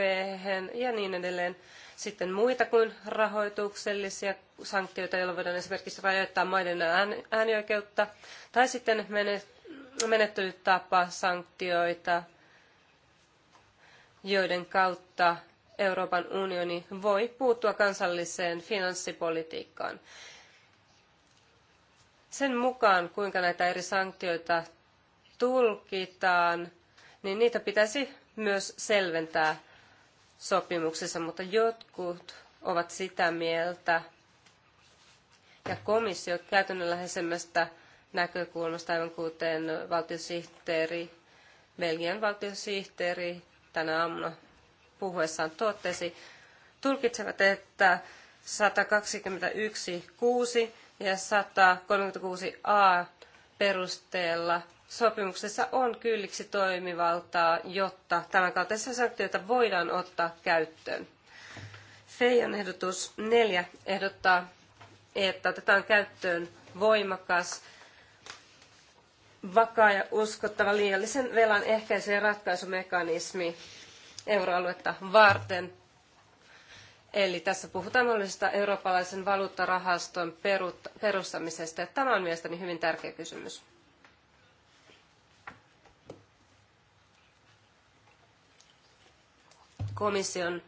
ja niin edelleen. Sitten muita kuin rahoituksellisia sanktioita, joilla voidaan esimerkiksi rajoittaa maiden äänioikeutta, tai sitten menettelytapa sanktioita, joiden kautta Euroopan unioni voi puuttua kansalliseen finanssipolitiikkaan. Sen mukaan, kuinka näitä eri sanktioita tulkitaan, niin niitä pitäisi myös selventää sopimuksessa, mutta jotkut ovat sitä mieltä, ja komissio käytännönläheisemmästä näkökulmasta, aivan kuten valtiosihteeri, Belgian valtiosihteeri tänä aamuna puhuessaan totesi, tulkitsevat, että 121.6 ja 136a perusteella sopimuksessa on kylliksi toimivaltaa, jotta tämän kaltaisia sanktioita voidaan ottaa käyttöön. Feijan ehdotus neljä ehdottaa, että otetaan käyttöön voimakas, vakaa ja uskottava liiallisen velan ehkäisy- ja ratkaisumekanismi euroaluetta varten. Eli tässä puhutaan mahdollisesta eurooppalaisen valuuttarahaston perustamisesta. Tämä on mielestäni hyvin tärkeä kysymys. komission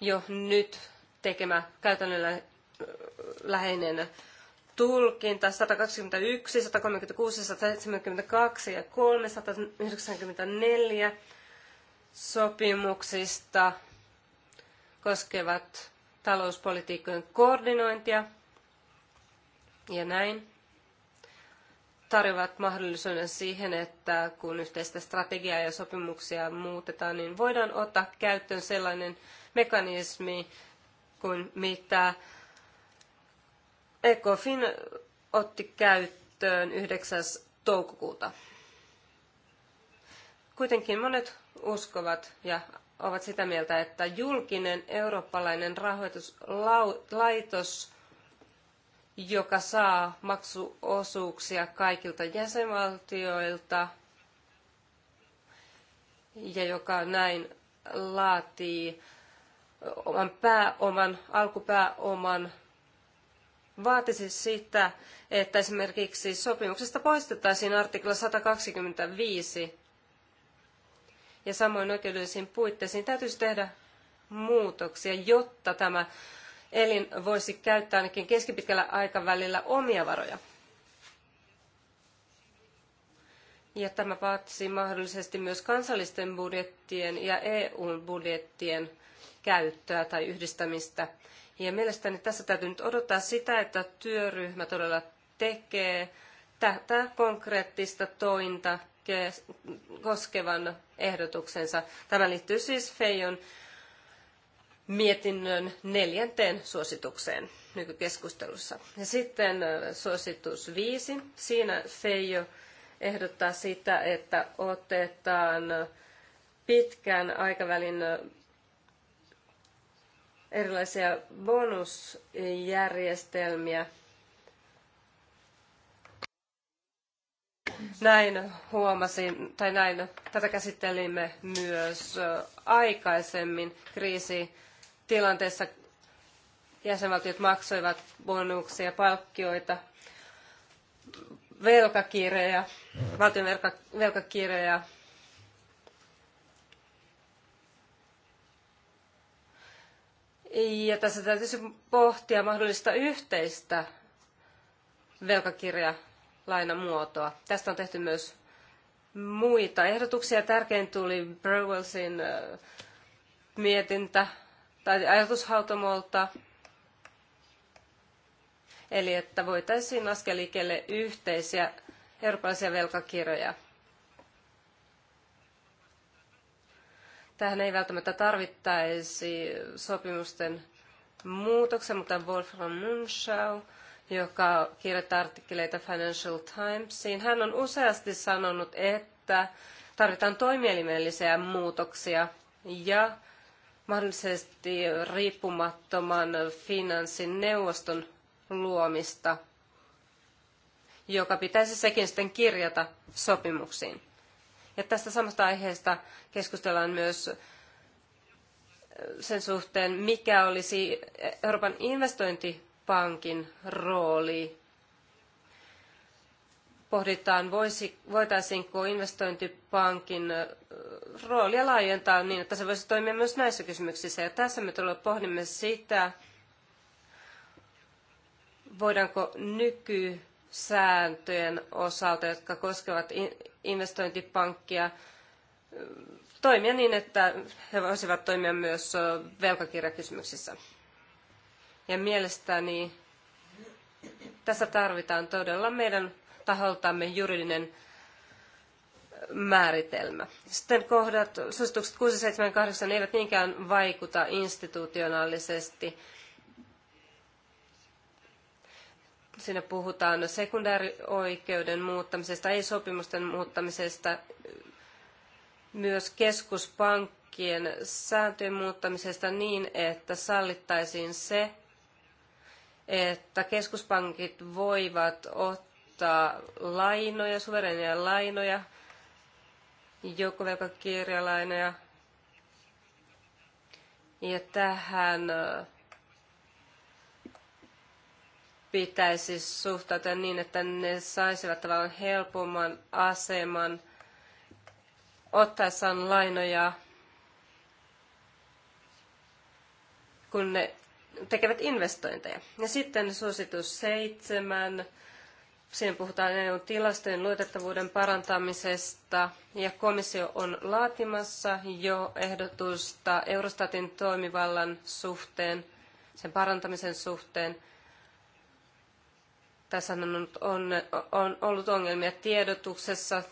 jo nyt tekemä käytännöllä läheinen tulkinta 121, 136, 172 ja 394 sopimuksista koskevat talouspolitiikkojen koordinointia ja näin tarjoavat mahdollisuuden siihen, että kun yhteistä strategiaa ja sopimuksia muutetaan, niin voidaan ottaa käyttöön sellainen mekanismi kuin mitä ECOFIN otti käyttöön 9. toukokuuta. Kuitenkin monet uskovat ja ovat sitä mieltä, että julkinen eurooppalainen rahoituslaitos joka saa maksuosuuksia kaikilta jäsenvaltioilta ja joka näin laatii oman pääoman, alkupääoman, vaatisi sitä, että esimerkiksi sopimuksesta poistettaisiin artikla 125 ja samoin oikeudellisiin puitteisiin täytyisi tehdä muutoksia, jotta tämä elin voisi käyttää ainakin keskipitkällä aikavälillä omia varoja. Ja tämä vaatisi mahdollisesti myös kansallisten budjettien ja eu budjettien käyttöä tai yhdistämistä. Ja mielestäni tässä täytyy nyt odottaa sitä, että työryhmä todella tekee tätä konkreettista tointa koskevan ehdotuksensa. Tämä liittyy siis Feijon mietinnön neljänteen suositukseen nykykeskustelussa. Ja sitten suositus viisi. Siinä Feijo ehdottaa sitä, että otetaan pitkän aikavälin erilaisia bonusjärjestelmiä. Näin huomasin, tai näin, tätä käsittelimme myös aikaisemmin kriisi tilanteessa jäsenvaltiot maksoivat bonuksia, palkkioita, velkakirjoja, valtion velkakirjoja. Ja tässä täytyisi pohtia mahdollista yhteistä velkakirjalainamuotoa. Tästä on tehty myös muita ehdotuksia. Tärkein tuli Browellsin äh, mietintä tai ajatushautomolta. Eli että voitaisiin laskea yhteisiä eurooppalaisia velkakirjoja. Tähän ei välttämättä tarvittaisi sopimusten muutoksen, mutta Wolfram Munchau, joka kirjoittaa artikkeleita Financial Timesiin, hän on useasti sanonut, että tarvitaan toimielimellisiä muutoksia ja mahdollisesti riippumattoman finanssin neuvoston luomista, joka pitäisi sekin sitten kirjata sopimuksiin. Ja tästä samasta aiheesta keskustellaan myös sen suhteen, mikä olisi Euroopan investointipankin rooli pohditaan, voisi, voitaisiinko investointipankin roolia laajentaa niin, että se voisi toimia myös näissä kysymyksissä. Ja tässä me todella pohdimme sitä, voidaanko nykysääntöjen osalta, jotka koskevat investointipankkia, toimia niin, että he voisivat toimia myös velkakirjakysymyksissä. Ja mielestäni tässä tarvitaan todella meidän taholtamme juridinen määritelmä. Sitten kohdat, suositukset 6, 7 ja 8 eivät niinkään vaikuta institutionaalisesti. Siinä puhutaan sekundäärioikeuden muuttamisesta, ei sopimusten muuttamisesta, myös keskuspankkien sääntöjen muuttamisesta niin, että sallittaisiin se, että keskuspankit voivat ottaa ottaa lainoja, suverenia lainoja, joukkovelkakirjalainoja. Ja tähän pitäisi suhtautua niin, että ne saisivat tavallaan helpomman aseman ottaessaan lainoja, kun ne tekevät investointeja. Ja sitten suositus seitsemän Siinä puhutaan EUn tilastojen luotettavuuden parantamisesta ja komissio on laatimassa jo ehdotusta Eurostatin toimivallan suhteen, sen parantamisen suhteen. Tässä on, on, on ollut ongelmia tiedotuksessa,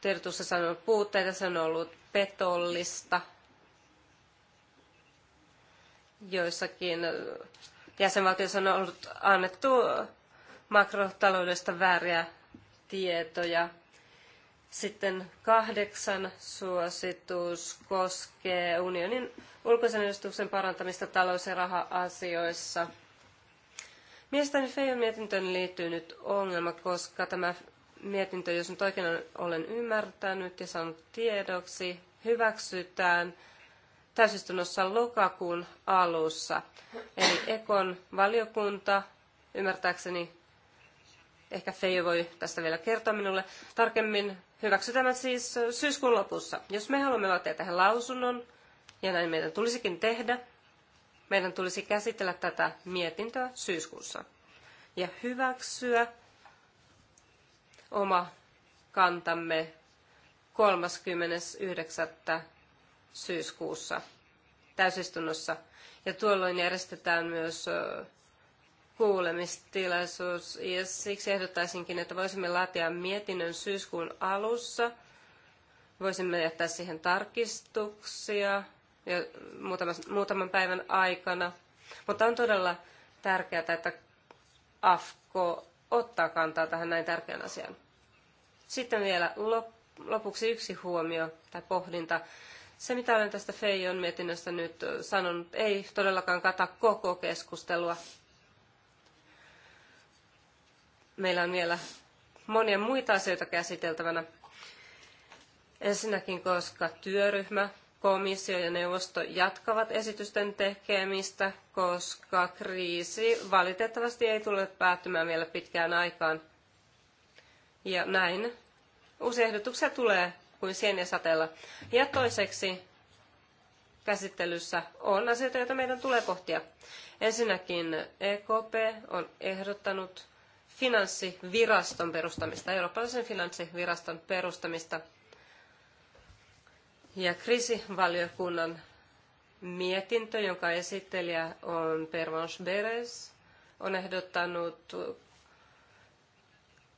tiedotuksessa on ollut puutteita, se on ollut petollista. Joissakin jäsenvaltioissa on ollut annettu makrotaloudesta vääriä tietoja. Sitten kahdeksan suositus koskee unionin ulkoisen edustuksen parantamista talous- ja raha-asioissa. Mielestäni Feijon mietintöön liittyy nyt ongelma, koska tämä mietintö, jos nyt oikein olen ymmärtänyt ja saanut tiedoksi, hyväksytään täysistunnossa lokakuun alussa. Eli Ekon valiokunta ymmärtääkseni Ehkä Feijo voi tästä vielä kertoa minulle tarkemmin. Hyväksytään siis syyskuun lopussa. Jos me haluamme vaatia tähän lausunnon, ja näin meidän tulisikin tehdä, meidän tulisi käsitellä tätä mietintöä syyskuussa ja hyväksyä oma kantamme 39. syyskuussa täysistunnossa. Ja tuolloin järjestetään myös kuulemistilaisuus. Ja siksi ehdottaisinkin, että voisimme laatia mietinnön syyskuun alussa. Voisimme jättää siihen tarkistuksia ja muutaman, muutaman päivän aikana. Mutta on todella tärkeää, että AFKO ottaa kantaa tähän näin tärkeän asiaan. Sitten vielä lopuksi yksi huomio tai pohdinta. Se, mitä olen tästä Feijon mietinnöstä nyt sanonut, ei todellakaan kata koko keskustelua. Meillä on vielä monia muita asioita käsiteltävänä. Ensinnäkin, koska työryhmä, komissio ja neuvosto jatkavat esitysten tekemistä, koska kriisi valitettavasti ei tule päättymään vielä pitkään aikaan. Ja näin uusia ehdotuksia tulee kuin sieniä sateella. Ja toiseksi käsittelyssä on asioita, joita meidän tulee pohtia. Ensinnäkin EKP on ehdottanut finanssiviraston perustamista, eurooppalaisen finanssiviraston perustamista. Ja kriisivaliokunnan mietintö, jonka esittelijä on Pervance Beres, on ehdottanut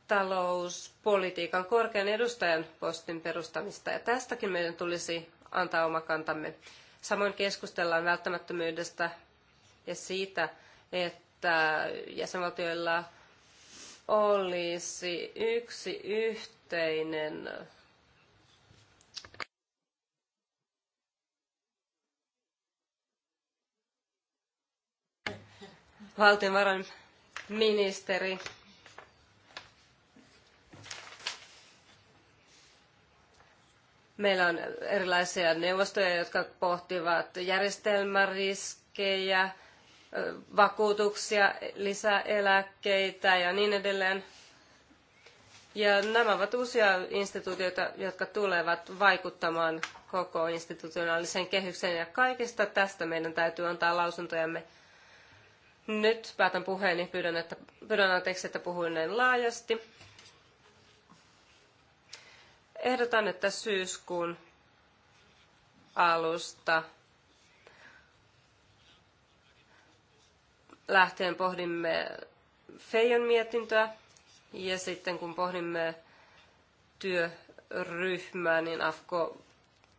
talouspolitiikan korkean edustajan postin perustamista. Ja tästäkin meidän tulisi antaa oma kantamme. Samoin keskustellaan välttämättömyydestä ja siitä, että jäsenvaltioilla olisi yksi yhteinen valtimo-ministeri. Meillä on erilaisia neuvostoja, jotka pohtivat järjestelmäriskejä, vakuutuksia, lisäeläkkeitä ja niin edelleen. Ja nämä ovat uusia instituutioita, jotka tulevat vaikuttamaan koko institutionaaliseen kehykseen. Ja kaikesta tästä meidän täytyy antaa lausuntojamme. Nyt päätän puheeni. Pyydän, että, pyydän anteeksi, että puhuin näin laajasti. Ehdotan, että syyskuun alusta lähtien pohdimme Feijon mietintöä ja sitten kun pohdimme työryhmää, niin AFKO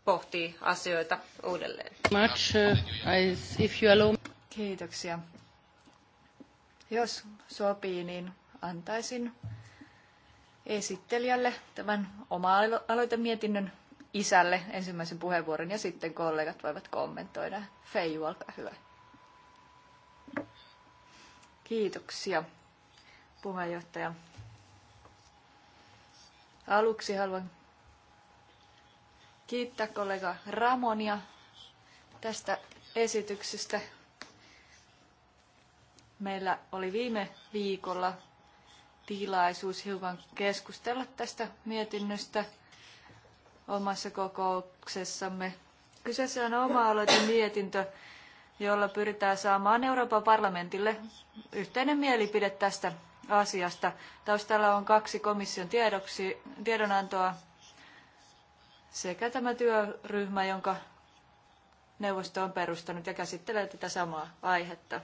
pohtii asioita uudelleen. Much, uh, if you allow... Kiitoksia. Jos sopii, niin antaisin esittelijälle tämän oma-aloitemietinnön isälle ensimmäisen puheenvuoron ja sitten kollegat voivat kommentoida. Feiju, olkaa hyvä. Kiitoksia, puheenjohtaja. Aluksi haluan kiittää kollega Ramonia tästä esityksestä. Meillä oli viime viikolla tilaisuus hiukan keskustella tästä mietinnöstä omassa kokouksessamme. Kyseessä on oma-aloite mietintö, jolla pyritään saamaan Euroopan parlamentille yhteinen mielipide tästä asiasta. Taustalla on kaksi komission tiedoksi, tiedonantoa sekä tämä työryhmä, jonka neuvosto on perustanut ja käsittelee tätä samaa aihetta.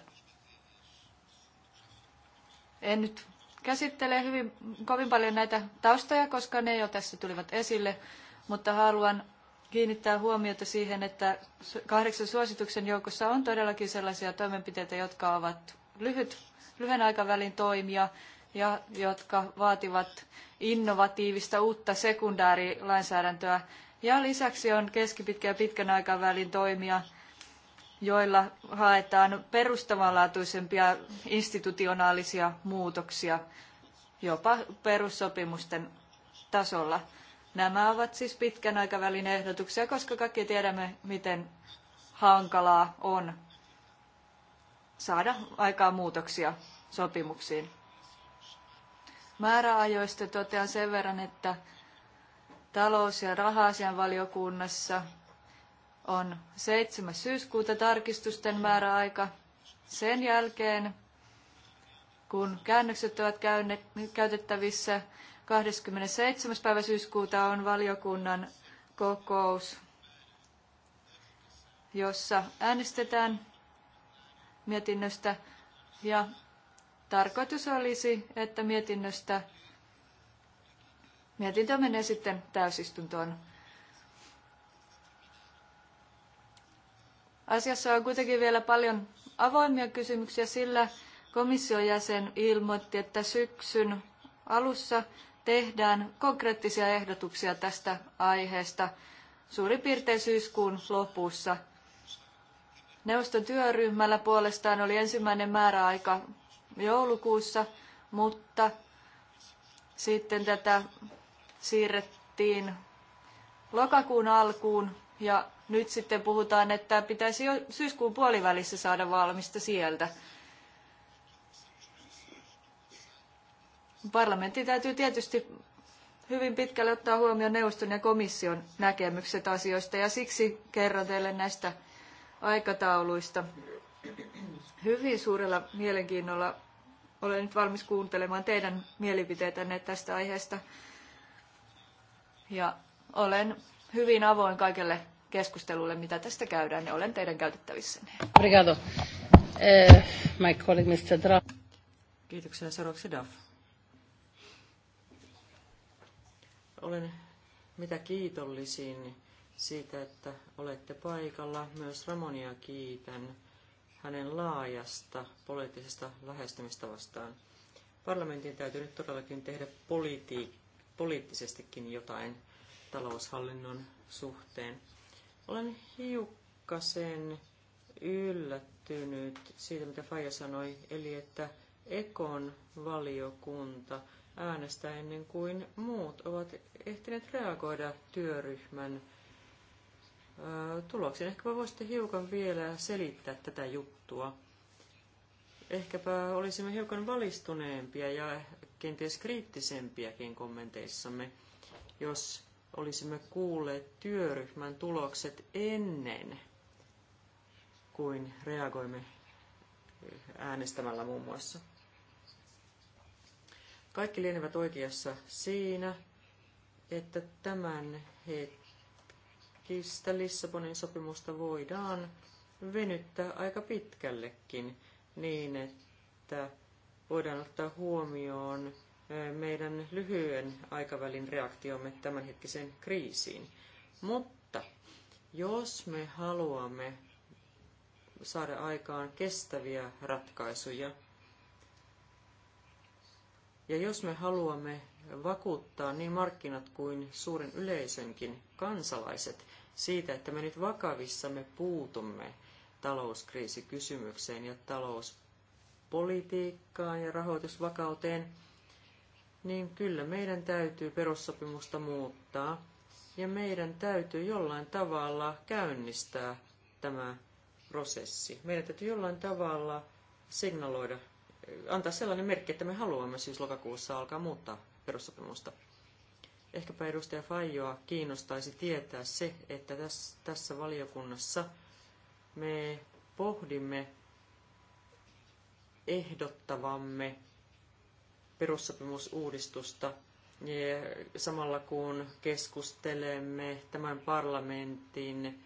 En nyt käsittele hyvin, kovin paljon näitä taustoja, koska ne jo tässä tulivat esille, mutta haluan kiinnittää huomiota siihen, että kahdeksan suosituksen joukossa on todellakin sellaisia toimenpiteitä, jotka ovat lyhyt, lyhyen aikavälin toimia ja jotka vaativat innovatiivista uutta sekundäärilainsäädäntöä. Ja lisäksi on keskipitkä ja pitkän aikavälin toimia, joilla haetaan perustavanlaatuisempia institutionaalisia muutoksia jopa perussopimusten tasolla. Nämä ovat siis pitkän aikavälin ehdotuksia, koska kaikki tiedämme, miten hankalaa on saada aikaan muutoksia sopimuksiin. Määräajoista totean sen verran, että talous- ja raha-asian valiokunnassa on 7. syyskuuta tarkistusten määräaika. Sen jälkeen, kun käännökset ovat käytettävissä, 27. päivä syyskuuta on valiokunnan kokous, jossa äänestetään mietinnöstä ja tarkoitus olisi, että mietinnöstä mietintö menee sitten täysistuntoon. Asiassa on kuitenkin vielä paljon avoimia kysymyksiä, sillä komission jäsen ilmoitti, että syksyn alussa tehdään konkreettisia ehdotuksia tästä aiheesta suurin piirtein syyskuun lopussa. Neuvoston työryhmällä puolestaan oli ensimmäinen määräaika joulukuussa, mutta sitten tätä siirrettiin lokakuun alkuun ja nyt sitten puhutaan, että pitäisi jo syyskuun puolivälissä saada valmista sieltä. Parlamentti täytyy tietysti hyvin pitkälle ottaa huomioon neuvoston ja komission näkemykset asioista ja siksi kerron teille näistä aikatauluista. Hyvin suurella mielenkiinnolla olen nyt valmis kuuntelemaan teidän mielipiteitänne tästä aiheesta. Ja olen hyvin avoin kaikelle keskustelulle, mitä tästä käydään, ja olen teidän käytettävissänne. Obrigado. Eh, my colleague Mr. Kiitoksia. Olen mitä kiitollisin siitä, että olette paikalla. Myös Ramonia kiitän hänen laajasta poliittisesta lähestymistavastaan. Parlamentin täytyy nyt todellakin tehdä politi- poliittisestikin jotain taloushallinnon suhteen. Olen hiukkasen yllättynyt siitä, mitä Faija sanoi, eli että Ekon valiokunta äänestää ennen kuin muut ovat ehtineet reagoida työryhmän tuloksiin. Ehkä voisitte hiukan vielä selittää tätä juttua. Ehkäpä olisimme hiukan valistuneempia ja kenties kriittisempiäkin kommenteissamme, jos olisimme kuulleet työryhmän tulokset ennen kuin reagoimme äänestämällä muun muassa. Kaikki lienevät oikeassa siinä, että tämän hetkistä Lissabonin sopimusta voidaan venyttää aika pitkällekin niin, että voidaan ottaa huomioon meidän lyhyen aikavälin reaktiomme tämänhetkiseen kriisiin. Mutta jos me haluamme saada aikaan kestäviä ratkaisuja, ja jos me haluamme vakuuttaa niin markkinat kuin suuren yleisönkin kansalaiset siitä, että me nyt vakavissamme puutumme talouskriisikysymykseen ja talouspolitiikkaan ja rahoitusvakauteen, niin kyllä meidän täytyy perussopimusta muuttaa ja meidän täytyy jollain tavalla käynnistää tämä prosessi. Meidän täytyy jollain tavalla signaloida antaa sellainen merkki, että me haluamme siis lokakuussa alkaa muuttaa perussopimusta. Ehkäpä edustaja Fajoa kiinnostaisi tietää se, että tässä valiokunnassa me pohdimme ehdottavamme perussopimusuudistusta samalla kun keskustelemme tämän parlamentin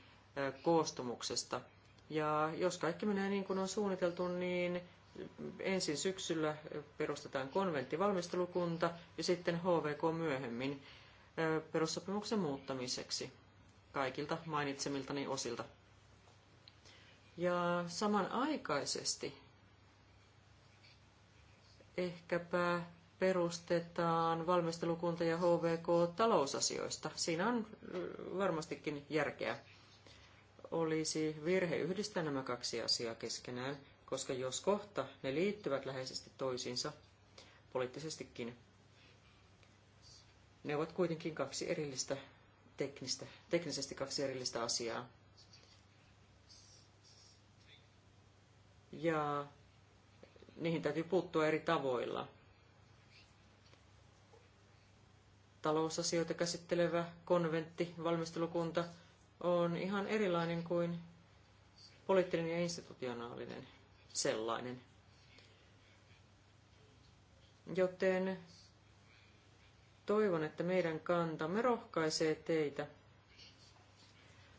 koostumuksesta. Ja jos kaikki menee niin kuin on suunniteltu, niin ensin syksyllä perustetaan konventtivalmistelukunta ja sitten HVK myöhemmin perussopimuksen muuttamiseksi kaikilta mainitsemiltani osilta. Ja samanaikaisesti ehkäpä perustetaan valmistelukunta ja HVK talousasioista. Siinä on varmastikin järkeä. Olisi virhe yhdistää nämä kaksi asiaa keskenään koska jos kohta ne liittyvät läheisesti toisiinsa, poliittisestikin, ne ovat kuitenkin kaksi erillistä teknistä, teknisesti kaksi erillistä asiaa. Ja niihin täytyy puuttua eri tavoilla. Talousasioita käsittelevä konventti, valmistelukunta on ihan erilainen kuin poliittinen ja institutionaalinen sellainen. Joten toivon, että meidän kantamme rohkaisee teitä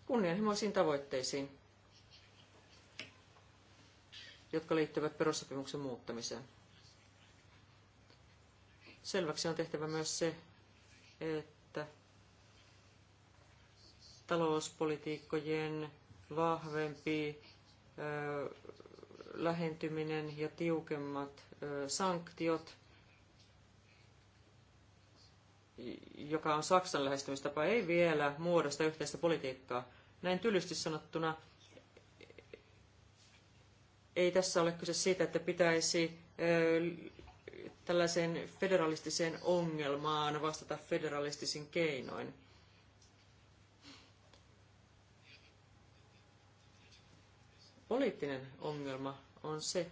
kunnianhimoisiin tavoitteisiin, jotka liittyvät perussopimuksen muuttamiseen. Selväksi on tehtävä myös se, että talouspolitiikkojen vahvempi lähentyminen ja tiukemmat sanktiot, joka on Saksan lähestymistapa, ei vielä muodosta yhteistä politiikkaa. Näin tylysti sanottuna ei tässä ole kyse siitä, että pitäisi tällaiseen federalistiseen ongelmaan vastata federalistisin keinoin. Poliittinen ongelma on se,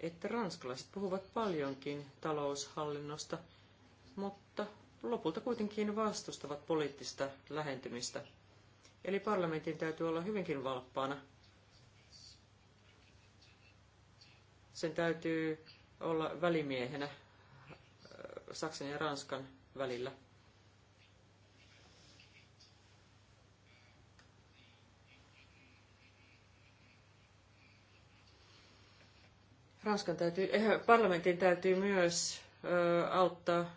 että ranskalaiset puhuvat paljonkin taloushallinnosta, mutta lopulta kuitenkin vastustavat poliittista lähentymistä. Eli parlamentin täytyy olla hyvinkin valppaana. Sen täytyy olla välimiehenä äh, Saksan ja Ranskan välillä. Ranskan täytyy, eh, parlamentin täytyy myös ö, auttaa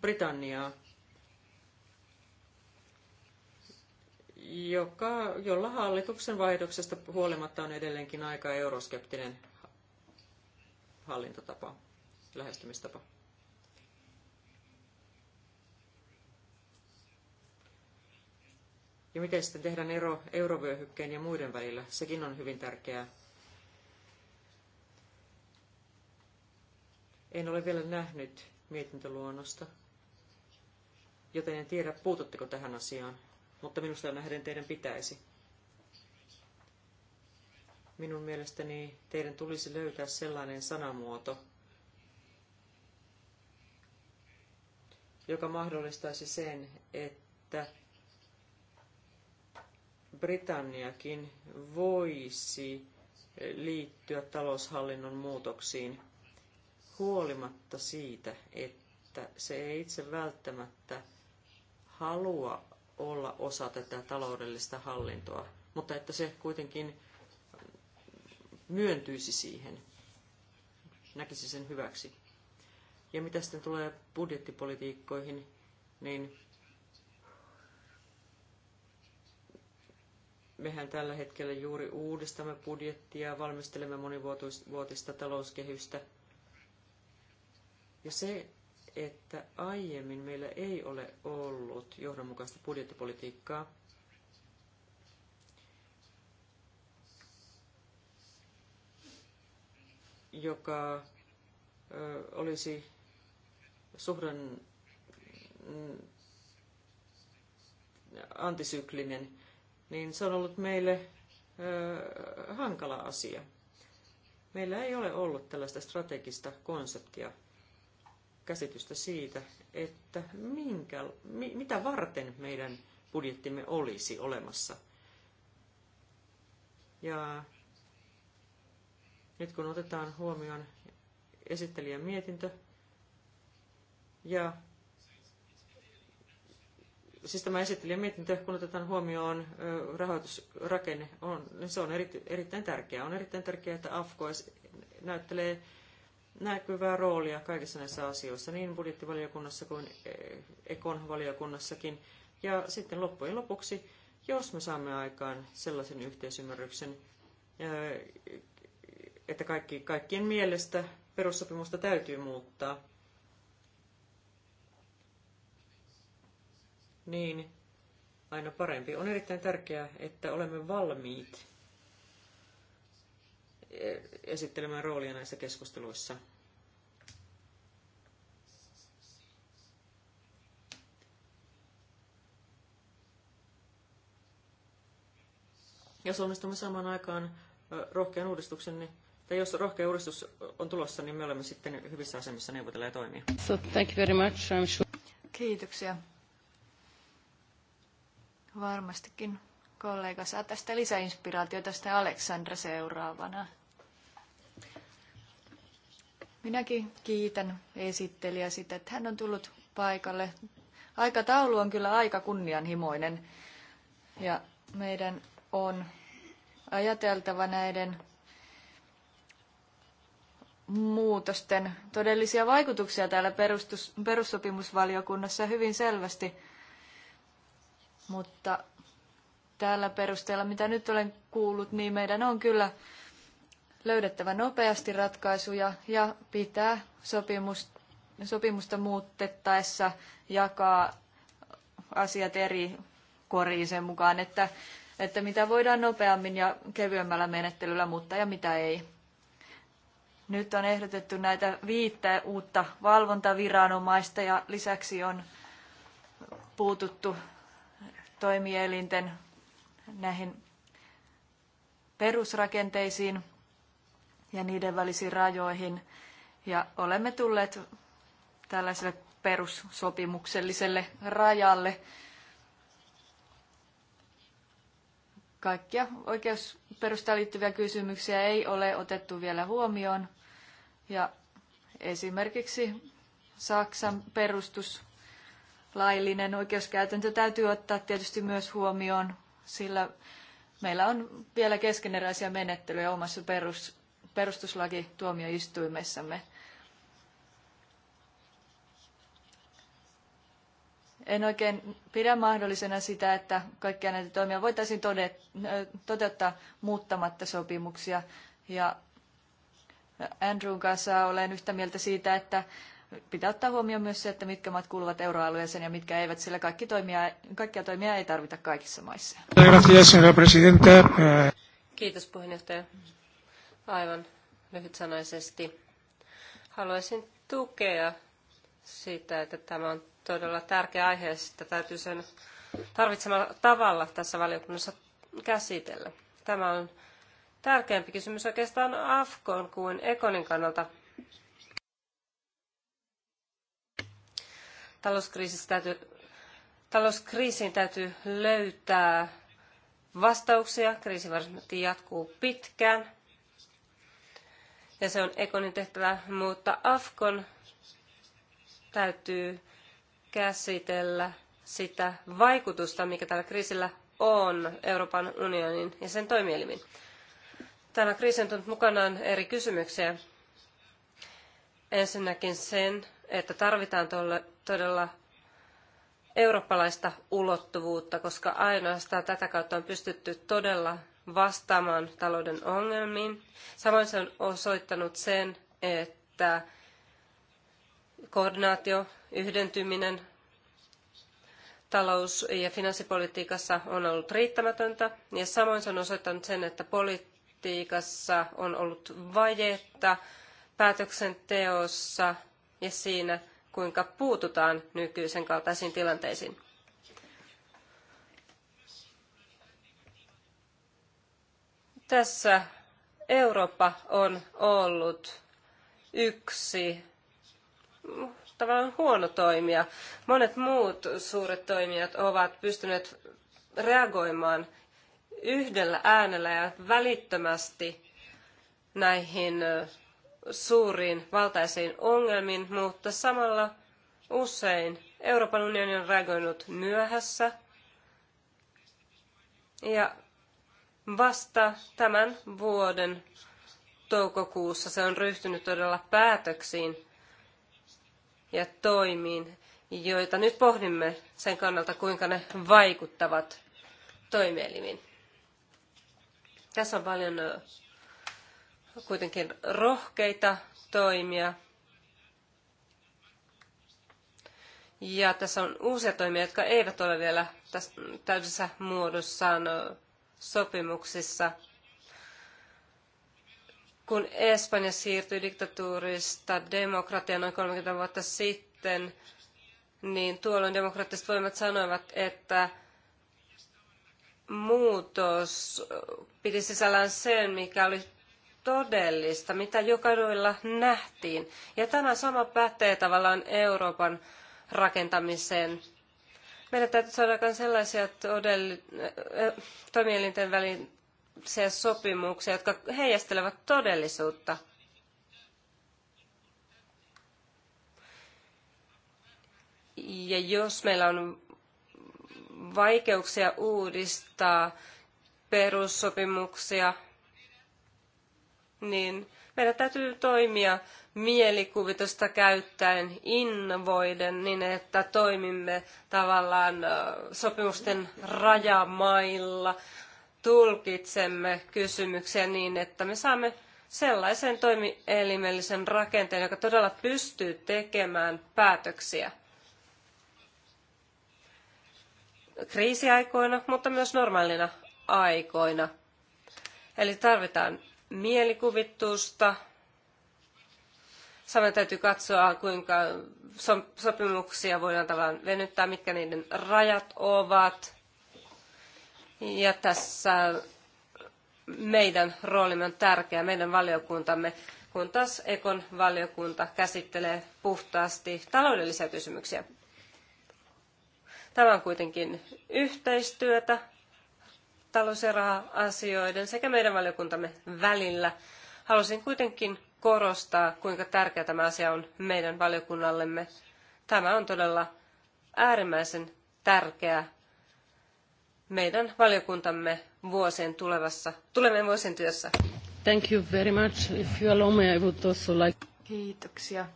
Britanniaa, joka, jolla hallituksen vaihdoksesta huolimatta on edelleenkin aika euroskeptinen hallintotapa, lähestymistapa. Ja miten sitten tehdään ero eurovyöhykkeen ja muiden välillä, sekin on hyvin tärkeää En ole vielä nähnyt mietintöluonnosta, joten en tiedä, puututteko tähän asiaan, mutta minusta nähden teidän pitäisi. Minun mielestäni teidän tulisi löytää sellainen sanamuoto, joka mahdollistaisi sen, että Britanniakin voisi liittyä taloushallinnon muutoksiin – huolimatta siitä, että se ei itse välttämättä halua olla osa tätä taloudellista hallintoa, mutta että se kuitenkin myöntyisi siihen, näkisi sen hyväksi. Ja mitä sitten tulee budjettipolitiikkoihin, niin mehän tällä hetkellä juuri uudistamme budjettia, valmistelemme monivuotista talouskehystä – ja se, että aiemmin meillä ei ole ollut johdonmukaista budjettipolitiikkaa, joka ö, olisi suhdan mm, antisyklinen, niin se on ollut meille ö, hankala asia. Meillä ei ole ollut tällaista strategista konseptia käsitystä siitä, että minkä, mi, mitä varten meidän budjettimme olisi olemassa. Ja nyt kun otetaan huomioon esittelijän mietintö ja siis tämä esittelijän mietintö, kun otetaan huomioon rahoitusrakenne, on, niin se on erittäin tärkeää. On erittäin tärkeää, että AFKS näyttelee näkyvää roolia kaikissa näissä asioissa, niin budjettivaliokunnassa kuin Ekon eh, valiokunnassakin. Ja sitten loppujen lopuksi, jos me saamme aikaan sellaisen yhteisymmärryksen, eh, että kaikki, kaikkien mielestä perussopimusta täytyy muuttaa, niin aina parempi. On erittäin tärkeää, että olemme valmiit esittelemään roolia näissä keskusteluissa. Jos onnistumme samaan aikaan rohkean uudistuksen, niin tai jos rohkea uudistus on tulossa, niin me olemme sitten hyvissä asemissa neuvotella ja toimia. So, thank you very much. I'm sure. Kiitoksia. Varmastikin kollega saa tästä lisäinspiraatiota tästä Aleksandra seuraavana. Minäkin kiitän esittelijä sitä, että hän on tullut paikalle. Aikataulu on kyllä aika kunnianhimoinen ja meidän on ajateltava näiden muutosten todellisia vaikutuksia täällä perustus, perussopimusvaliokunnassa hyvin selvästi. Mutta tällä perusteella, mitä nyt olen kuullut, niin meidän on kyllä löydettävä nopeasti ratkaisuja ja pitää sopimusta, sopimusta muutettaessa jakaa asiat eri koriin sen mukaan, että, että mitä voidaan nopeammin ja kevyemmällä menettelyllä muuttaa ja mitä ei. Nyt on ehdotettu näitä viittä uutta valvontaviranomaista ja lisäksi on puututtu toimielinten näihin perusrakenteisiin ja niiden välisiin rajoihin. Ja olemme tulleet tällaiselle perussopimukselliselle rajalle. Kaikkia oikeusperustaan liittyviä kysymyksiä ei ole otettu vielä huomioon. Ja esimerkiksi Saksan perustus laillinen oikeuskäytäntö täytyy ottaa tietysti myös huomioon, sillä meillä on vielä keskeneräisiä menettelyjä omassa perus perustuslaki En oikein pidä mahdollisena sitä, että kaikkia näitä toimia voitaisiin toteuttaa muuttamatta sopimuksia. Ja Andrewn kanssa olen yhtä mieltä siitä, että pitää ottaa huomioon myös se, että mitkä maat kuuluvat euroalueeseen ja mitkä eivät, sillä kaikki toimia, kaikkia toimia ei tarvita kaikissa maissa. Kiitos puheenjohtaja aivan lyhytsanaisesti. Haluaisin tukea sitä, että tämä on todella tärkeä aihe ja sitä täytyy sen tarvitsemalla tavalla tässä valiokunnassa käsitellä. Tämä on tärkeämpi kysymys oikeastaan Afkon kuin Ekonin kannalta. täytyy, talouskriisiin täytyy löytää vastauksia. Kriisi varmasti jatkuu pitkään ja se on Ekonin tehtävä, mutta Afkon täytyy käsitellä sitä vaikutusta, mikä tällä kriisillä on Euroopan unionin ja sen toimielimin. Tämä kriisi on tullut mukanaan eri kysymyksiä. Ensinnäkin sen, että tarvitaan todella eurooppalaista ulottuvuutta, koska ainoastaan tätä kautta on pystytty todella vastaamaan talouden ongelmiin. Samoin se on osoittanut sen, että koordinaatio, yhdentyminen talous- ja finanssipolitiikassa on ollut riittämätöntä. Ja samoin se on osoittanut sen, että politiikassa on ollut vajetta päätöksenteossa ja siinä, kuinka puututaan nykyisen kaltaisiin tilanteisiin. Tässä Eurooppa on ollut yksi tavallaan huono toimija. Monet muut suuret toimijat ovat pystyneet reagoimaan yhdellä äänellä ja välittömästi näihin suuriin valtaisiin ongelmiin, mutta samalla usein Euroopan unioni on reagoinut myöhässä ja Vasta tämän vuoden toukokuussa se on ryhtynyt todella päätöksiin ja toimiin, joita nyt pohdimme sen kannalta, kuinka ne vaikuttavat toimielimiin. Tässä on paljon kuitenkin rohkeita toimia. Ja tässä on uusia toimia, jotka eivät ole vielä tässä täydessä muodossaan sopimuksissa. Kun Espanja siirtyi diktatuurista demokratiaan noin 30 vuotta sitten, niin tuolloin demokraattiset voimat sanoivat, että muutos piti sisällään sen, mikä oli todellista, mitä jokaduilla nähtiin. Ja tämä sama pätee tavallaan Euroopan rakentamiseen. Meidän täytyy saada aikaan sellaisia äh, toimielinten välisiä sopimuksia, jotka heijastelevat todellisuutta. Ja jos meillä on vaikeuksia uudistaa perussopimuksia, niin meidän täytyy toimia mielikuvitusta käyttäen, innovoiden, niin että toimimme tavallaan sopimusten rajamailla, tulkitsemme kysymyksiä niin, että me saamme sellaisen toimielimellisen rakenteen, joka todella pystyy tekemään päätöksiä kriisiaikoina, mutta myös normaalina aikoina. Eli tarvitaan mielikuvitusta, Samoin täytyy katsoa, kuinka sopimuksia voidaan tavallaan venyttää, mitkä niiden rajat ovat. Ja tässä meidän roolimme on tärkeä, meidän valiokuntamme, kun taas Ekon valiokunta käsittelee puhtaasti taloudellisia kysymyksiä. Tämä on kuitenkin yhteistyötä talous- ja raha-asioiden sekä meidän valiokuntamme välillä. Halusin kuitenkin korostaa, kuinka tärkeä tämä asia on meidän valiokunnallemme. Tämä on todella äärimmäisen tärkeä meidän valiokuntamme vuosien tulevassa, tulevien vuosien työssä. Thank you very much. If you allow me, I would also like... Kiitoksia.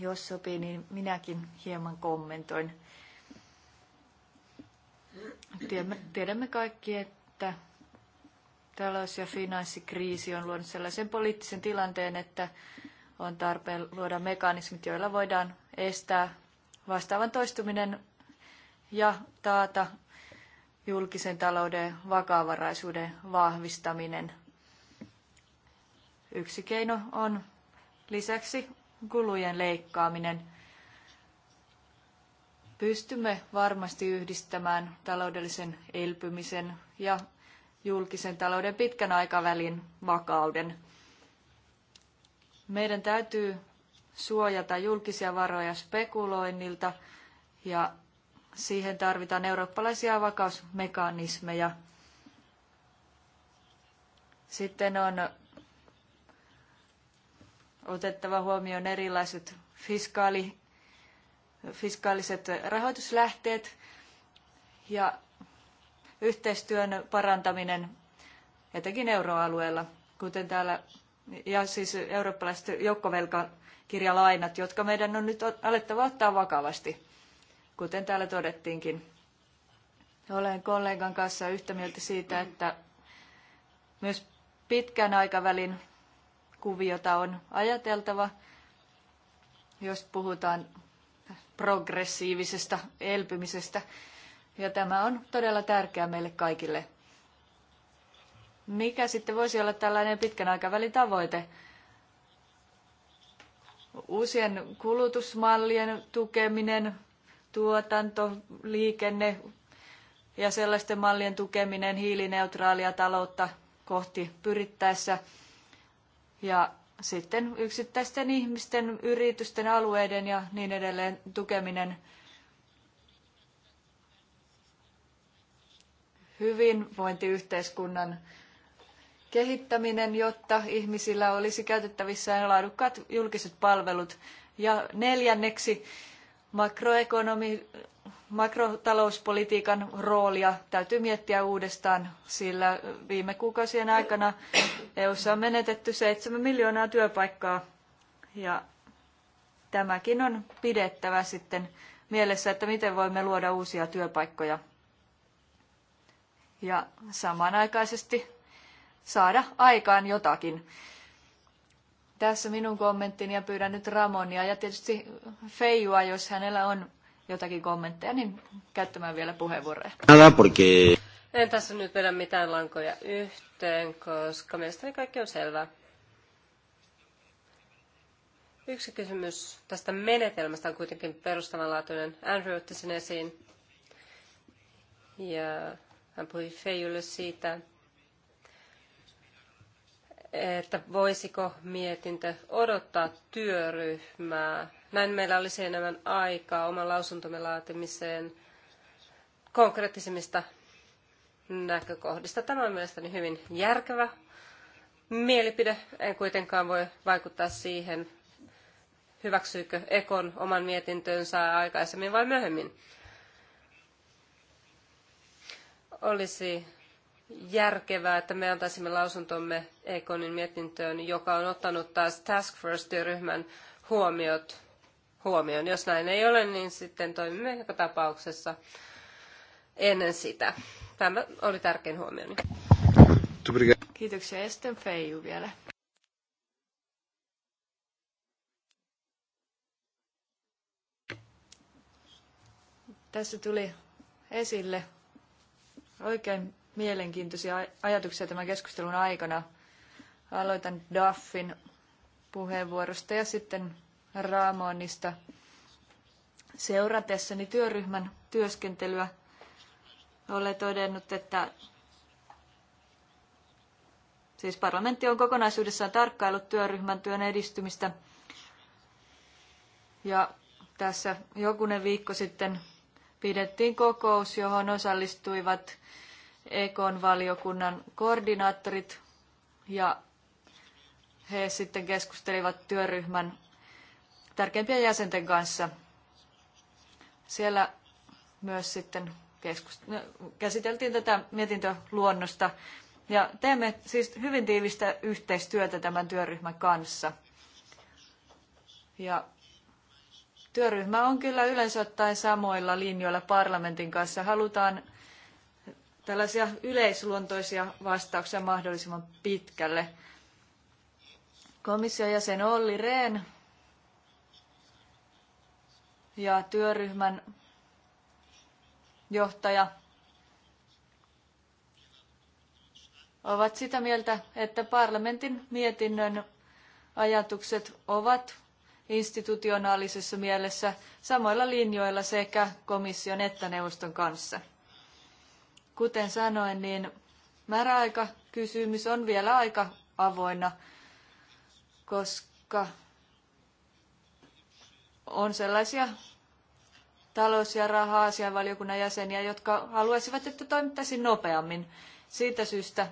Jos sopii, niin minäkin hieman kommentoin. Tiedämme, tiedämme kaikki, että Talous- ja finanssikriisi on luonut sellaisen poliittisen tilanteen, että on tarpeen luoda mekanismit, joilla voidaan estää vastaavan toistuminen ja taata julkisen talouden vakavaraisuuden vahvistaminen. Yksi keino on lisäksi kulujen leikkaaminen. Pystymme varmasti yhdistämään taloudellisen elpymisen ja julkisen talouden pitkän aikavälin vakauden. Meidän täytyy suojata julkisia varoja spekuloinnilta ja siihen tarvitaan eurooppalaisia vakausmekanismeja. Sitten on otettava huomioon erilaiset fiskaali, fiskaaliset rahoituslähteet ja yhteistyön parantaminen, etenkin euroalueella, kuten täällä, ja siis eurooppalaiset joukkovelkakirjalainat, jotka meidän on nyt alettava ottaa vakavasti, kuten täällä todettiinkin. Olen kollegan kanssa yhtä mieltä siitä, että myös pitkän aikavälin kuviota on ajateltava, jos puhutaan progressiivisesta elpymisestä. Ja tämä on todella tärkeää meille kaikille. Mikä sitten voisi olla tällainen pitkän aikavälin tavoite? Uusien kulutusmallien tukeminen, tuotanto, liikenne ja sellaisten mallien tukeminen hiilineutraalia taloutta kohti pyrittäessä. Ja sitten yksittäisten ihmisten, yritysten, alueiden ja niin edelleen tukeminen – hyvinvointiyhteiskunnan kehittäminen, jotta ihmisillä olisi käytettävissään laadukkaat julkiset palvelut. Ja neljänneksi makroekonomi, makrotalouspolitiikan roolia täytyy miettiä uudestaan, sillä viime kuukausien aikana EU:ssa on menetetty 7 miljoonaa työpaikkaa ja tämäkin on pidettävä sitten mielessä, että miten voimme luoda uusia työpaikkoja ja samanaikaisesti saada aikaan jotakin. Tässä minun kommenttini ja pyydän nyt Ramonia ja tietysti Feijua, jos hänellä on jotakin kommentteja, niin käyttämään vielä puheenvuoroja. En tässä nyt vedä mitään lankoja yhteen, koska mielestäni kaikki on selvää. Yksi kysymys tästä menetelmästä on kuitenkin perustavanlaatuinen. Andrew otti sen esiin. Ja hän puhui Feijulle siitä, että voisiko mietintö odottaa työryhmää. Näin meillä olisi enemmän aikaa oman lausuntomme laatimiseen konkreettisemmista näkökohdista. Tämä on mielestäni hyvin järkevä mielipide. En kuitenkaan voi vaikuttaa siihen, hyväksyykö Ekon oman mietintönsä aikaisemmin vai myöhemmin olisi järkevää, että me antaisimme lausuntomme Ekonin mietintöön, joka on ottanut taas Task Force-työryhmän huomiot huomioon. Jos näin ei ole, niin sitten toimimme joka tapauksessa ennen sitä. Tämä oli tärkein huomioni. Kiitoksia. Esten Feiju vielä. Tässä tuli esille Oikein mielenkiintoisia ajatuksia tämän keskustelun aikana. Aloitan Daffin puheenvuorosta ja sitten Ramonista seuratessani työryhmän työskentelyä olen todennut, että siis parlamentti on kokonaisuudessaan tarkkaillut työryhmän työn edistymistä. Ja tässä jokunen viikko sitten pidettiin kokous, johon osallistuivat Ekon valiokunnan koordinaattorit ja he sitten keskustelivat työryhmän tärkeimpien jäsenten kanssa. Siellä myös sitten no, käsiteltiin tätä mietintöluonnosta ja teemme siis hyvin tiivistä yhteistyötä tämän työryhmän kanssa. Ja Työryhmä on kyllä yleensä ottaen samoilla linjoilla parlamentin kanssa. Halutaan tällaisia yleisluontoisia vastauksia mahdollisimman pitkälle. Komission jäsen Olli Rehn ja työryhmän johtaja ovat sitä mieltä, että parlamentin mietinnön ajatukset ovat institutionaalisessa mielessä samoilla linjoilla sekä komission että neuvoston kanssa. Kuten sanoin, niin määräaikakysymys on vielä aika avoinna, koska on sellaisia talous- ja raha-asianvaliokunnan jäseniä, jotka haluaisivat, että toimittaisiin nopeammin siitä syystä,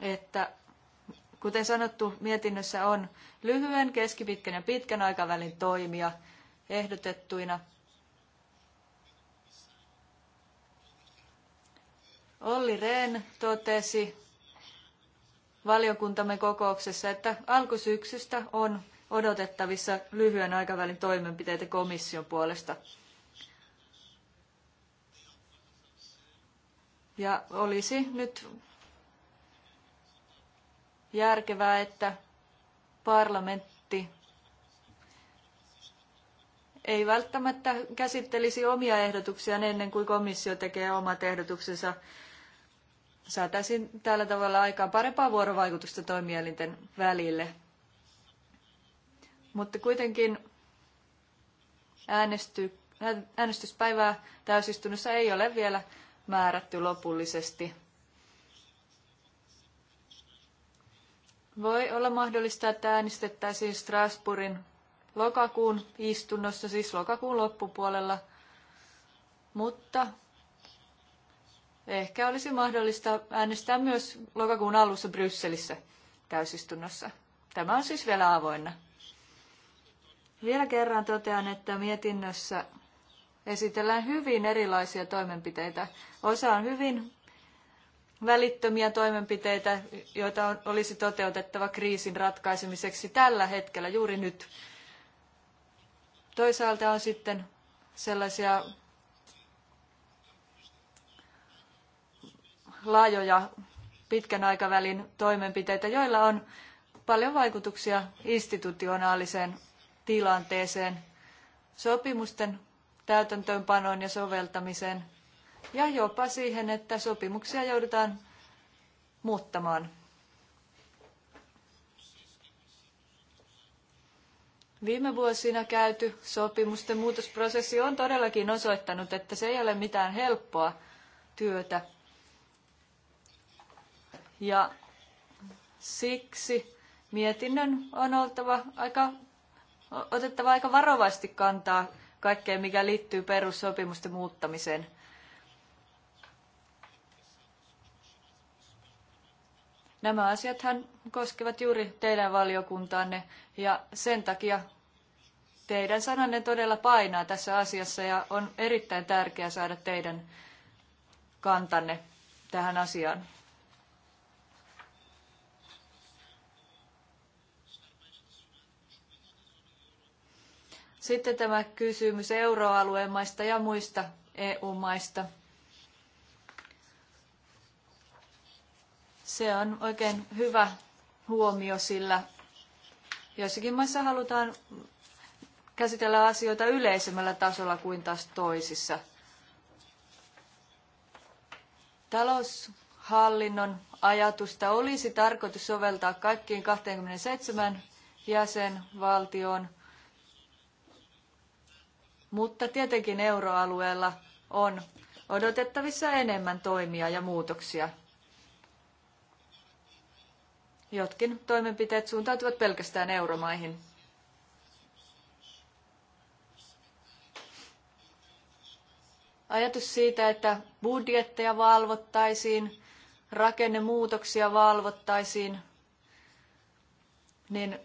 että Kuten sanottu, mietinnössä on lyhyen, keskipitkän ja pitkän aikavälin toimia ehdotettuina. Olli Rehn totesi valiokuntamme kokouksessa, että alkusyksystä on odotettavissa lyhyen aikavälin toimenpiteitä komission puolesta. Ja olisi nyt järkevää, että parlamentti ei välttämättä käsittelisi omia ehdotuksiaan ennen kuin komissio tekee omat ehdotuksensa. Saataisiin tällä tavalla aikaan parempaa vuorovaikutusta toimielinten välille. Mutta kuitenkin äänesty, äänestyspäivää täysistunnossa ei ole vielä määrätty lopullisesti. Voi olla mahdollista, että äänestettäisiin Strasbourgin lokakuun istunnossa, siis lokakuun loppupuolella, mutta ehkä olisi mahdollista äänestää myös lokakuun alussa Brysselissä täysistunnossa. Tämä on siis vielä avoinna. Vielä kerran totean, että mietinnössä esitellään hyvin erilaisia toimenpiteitä. Osa on hyvin välittömiä toimenpiteitä, joita olisi toteutettava kriisin ratkaisemiseksi tällä hetkellä, juuri nyt. Toisaalta on sitten sellaisia laajoja pitkän aikavälin toimenpiteitä, joilla on paljon vaikutuksia institutionaaliseen tilanteeseen, sopimusten täytäntöönpanoon ja soveltamiseen – ja jopa siihen, että sopimuksia joudutaan muuttamaan. Viime vuosina käyty sopimusten muutosprosessi on todellakin osoittanut, että se ei ole mitään helppoa työtä. Ja siksi mietinnön on oltava aika, otettava aika varovasti kantaa kaikkeen, mikä liittyy perussopimusten muuttamiseen – Nämä asiathan koskevat juuri teidän valiokuntaanne ja sen takia teidän sananne todella painaa tässä asiassa ja on erittäin tärkeää saada teidän kantanne tähän asiaan. Sitten tämä kysymys euroalueen maista ja muista EU-maista – Se on oikein hyvä huomio, sillä joissakin maissa halutaan käsitellä asioita yleisemmällä tasolla kuin taas toisissa. Taloushallinnon ajatusta olisi tarkoitus soveltaa kaikkiin 27 jäsenvaltioon, mutta tietenkin euroalueella on odotettavissa enemmän toimia ja muutoksia. Jotkin toimenpiteet suuntautuvat pelkästään euromaihin. Ajatus siitä, että budjetteja valvottaisiin, rakennemuutoksia valvottaisiin, niin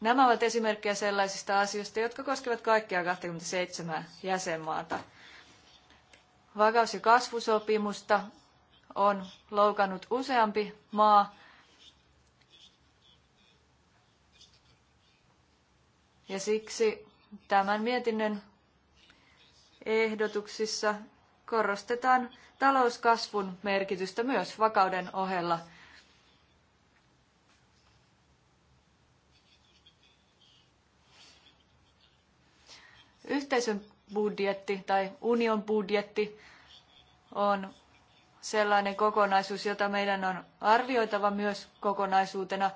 nämä ovat esimerkkejä sellaisista asioista, jotka koskevat kaikkia 27 jäsenmaata. Vakaus- ja kasvusopimusta on loukannut useampi maa, Ja siksi tämän mietinnön ehdotuksissa korostetaan talouskasvun merkitystä myös vakauden ohella. Yhteisön budjetti tai union budjetti on sellainen kokonaisuus, jota meidän on arvioitava myös kokonaisuutena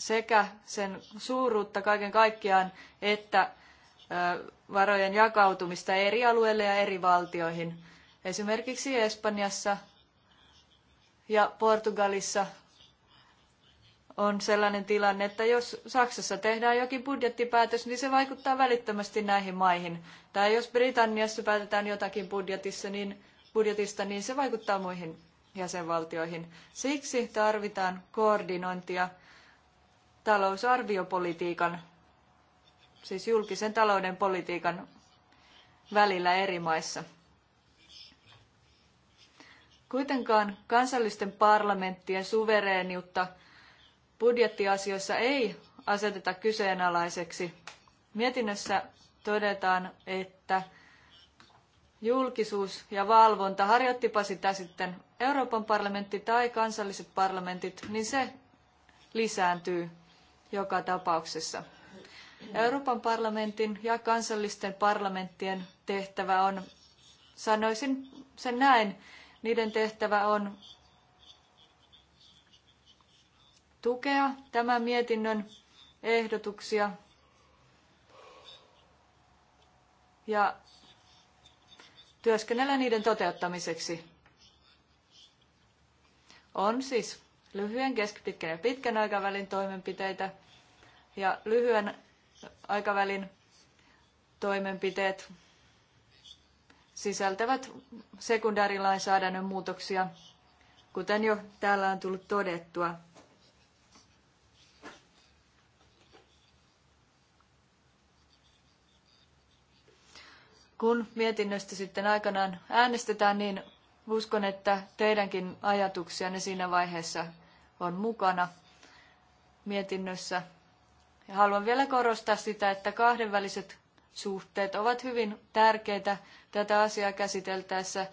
sekä sen suuruutta kaiken kaikkiaan että varojen jakautumista eri alueille ja eri valtioihin. Esimerkiksi Espanjassa ja Portugalissa on sellainen tilanne, että jos Saksassa tehdään jokin budjettipäätös, niin se vaikuttaa välittömästi näihin maihin. Tai jos Britanniassa päätetään jotakin budjetissa, niin, budjetista, niin se vaikuttaa muihin jäsenvaltioihin. Siksi tarvitaan koordinointia talousarviopolitiikan, siis julkisen talouden politiikan välillä eri maissa. Kuitenkaan kansallisten parlamenttien suvereeniutta budjettiasioissa ei aseteta kyseenalaiseksi. Mietinnössä todetaan, että julkisuus ja valvonta, harjoittipa sitä sitten Euroopan parlamentti tai kansalliset parlamentit, niin se lisääntyy joka tapauksessa. Euroopan parlamentin ja kansallisten parlamenttien tehtävä on, sanoisin sen näin, niiden tehtävä on tukea tämän mietinnön ehdotuksia ja työskennellä niiden toteuttamiseksi. On siis lyhyen, keskipitkän ja pitkän aikavälin toimenpiteitä ja lyhyen aikavälin toimenpiteet sisältävät sekundaarilainsäädännön muutoksia, kuten jo täällä on tullut todettua. Kun mietinnöstä sitten aikanaan äänestetään, niin uskon, että teidänkin ajatuksianne siinä vaiheessa on mukana mietinnössä. Ja haluan vielä korostaa sitä, että kahdenväliset suhteet ovat hyvin tärkeitä tätä asiaa käsiteltäessä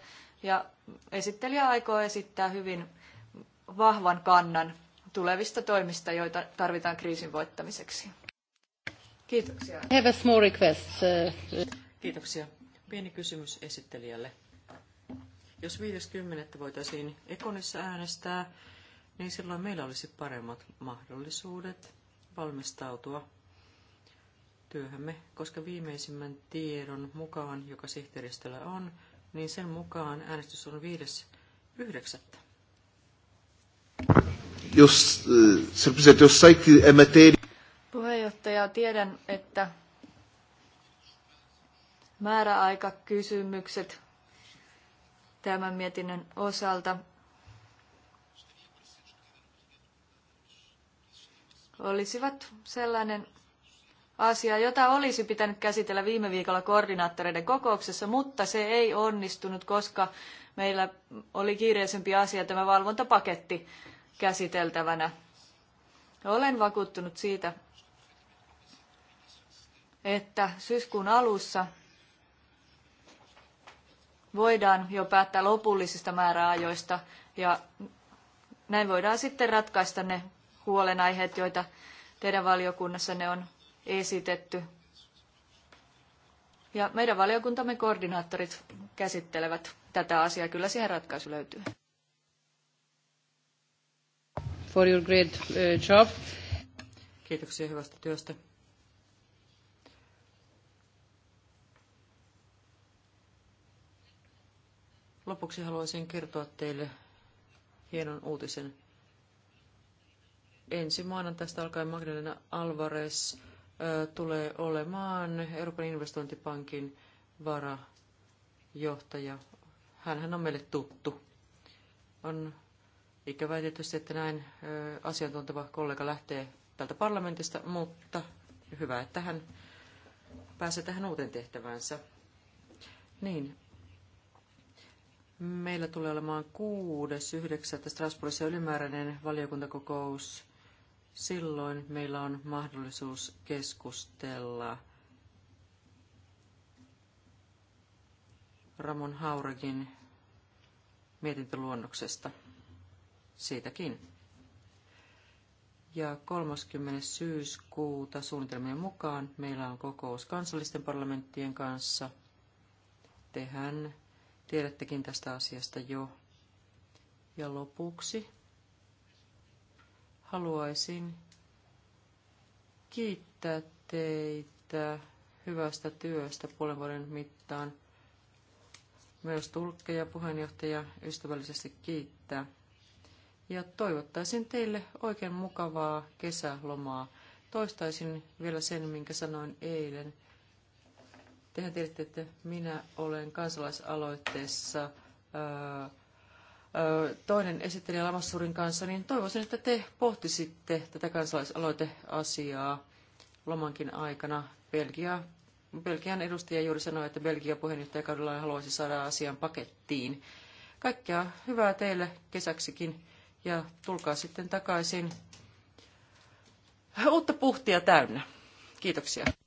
ja esittelijä aikoo esittää hyvin vahvan kannan tulevista toimista, joita tarvitaan kriisin voittamiseksi. Kiitoksia. have a small request. Uh, Kiitoksia. Pieni kysymys esittelijälle. Jos 50. voitaisiin Ekonissa äänestää, niin silloin meillä olisi paremmat mahdollisuudet valmistautua työhömme, koska viimeisimmän tiedon mukaan, joka sihteeristöllä on, niin sen mukaan äänestys on 5.9. Jos, äh, jos kaikki materia... Puheenjohtaja, tiedän, että määräaikakysymykset tämän mietinnön osalta olisivat sellainen asia, jota olisi pitänyt käsitellä viime viikolla koordinaattoreiden kokouksessa, mutta se ei onnistunut, koska meillä oli kiireisempi asia tämä valvontapaketti käsiteltävänä. Olen vakuuttunut siitä, että syyskuun alussa voidaan jo päättää lopullisista määräajoista ja näin voidaan sitten ratkaista ne huolenaiheet, joita teidän valiokunnassanne on esitetty. Ja meidän valiokuntamme koordinaattorit käsittelevät tätä asiaa. Kyllä siihen ratkaisu löytyy. For your great uh, job. Kiitoksia hyvästä työstä. Lopuksi haluaisin kertoa teille hienon uutisen ensi maanantaista alkaen Magdalena Alvarez tulee olemaan Euroopan investointipankin varajohtaja. Hänhän on meille tuttu. On ikävä tietysti, että näin asiantunteva kollega lähtee tältä parlamentista, mutta hyvä, että hän pääsee tähän uuteen tehtävänsä. Niin, Meillä tulee olemaan 6.9. Strasbourgissa ylimääräinen valiokuntakokous silloin meillä on mahdollisuus keskustella Ramon Hauregin mietintöluonnoksesta siitäkin. Ja 30. syyskuuta suunnitelmien mukaan meillä on kokous kansallisten parlamenttien kanssa. Tehän tiedättekin tästä asiasta jo. Ja lopuksi Haluaisin kiittää teitä hyvästä työstä puolen vuoden mittaan. Myös tulkkeja puheenjohtaja ystävällisesti kiittää. Ja toivottaisin teille oikein mukavaa kesälomaa. Toistaisin vielä sen, minkä sanoin eilen. Tehän tiedätte, että minä olen kansalaisaloitteessa ää, toinen esittelijä Lamassurin kanssa, niin toivoisin, että te pohtisitte tätä kansalaisaloiteasiaa lomankin aikana. Belgia, Belgian edustaja juuri sanoi, että Belgia puheenjohtajakaudella haluaisi saada asian pakettiin. Kaikkea hyvää teille kesäksikin ja tulkaa sitten takaisin uutta puhtia täynnä. Kiitoksia.